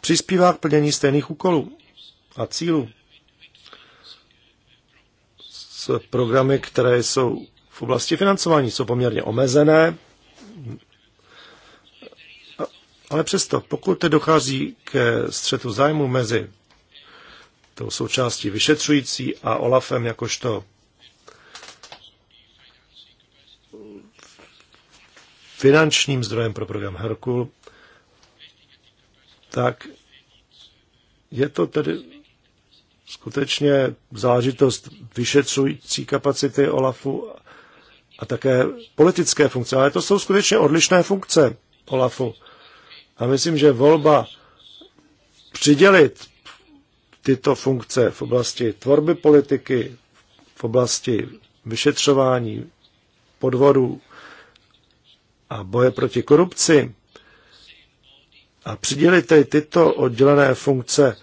Přispívá k plnění stejných úkolů a cílů. S programy, které jsou v oblasti financování, jsou poměrně omezené, ale přesto, pokud dochází ke střetu zájmu mezi tou součástí vyšetřující a Olafem jakožto finančním zdrojem pro program Herkul, tak je to tedy skutečně záležitost vyšetřující kapacity Olafu a také politické funkce. Ale to jsou skutečně odlišné funkce Olafu. A myslím, že volba přidělit tyto funkce v oblasti tvorby politiky, v oblasti vyšetřování podvodů a boje proti korupci a přidělit tyto oddělené funkce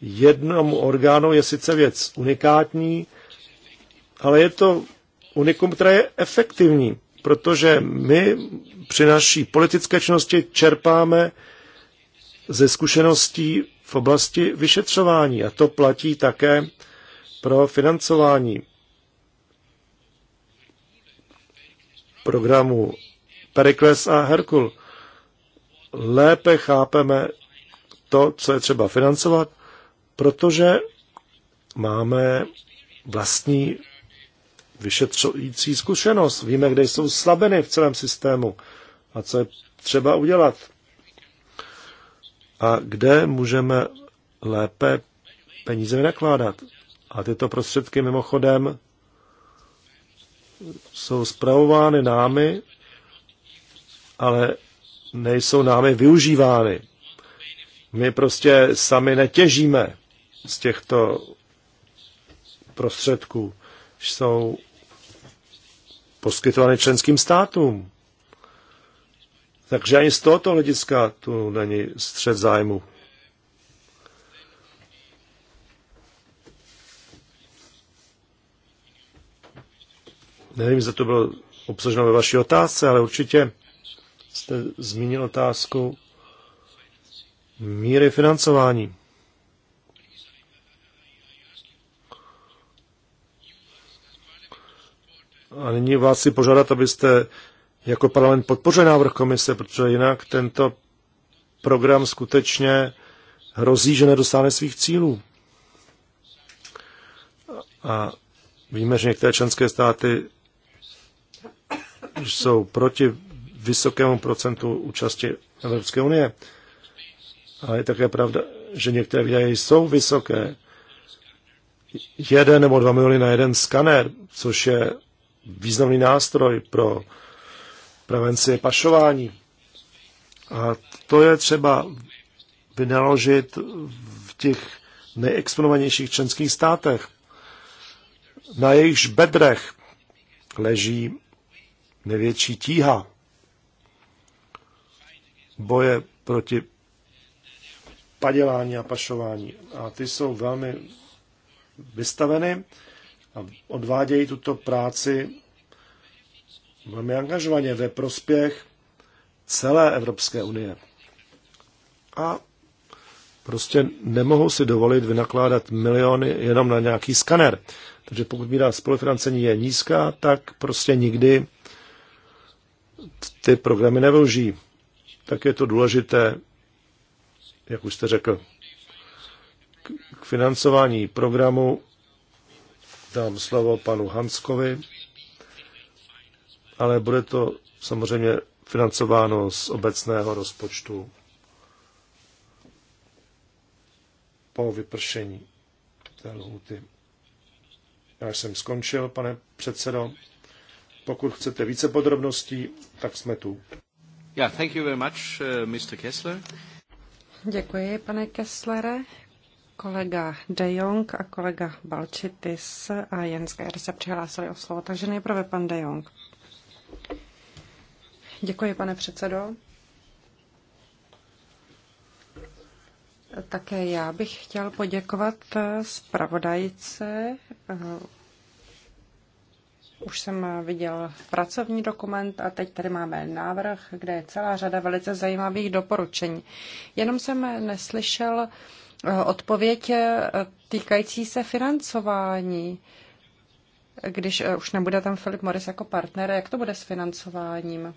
jednomu orgánu je sice věc unikátní, ale je to unikum, které je efektivní protože my při naší politické činnosti čerpáme ze zkušeností v oblasti vyšetřování a to platí také pro financování programu Perikles a Herkul. Lépe chápeme to, co je třeba financovat, protože máme vlastní vyšetřující zkušenost. Víme, kde jsou slabiny v celém systému a co je třeba udělat. A kde můžeme lépe peníze vynakládat. A tyto prostředky mimochodem jsou zpravovány námi, ale nejsou námi využívány. My prostě sami netěžíme z těchto prostředků. Jsou poskytované členským státům. Takže ani z tohoto hlediska tu není střed zájmu. Nevím, zda to bylo obsaženo ve vaší otázce, ale určitě jste zmínil otázku míry financování. nyní vás si požádat, abyste jako parlament podpořili návrh komise, protože jinak tento program skutečně hrozí, že nedosáhne svých cílů. A víme, že některé členské státy jsou proti vysokému procentu účasti Evropské unie. Ale je také pravda, že některé výdaje jsou vysoké. Jeden nebo dva miliony na jeden skaner, což je významný nástroj pro prevenci pašování. A to je třeba vynaložit v těch nejexponovanějších členských státech. Na jejichž bedrech leží největší tíha boje proti padělání a pašování. A ty jsou velmi vystaveny a odvádějí tuto práci velmi angažovaně ve prospěch celé Evropské unie. A prostě nemohou si dovolit vynakládat miliony jenom na nějaký skaner. Takže pokud míra spolufinancení je nízká, tak prostě nikdy ty programy nevlží. Tak je to důležité, jak už jste řekl, k financování programu dám slovo panu Hanskovi, ale bude to samozřejmě financováno z obecného rozpočtu po vypršení té lhuty. Já jsem skončil, pane předsedo. Pokud chcete více podrobností, tak jsme tu. Yeah, thank you very much, uh, Mr. Kessler. Děkuji, pane Kesslere kolega De Jong a kolega Balčitis a Jens Geier se přihlásili o slovo, takže nejprve pan De Jong. Děkuji, pane předsedo. Také já bych chtěl poděkovat zpravodajce. Už jsem viděl pracovní dokument a teď tady máme návrh, kde je celá řada velice zajímavých doporučení. Jenom jsem neslyšel odpověď eh, týkající se financování. Když eh, už nebude tam Filip Morris jako partner, jak to bude s financováním?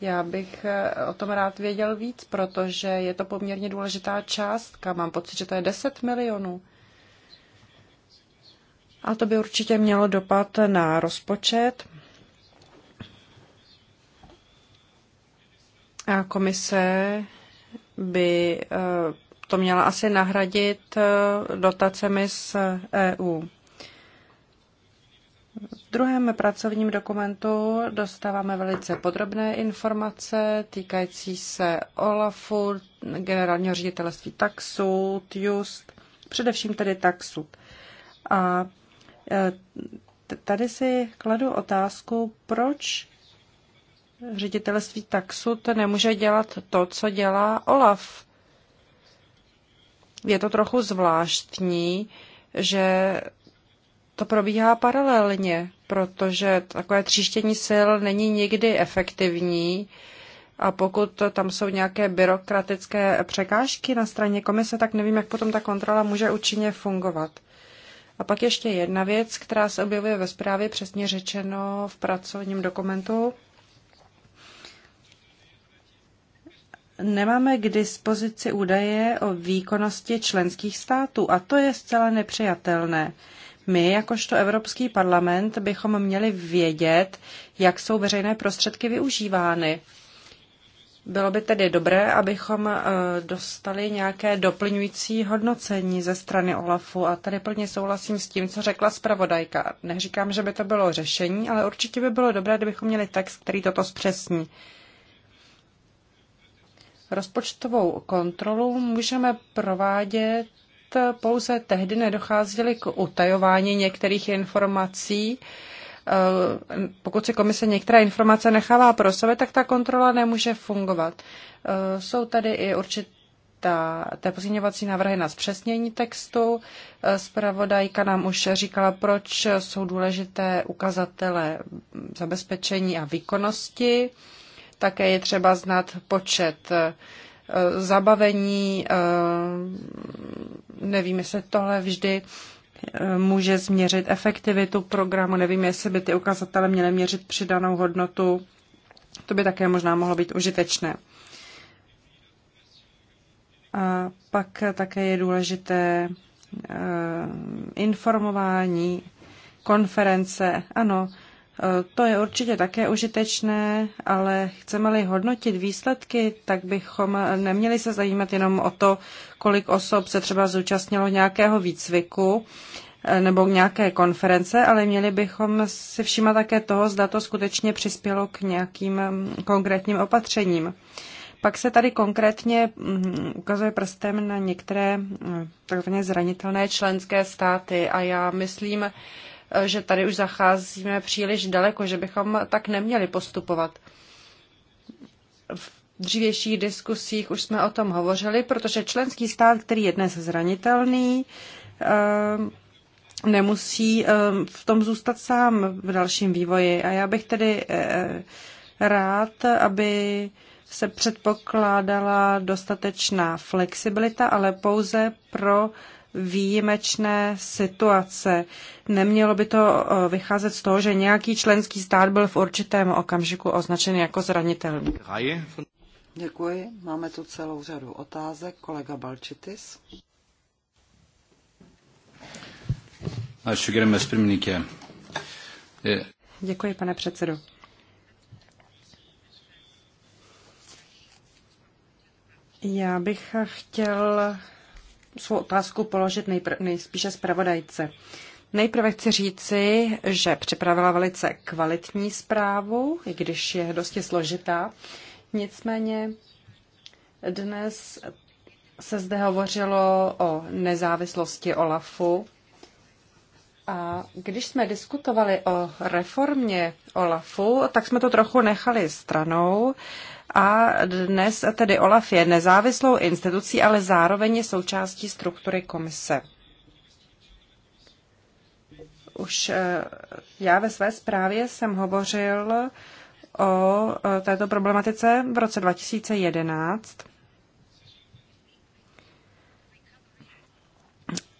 Já bych eh, o tom rád věděl víc, protože je to poměrně důležitá částka. Mám pocit, že to je 10 milionů. A to by určitě mělo dopad na rozpočet. A komise by to měla asi nahradit eh, dotacemi z EU. V druhém pracovním dokumentu dostáváme velice podrobné informace týkající se OLAFu, generálního ředitelství Taxu, Just, především tedy Taxu. A eh, tady si kladu otázku, proč ředitelství Taxu nemůže dělat to, co dělá OLAF je to trochu zvláštní, že to probíhá paralelně, protože takové tříštění sil není nikdy efektivní. A pokud tam jsou nějaké byrokratické překážky na straně komise, tak nevím, jak potom ta kontrola může účinně fungovat. A pak ještě jedna věc, která se objevuje ve zprávě, přesně řečeno v pracovním dokumentu nemáme k dispozici údaje o výkonnosti členských států a to je zcela nepřijatelné. My, jakožto Evropský parlament, bychom měli vědět, jak jsou veřejné prostředky využívány. Bylo by tedy dobré, abychom eh, dostali nějaké doplňující hodnocení ze strany OLAFu a tady plně souhlasím s tím, co řekla zpravodajka. Neříkám, že by to bylo řešení, ale určitě by bylo dobré, kdybychom měli text, který toto zpřesní. Rozpočtovou kontrolu můžeme provádět pouze tehdy nedocházeli k utajování některých informací. Eh, pokud si komise některé informace nechává pro sebe, tak ta kontrola nemůže fungovat. Eh, jsou tady i určitá té pozměňovací návrhy na zpřesnění textu. Spravodajka eh, nám už říkala, proč jsou důležité ukazatele zabezpečení a výkonnosti. Také je třeba znát počet eh, zabavení. Eh, nevím, jestli tohle vždy eh, může změřit efektivitu programu. Nevím, jestli by ty ukazatele měly měřit přidanou hodnotu. To by také možná mohlo být užitečné. A pak také je důležité informování, konference. Ano, Eh, to je určitě také užitečné, ale chceme-li hodnotit výsledky, tak bychom neměli se zajímat jenom o to, kolik osob se třeba zúčastnilo nějakého výcviku eh, nebo nějaké konference, ale měli bychom si všímat také toho, zda to skutečně přispělo k nějakým mm, konkrétním opatřením. Pak se tady konkrétně mm, ukazuje prstem na některé mm, takzvaně zranitelné členské státy a já myslím, že tady už zacházíme příliš daleko, že bychom tak neměli postupovat. V dřívějších diskusích už jsme o tom hovořili, protože členský stát, který je dnes zranitelný, eh, nemusí eh, v tom zůstat sám v dalším vývoji. A já bych tedy eh, rád, aby se předpokládala dostatečná flexibilita, ale pouze pro výjimečné situace. Nemělo by to eh, vycházet z toho, že nějaký členský stát byl v určitém okamžiku označen jako zranitelný. Děkuji. Máme tu celou řadu otázek. Kolega Balčitis. E, Děkuji, pane předsedo. Já bych chtěl svou otázku položit nejpr- nejspíše zpravodajce. Nejprve chci říci, že připravila velice kvalitní zprávu, i když je dosti složitá. Nicméně dnes se zde hovořilo o nezávislosti OLAFu. A když jsme diskutovali o reformě OLAFu, tak jsme to trochu nechali stranou a dnes tedy OLAF je nezávislou institucí, ale zároveň je součástí struktury komise. Už eh, já ve své zprávě jsem hovořil o eh, této problematice v roce 2011.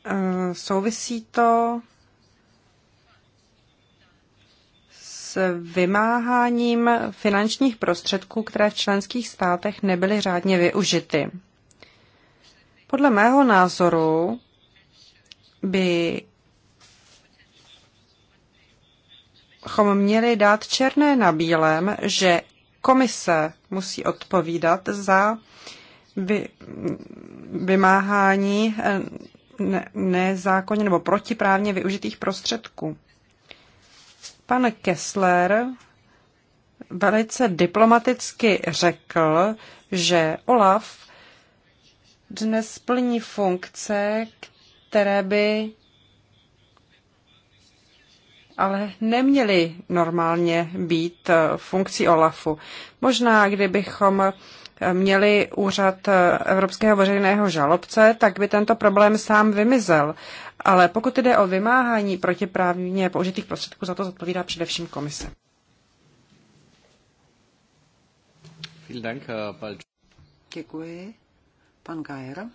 Eh, souvisí to vymáháním finančních prostředků, které v členských státech nebyly řádně využity. Podle mého názoru by chom měli dát černé na bílém, že komise musí odpovídat za vy, vymáhání nezákonně nebo protiprávně využitých prostředků. Pan Kessler velice diplomaticky řekl, že Olaf dnes plní funkce, které by ale neměly normálně být funkcí OLAFu. Možná, kdybychom měli úřad Evropského veřejného žalobce, tak by tento problém sám vymizel ale pokud jde o vymáhání protiprávně použitých prostředků, za to zodpovídá především komise. Děkuji. Pan Gajer.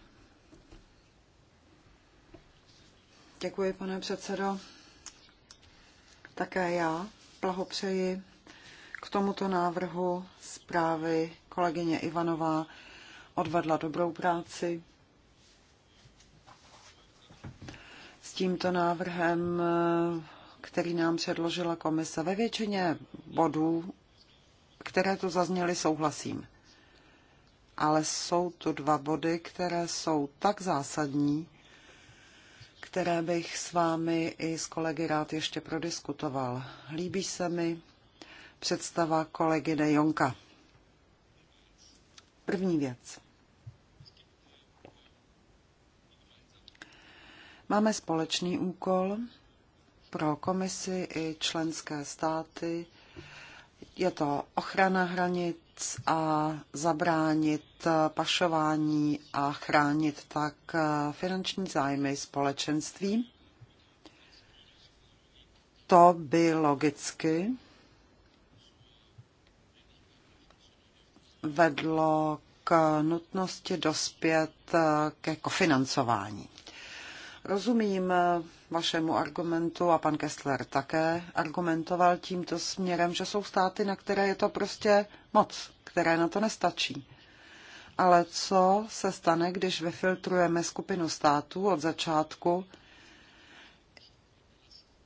Děkuji, pane předsedo. Také já blahopřeji k tomuto návrhu zprávy kolegyně Ivanová odvedla dobrou práci. tímto návrhem, který nám předložila komise. Ve většině bodů, které tu zazněly, souhlasím. Ale jsou tu dva body, které jsou tak zásadní, které bych s vámi i s kolegy rád ještě prodiskutoval. Líbí se mi představa kolegy De Jonka. První věc. Máme společný úkol pro komisi i členské státy. Je to ochrana hranic a zabránit pašování a chránit tak finanční zájmy společenství. To by logicky vedlo k nutnosti dospět ke kofinancování. Rozumím eh, vašemu argumentu a pan Kessler také argumentoval tímto směrem, že jsou státy, na které je to prostě moc, které na to nestačí. Ale co se stane, když vyfiltrujeme skupinu států od začátku,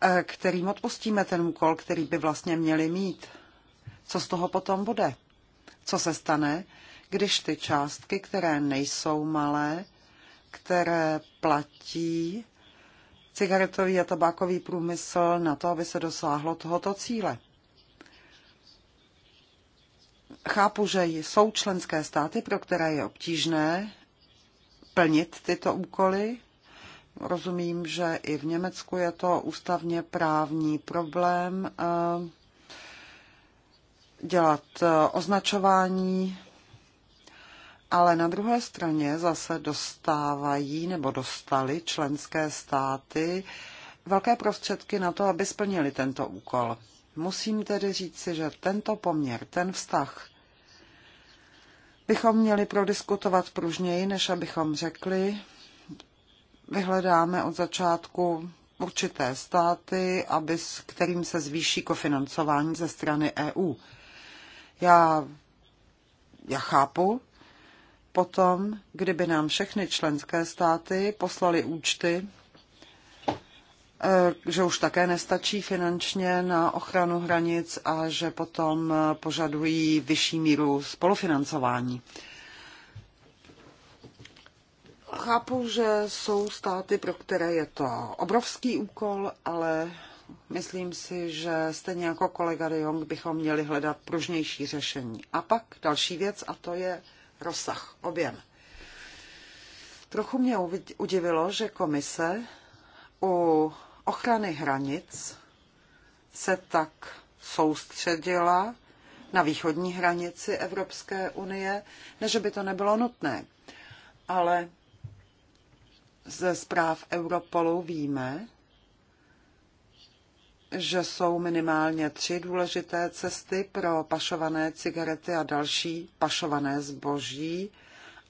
eh, kterým odpustíme ten úkol, který by vlastně měli mít? Co z toho potom bude? Co se stane, když ty částky, které nejsou malé, které platí cigaretový a tabákový průmysl na to, aby se dosáhlo tohoto cíle. Chápu, že jsou členské státy, pro které je obtížné plnit tyto úkoly. Rozumím, že i v Německu je to ústavně právní problém eh, dělat eh, označování ale na druhé straně zase dostávají nebo dostali členské státy velké prostředky na to, aby splnili tento úkol. Musím tedy říci, že tento poměr, ten vztah, bychom měli prodiskutovat pružněji, než abychom řekli, vyhledáme od začátku určité státy, aby, s kterým se zvýší kofinancování ze strany EU. Já, já chápu, potom, kdyby nám všechny členské státy poslali účty, eh, že už také nestačí finančně na ochranu hranic a že potom eh, požadují vyšší míru spolufinancování. Chápu, že jsou státy, pro které je to obrovský úkol, ale myslím si, že stejně jako kolega de Jong bychom měli hledat pružnější řešení. A pak další věc, a to je rozsah, objem. Trochu mě udivilo, že komise u ochrany hranic se tak soustředila na východní hranici Evropské unie, než by to nebylo nutné. Ale ze zpráv Europolu víme, že jsou minimálně tři důležité cesty pro pašované cigarety a další pašované zboží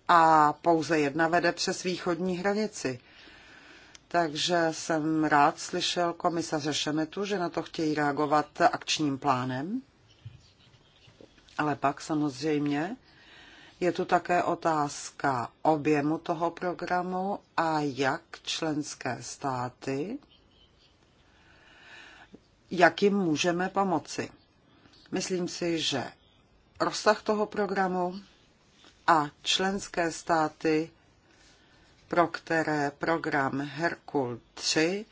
a pouze jedna vede přes východní hranici. Takže jsem rád slyšel komisaře Šemetu, že na to chtějí reagovat akčním plánem. Ale pak samozřejmě je tu také otázka objemu toho programu a jak členské státy jak jim můžeme pomoci. Myslím si, že rozsah toho programu a členské státy, pro které program Herkul 3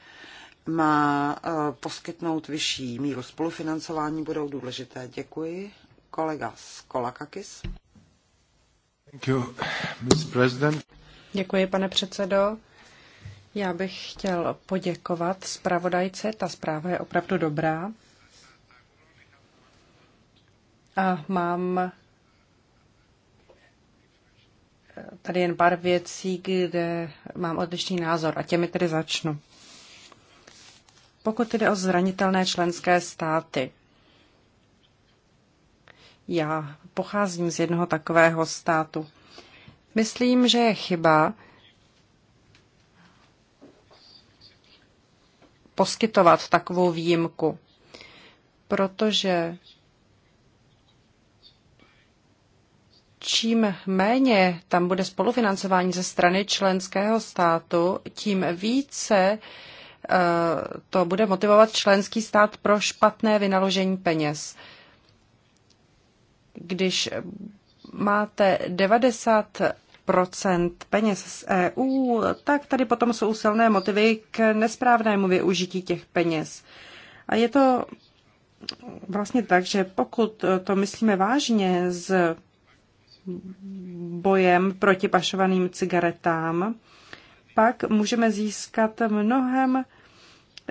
má eh, poskytnout vyšší míru spolufinancování, budou důležité. Děkuji. Kolega Skolakakis. Thank you, Mr. President. Děkuji, pane předsedo. Já bych chtěl poděkovat zpravodajce, ta zpráva je opravdu dobrá. A mám eh, tady jen pár věcí, kde mám odlišný názor a těmi tedy začnu. Pokud jde o zranitelné členské státy, já pocházím z jednoho takového státu. Myslím, že je chyba, poskytovat takovou výjimku, protože čím méně tam bude spolufinancování ze strany členského státu, tím více eh, to bude motivovat členský stát pro špatné vynaložení peněz. Když máte 90 peněz z EU, tak tady potom jsou silné motivy k nesprávnému využití těch peněz. A je to vlastně tak, že pokud to myslíme vážně s bojem proti pašovaným cigaretám, pak můžeme získat mnohem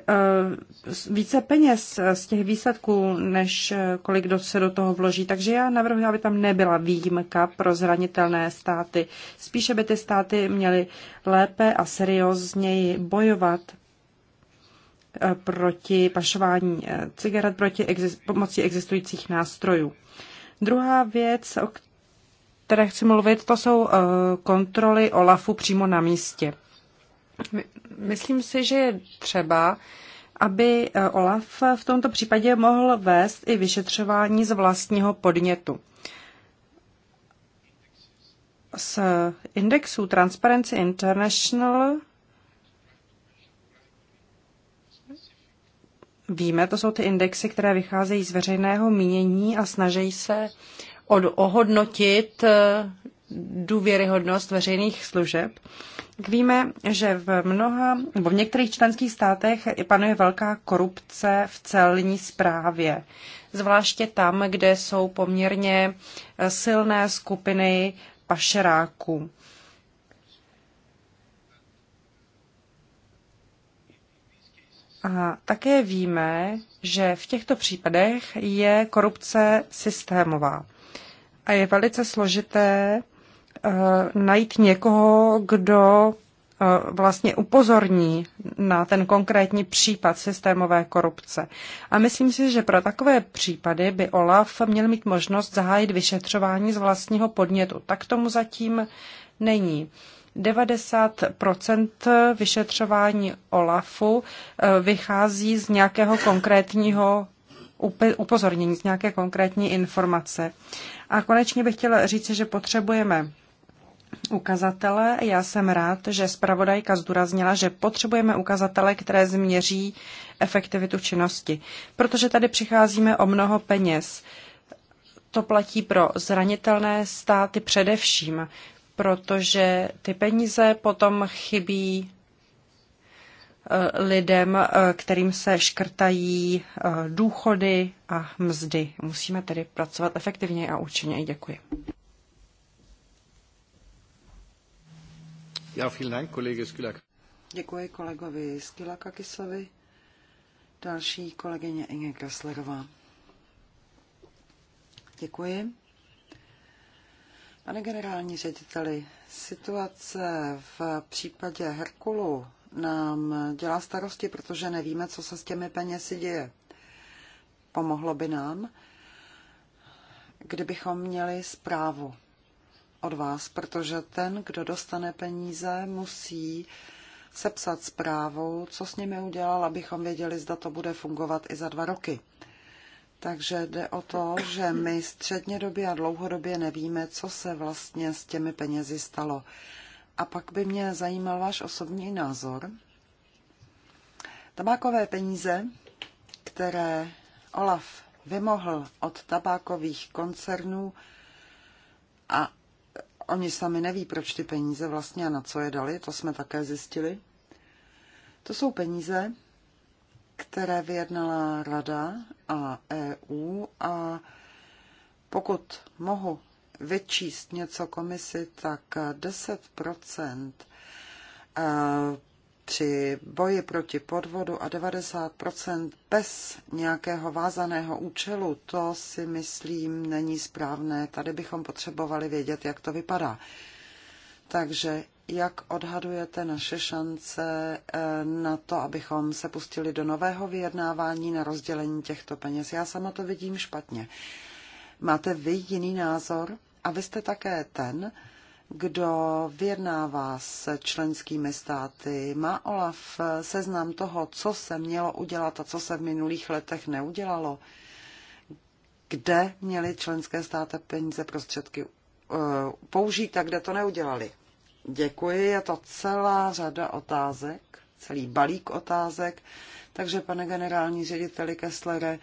Eh, více peněz eh, z těch výsledků, než eh, kolik se do toho vloží. Takže já navrhuji, aby tam nebyla výjimka pro zranitelné státy. Spíše by ty státy měly lépe a seriózněji bojovat proti pašování cigaret proti exist- pomocí existujících nástrojů. Druhá věc, o které chci mluvit, to jsou kontroly OLAFu přímo na místě. Myslím si, že je třeba, aby eh, OLAF v tomto případě mohl vést i vyšetřování z vlastního podnětu. Z indexu Transparency International víme, to jsou ty indexy, které vycházejí z veřejného mínění a snaží se ohodnotit eh, důvěryhodnost veřejných služeb. Víme, že v mnoha, nebo v některých členských státech panuje velká korupce v celní správě. Zvláště tam, kde jsou poměrně silné skupiny pašeráků. A také víme, že v těchto případech je korupce systémová a je velice složité Eh, najít někoho, kdo eh, vlastně upozorní na ten konkrétní případ systémové korupce. A myslím si, že pro takové případy by OLAF měl mít možnost zahájit vyšetřování z vlastního podnětu. Tak tomu zatím není. 90 vyšetřování OLAFu eh, vychází z nějakého konkrétního upozornění, z nějaké konkrétní informace. A konečně bych chtěla říct, že potřebujeme ukazatele. Já jsem rád, že zpravodajka zdůraznila, že potřebujeme ukazatele, které změří efektivitu činnosti, protože tady přicházíme o mnoho peněz. To platí pro zranitelné státy především, protože ty peníze potom chybí eh, lidem, eh, kterým se škrtají eh, důchody a mzdy. Musíme tedy pracovat efektivně a účinně. Děkuji. Ja, vielen Dank, kolege Skylak. Děkuji kolegovi Skylakakisovi. Další kolegyně Inge Kesslerová. Děkuji. Pane generální řediteli, situace v případě Herkulu nám dělá starosti, protože nevíme, co se s těmi penězi děje. Pomohlo by nám, kdybychom měli zprávu od vás, protože ten, kdo dostane peníze, musí sepsat zprávu, co s nimi udělal, abychom věděli, zda to bude fungovat i za dva roky. Takže jde o to, že my střednědobě a dlouhodobě nevíme, co se vlastně s těmi penězi stalo. A pak by mě zajímal váš osobní názor. Tabákové peníze, které Olaf vymohl od tabákových koncernů a oni sami neví, proč ty peníze vlastně a na co je dali, to jsme také zjistili. To jsou peníze, které vyjednala Rada a EU a pokud mohu vyčíst něco komisi, tak 10 při boji proti podvodu a 90% bez nějakého vázaného účelu, to si myslím není správné. Tady bychom potřebovali vědět, jak to vypadá. Takže jak odhadujete naše šance eh, na to, abychom se pustili do nového vyjednávání na rozdělení těchto peněz? Já sama to vidím špatně. Máte vy jiný názor a vy jste také ten, kdo vyjednává s členskými státy. Má Olaf seznam toho, co se mělo udělat a co se v minulých letech neudělalo? Kde měly členské státy peníze prostředky uh, použít a kde to neudělali? Děkuji, je to celá řada otázek, celý balík otázek. Takže, pane generální řediteli Kesslere,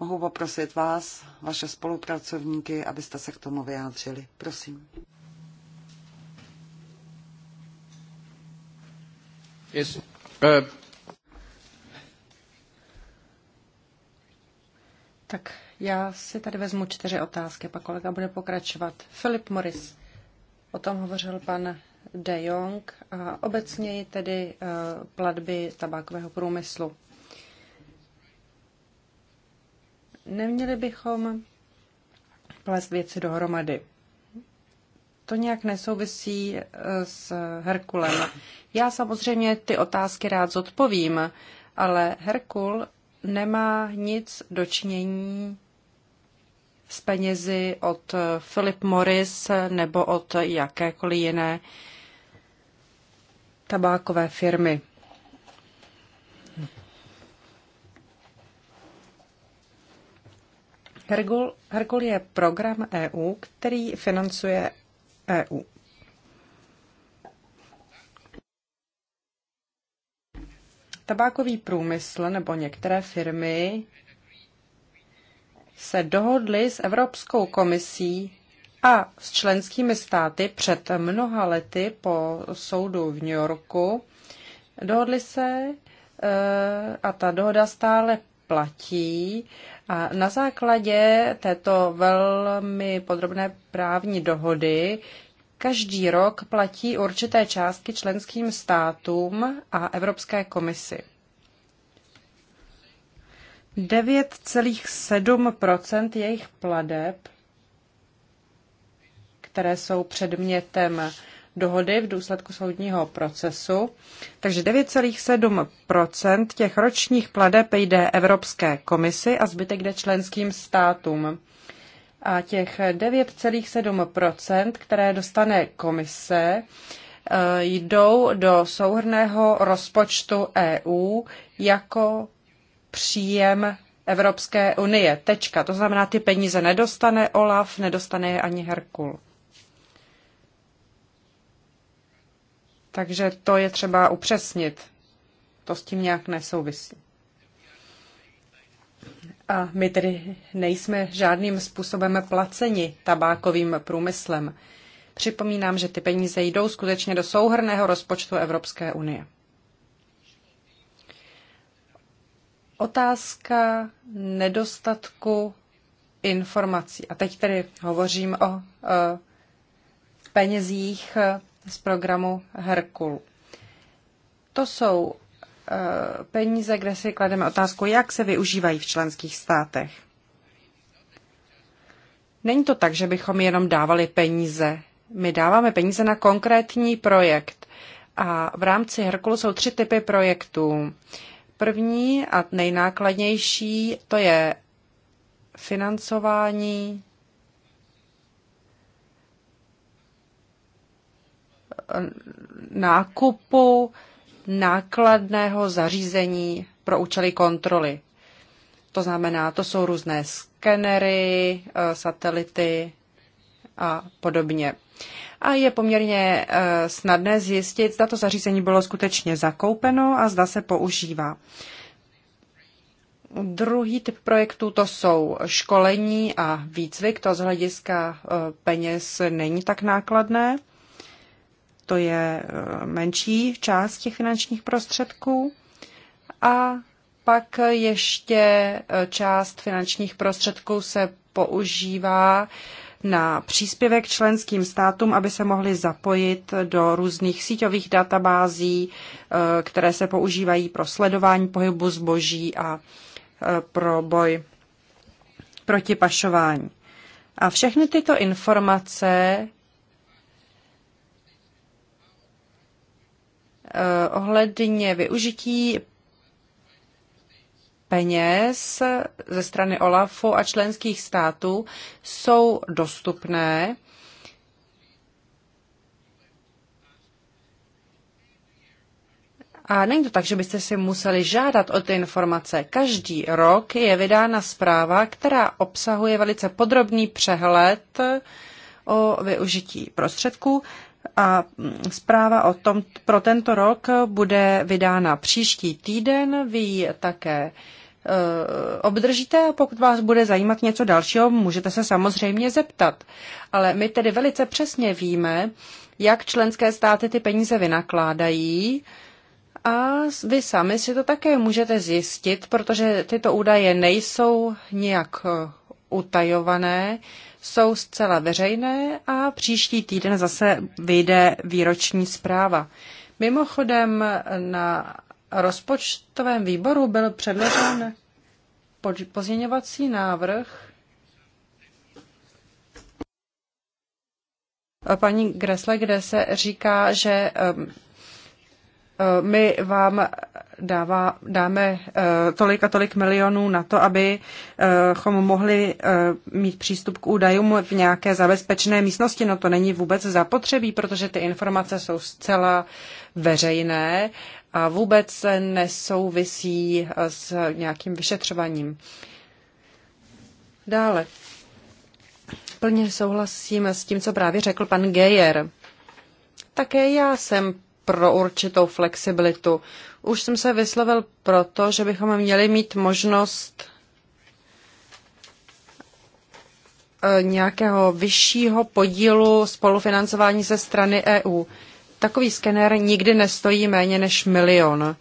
mohu poprosit vás, vaše spolupracovníky, abyste se k tomu vyjádřili. Prosím. Yes. Uh, tak já si tady vezmu čtyři otázky, pak kolega bude pokračovat. Filip Morris, o tom hovořil pan De Jong, a obecně tedy eh, platby tabákového průmyslu. Neměli bychom plést věci dohromady. To nějak nesouvisí eh, s Herkulem. Já samozřejmě ty otázky rád zodpovím, ale Herkul nemá nic dočinění s penězi od eh, Philip Morris nebo od jakékoliv jiné tabákové firmy. Herkul je program EU, který financuje EU. Tabákový průmysl nebo některé firmy se dohodly s Evropskou komisí a s členskými státy před mnoha lety po soudu v New Yorku. Dohodli se eh, a ta dohoda stále platí. A na základě této velmi podrobné právní dohody každý rok platí určité částky členským státům a Evropské komisi. 9,7 jejich pladeb, které jsou předmětem dohody v důsledku soudního procesu. Takže 9,7 těch ročních pladeb jde Evropské komisi a zbytek jde členským státům. A těch 9,7 které dostane komise, eh, jdou do souhrného rozpočtu EU jako příjem Evropské unie. Tečka. To znamená, ty peníze nedostane OLAF, nedostane je ani Herkul. Takže to je třeba upřesnit. To s tím nějak nesouvisí. A my tedy nejsme žádným způsobem placeni tabákovým průmyslem. Připomínám, že ty peníze jdou skutečně do souhrného rozpočtu Evropské unie. Otázka nedostatku informací. A teď tedy hovořím o e, penězích z programu Herkul. To jsou eh, peníze, kde si klademe otázku, jak se využívají v členských státech. Není to tak, že bychom jenom dávali peníze. My dáváme peníze na konkrétní projekt. A v rámci Herkulu jsou tři typy projektů. První a nejnákladnější to je financování nákupu nákladného zařízení pro účely kontroly. To znamená, to jsou různé skenery, eh, satelity a podobně. A je poměrně eh, snadné zjistit, zda to zařízení bylo skutečně zakoupeno a zda se používá. Druhý typ projektů to jsou školení a výcvik. To z hlediska eh, peněz není tak nákladné to je eh, menší část těch finančních prostředků. A pak ještě eh, část finančních prostředků se používá na příspěvek členským státům, aby se mohli zapojit do různých síťových databází, eh, které se používají pro sledování pohybu zboží a pro boj proti pašování. A všechny tyto informace Eh, ohledně využití peněz ze strany OLAFu a členských států jsou dostupné. A není to tak, že byste si museli žádat o ty informace. Každý rok je vydána zpráva, která obsahuje velice podrobný přehled o využití prostředků a zpráva o tom, pro tento rok bude vydána příští týden, vy ji také e, obdržíte a pokud vás bude zajímat něco dalšího, můžete se samozřejmě zeptat. Ale my tedy velice přesně víme, jak členské státy ty peníze vynakládají a vy sami si to také můžete zjistit, protože tyto údaje nejsou nějak e, utajované, jsou zcela veřejné a příští týden zase vyjde výroční zpráva. Mimochodem na rozpočtovém výboru byl předložen pozměňovací návrh paní Gresle, kde se říká, že Eh, my vám dává, dáme eh, tolik a tolik milionů na to, abychom eh, mohli mít přístup k údajům v nějaké zabezpečné místnosti. No to není vůbec zapotřebí, protože ty informace jsou zcela veřejné a vůbec nesouvisí s nějakým vyšetřováním. Dále. Plně souhlasím s tím, co právě řekl pan Gejer. Také já jsem pro určitou flexibilitu. Už jsem se vyslovil proto, že bychom měli mít možnost eh, nějakého vyššího podílu spolufinancování ze strany EU. Takový skener nikdy nestojí méně než milion.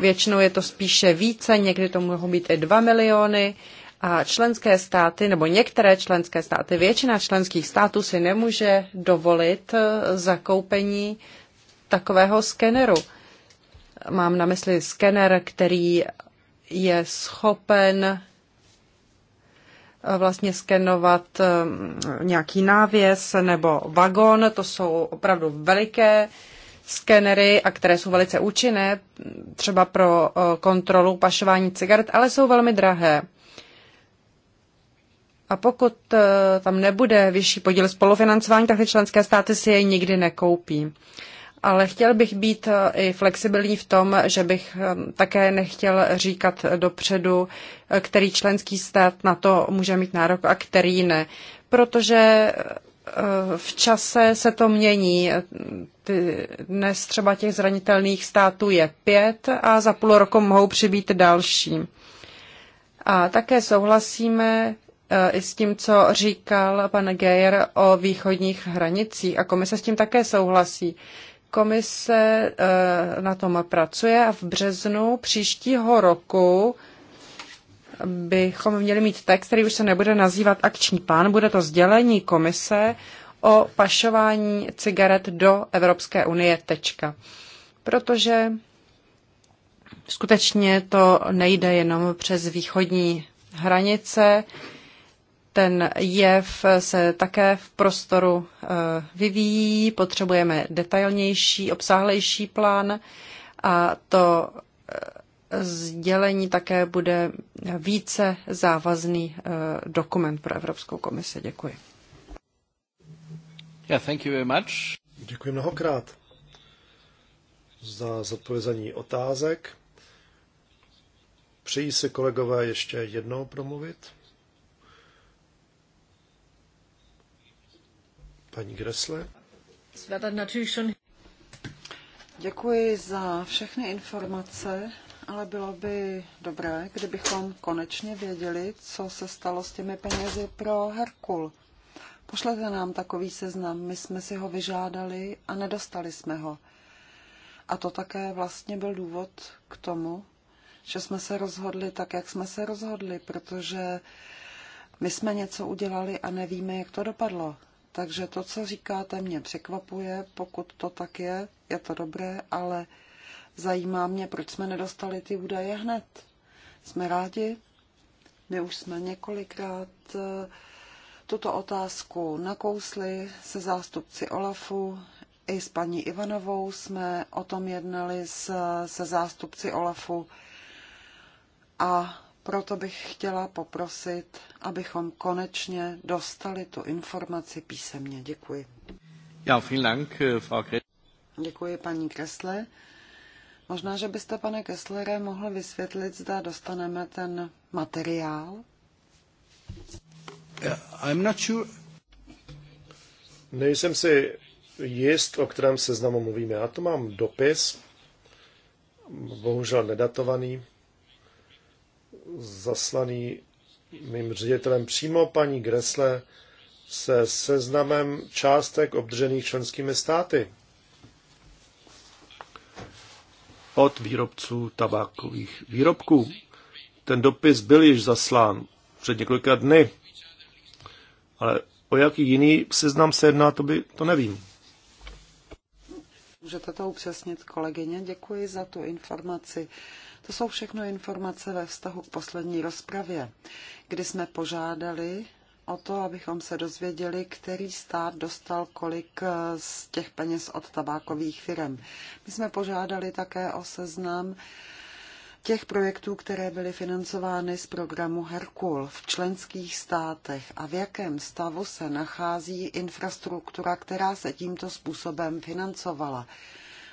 Většinou je to spíše více, někdy to mohou být i dva miliony a členské státy, nebo některé členské státy, většina členských států si nemůže dovolit eh, zakoupení takového skeneru. Mám na mysli skener, který je schopen eh, vlastně skenovat eh, nějaký návěs nebo vagon. To jsou opravdu veliké skenery, a které jsou velice účinné, třeba pro eh, kontrolu pašování cigaret, ale jsou velmi drahé. A pokud tam nebude vyšší podíl spolufinancování, tak ty členské státy si je nikdy nekoupí ale chtěl bych být eh, i flexibilní v tom, že bych eh, také nechtěl říkat dopředu, eh, který členský stát na to může mít nárok a který ne. Protože v čase se to mění. Dnes třeba těch zranitelných států je pět a za půl roku mohou přibýt další. A také souhlasíme i s tím, co říkal pan Geir o východních hranicích a komise s tím také souhlasí. Komise eh, na tom pracuje a v březnu příštího roku bychom měli mít text, který už se nebude nazývat akční plán, bude to sdělení komise o pašování cigaret do Evropské unie. Tečka. Protože skutečně to nejde jenom přes východní hranice, ten jev se také v prostoru eh, vyvíjí, potřebujeme detailnější, obsáhlejší plán a to eh, sdělení také bude více závazný eh, dokument pro Evropskou komisi. Děkuji. Yeah, thank you very much. Děkuji mnohokrát za zodpovězení otázek. Přejí se kolegové ještě jednou promluvit? Paní Gressle. Děkuji za všechny informace, ale bylo by dobré, kdybychom konečně věděli, co se stalo s těmi penězi pro Herkul. Pošlete nám takový seznam, my jsme si ho vyžádali a nedostali jsme ho. A to také vlastně byl důvod k tomu, že jsme se rozhodli tak, jak jsme se rozhodli, protože my jsme něco udělali a nevíme, jak to dopadlo. Takže to, co říkáte, mě překvapuje. Pokud to tak je, je to dobré, ale zajímá mě, proč jsme nedostali ty údaje hned. Jsme rádi. My už jsme několikrát eh, tuto otázku nakousli se zástupci OLAFu. I s paní Ivanovou jsme o tom jednali se, se zástupci OLAFu. A proto bych chtěla poprosit, abychom konečně dostali tu informaci písemně. Děkuji. Ja, vielen Dank, eh, Frau Děkuji, paní Kessle. Možná, že byste, pane Kesslere, mohl vysvětlit, zda dostaneme ten materiál? Eh, I'm not sure. Nejsem si jist, o kterém seznamu mluvíme. Já to mám dopis, bohužel nedatovaný, zaslaný mým ředitelem přímo paní Gresle se seznamem částek obdržených členskými státy od výrobců tabákových výrobků. Ten dopis byl již zaslán před několika dny, ale o jaký jiný seznam se jedná, to, by, to nevím. Můžete to upřesnit, kolegyně. Děkuji za tu informaci. To jsou všechno informace ve vztahu k poslední rozpravě, kdy jsme požádali o to, abychom se dozvěděli, který stát dostal kolik eh, z těch peněz od tabákových firm. My jsme požádali také o seznam těch projektů, které byly financovány z programu Herkul v členských státech a v jakém stavu se nachází infrastruktura, která se tímto způsobem financovala.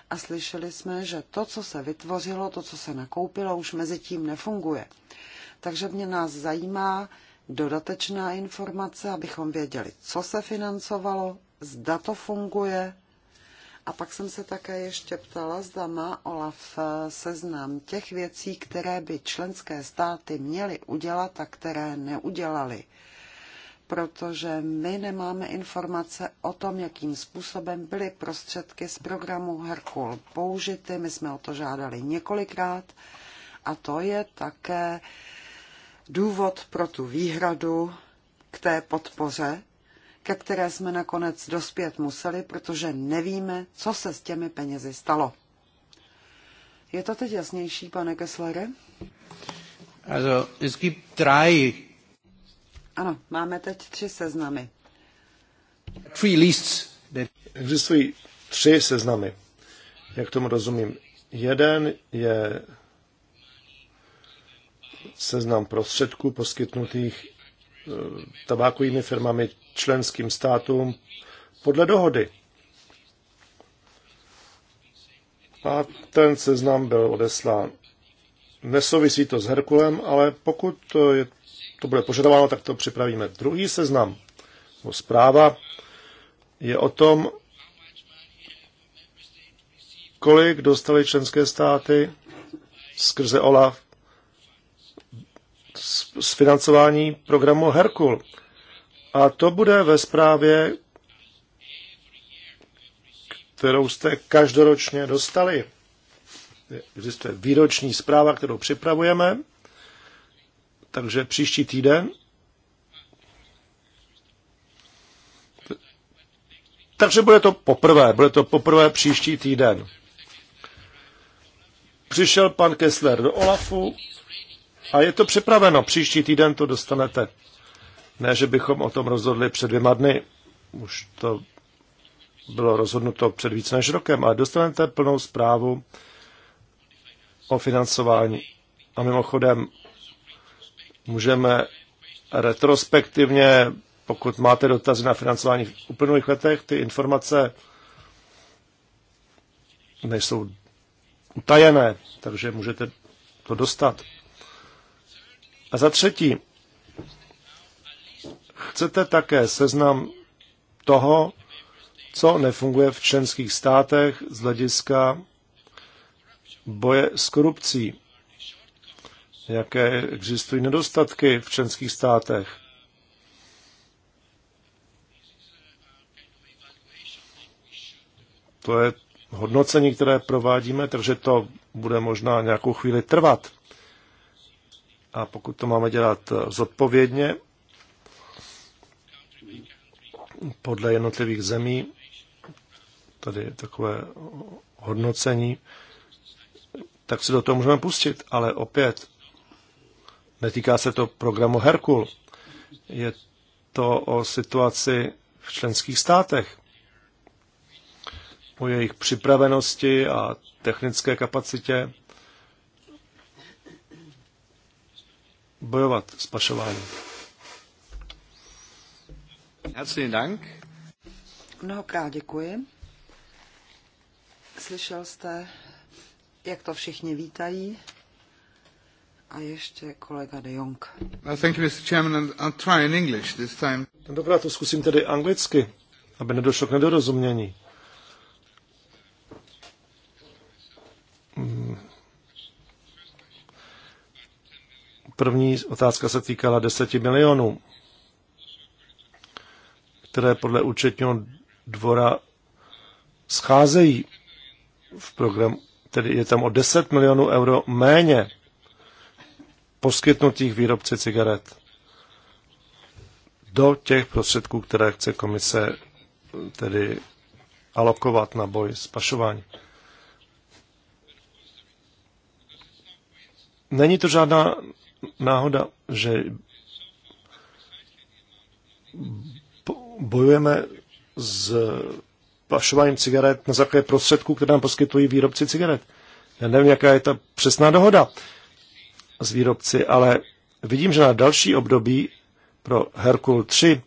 A slyšeli jsme, že to, co se vytvořilo, to, co se nakoupilo, už mezi tím nefunguje. Takže mě nás zajímá dodatečná informace, abychom věděli, co se financovalo, zda to funguje a pak jsem se také ještě ptala, zda má Olaf eh, seznam těch věcí, které by členské státy měly udělat a které neudělali. Protože my nemáme informace o tom, jakým způsobem byly prostředky z programu Herkul použity. My jsme o to žádali několikrát a to je také důvod pro tu výhradu k té podpoře, ke které jsme nakonec dospět museli, protože nevíme, co se s těmi penězi stalo. Je to teď jasnější, pane Kesslere? Also, es gibt drei. Ano, máme teď tři seznamy. Three lists. That... Existují tři seznamy. Jak tomu rozumím? Jeden je seznam prostředků poskytnutých Eh, tabákovými firmami členským státům podle dohody. A ten seznam byl odeslán. Nesouvisí to s Herkulem, ale pokud to, je, to bude požadováno, tak to připravíme. Druhý seznam, nebo zpráva, je o tom, kolik dostali členské státy skrze OLAF z financování programu Herkul. A to bude ve zprávě, kterou jste každoročně dostali. Existuje výroční zpráva, kterou připravujeme, takže příští týden. Takže bude to poprvé, bude to poprvé příští týden. Přišel pan Kessler do Olafu, a je to připraveno. Příští týden to dostanete. Ne, že bychom o tom rozhodli před dvěma dny. Už to bylo rozhodnuto před více než rokem, ale dostanete plnou zprávu o financování. A mimochodem, můžeme retrospektivně, pokud máte dotazy na financování v uplynulých letech, ty informace nejsou utajené, takže můžete to dostat. A za třetí, chcete také seznam toho, co nefunguje v členských státech z hlediska boje s korupcí, jaké existují nedostatky v členských státech. To je hodnocení, které provádíme, takže to bude možná nějakou chvíli trvat. A pokud to máme dělat eh, zodpovědně, podle jednotlivých zemí, tady takové hodnocení, tak se do toho můžeme pustit. Ale opět, netýká se to programu Herkul. Je to o situaci v členských státech, o jejich připravenosti a technické kapacitě bojovat s pašováním. Herzlichen Dank. Mnohokrát děkuji. Slyšel jste, jak to všichni vítají. A ještě kolega de Jong. Thank you, Mr. Chairman, I'll try in English this time. Tentokrát to zkusím tedy anglicky, aby nedošlo k nedorozumění. První otázka se týkala 10 milionů, které podle účetního dvora scházejí v programu. Tedy je tam o 10 milionů euro méně poskytnutých výrobci cigaret do těch prostředků, které chce komise tedy alokovat na boj s pašováním. Není to žádná náhoda, že bojujeme s pašováním cigaret na základě prostředků, které nám poskytují výrobci cigaret. Já nevím, jaká je ta přesná dohoda s výrobci, ale vidím, že na další období pro Herkul 3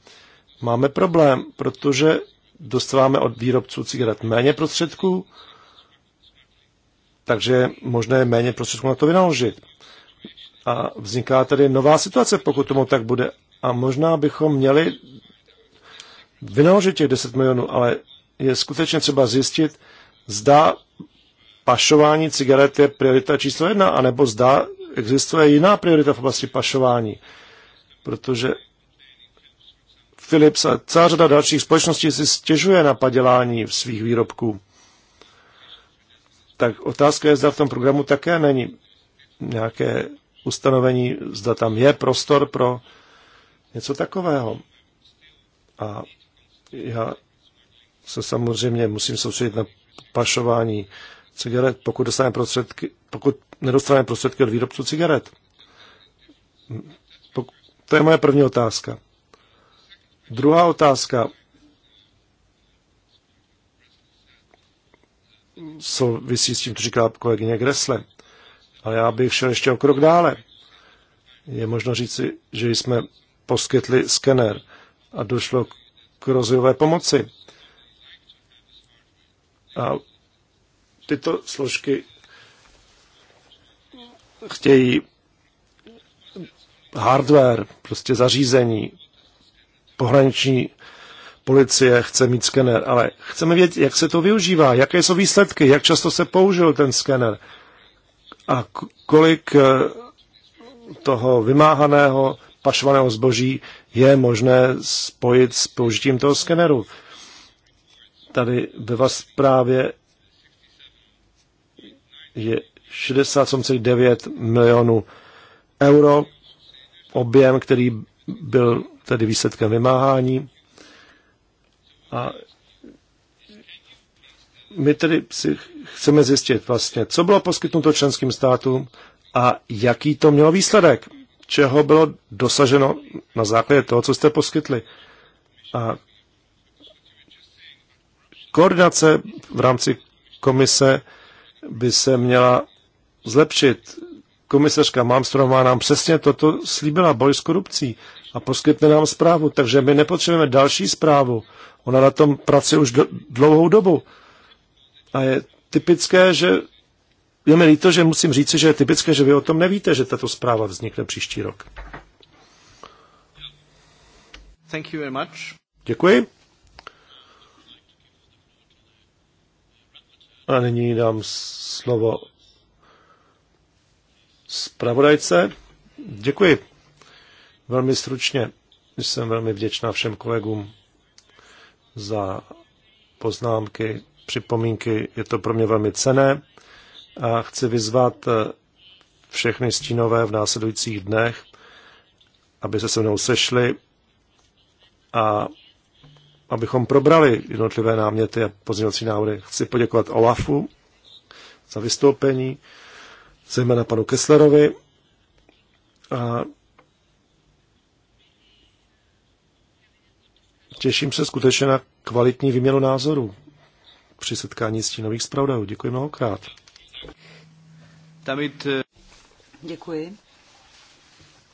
máme problém, protože dostáváme od výrobců cigaret méně prostředků, takže možné je méně prostředků na to vynaložit. A vzniká tady nová situace, pokud tomu tak bude. A možná bychom měli vynaložit těch 10 milionů, ale je skutečně třeba zjistit, zda pašování cigaret je priorita číslo jedna, anebo zda existuje jiná priorita v oblasti pašování. Protože Philips a celá řada dalších společností si stěžuje na padělání svých výrobků. Tak otázka je, zda v tom programu také není nějaké ustanovení, zda tam je prostor pro něco takového. A já se samozřejmě musím soustředit na pašování cigaret, pokud, dostaneme prostředky, pokud nedostaneme prostředky od výrobců cigaret. To je moje první otázka. Druhá otázka souvisí s tím, co říkala kolegyně Gresle. A já bych šel ještě o krok dále. Je možno říci, že jsme poskytli skener a došlo k rozvojové pomoci. A tyto složky chtějí hardware, prostě zařízení, pohraniční policie chce mít skener, ale chceme vědět, jak se to využívá, jaké jsou výsledky, jak často se použil ten skener a kolik eh, toho vymáhaného pašovaného zboží je možné spojit s použitím toho skeneru. Tady ve vás právě je 67,9 milionů euro objem, který byl tedy výsledkem vymáhání a my tedy si chceme zjistit vlastně, co bylo poskytnuto členským státům a jaký to mělo výsledek, čeho bylo dosaženo na základě toho, co jste poskytli. A koordinace v rámci komise by se měla zlepšit. Komisařka Malmstromová nám přesně toto slíbila, boj s korupcí a poskytne nám zprávu, takže my nepotřebujeme další zprávu. Ona na tom pracuje už dlouhou dobu. A je typické, že je mi líto, že musím říci, že je typické, že vy o tom nevíte, že tato zpráva vznikne příští rok. Thank you very much. Děkuji. A nyní dám slovo zpravodajce. Děkuji. Velmi stručně. Jsem velmi vděčná všem kolegům za poznámky připomínky, je to pro mě velmi cené a chci vyzvat eh, všechny stínové v následujících dnech, aby se se mnou sešli a abychom probrali jednotlivé náměty a pozdělací návody. Chci poděkovat Olafu za vystoupení, zejména panu Kesslerovi a těším se skutečně na kvalitní výměnu názorů při setkání stínových zpravodajů. Děkuji mnohokrát. David. Eh, Děkuji.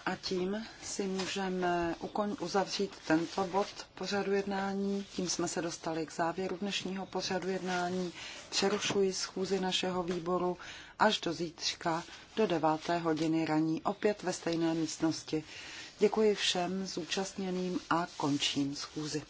A tím si můžeme uzavřít tento bod pořadu jednání. Tím jsme se dostali k závěru dnešního pořadu jednání. Přerušuji schůzi našeho výboru až do zítřka do 9. hodiny raní opět ve stejné místnosti. Děkuji všem zúčastněným a končím schůzi.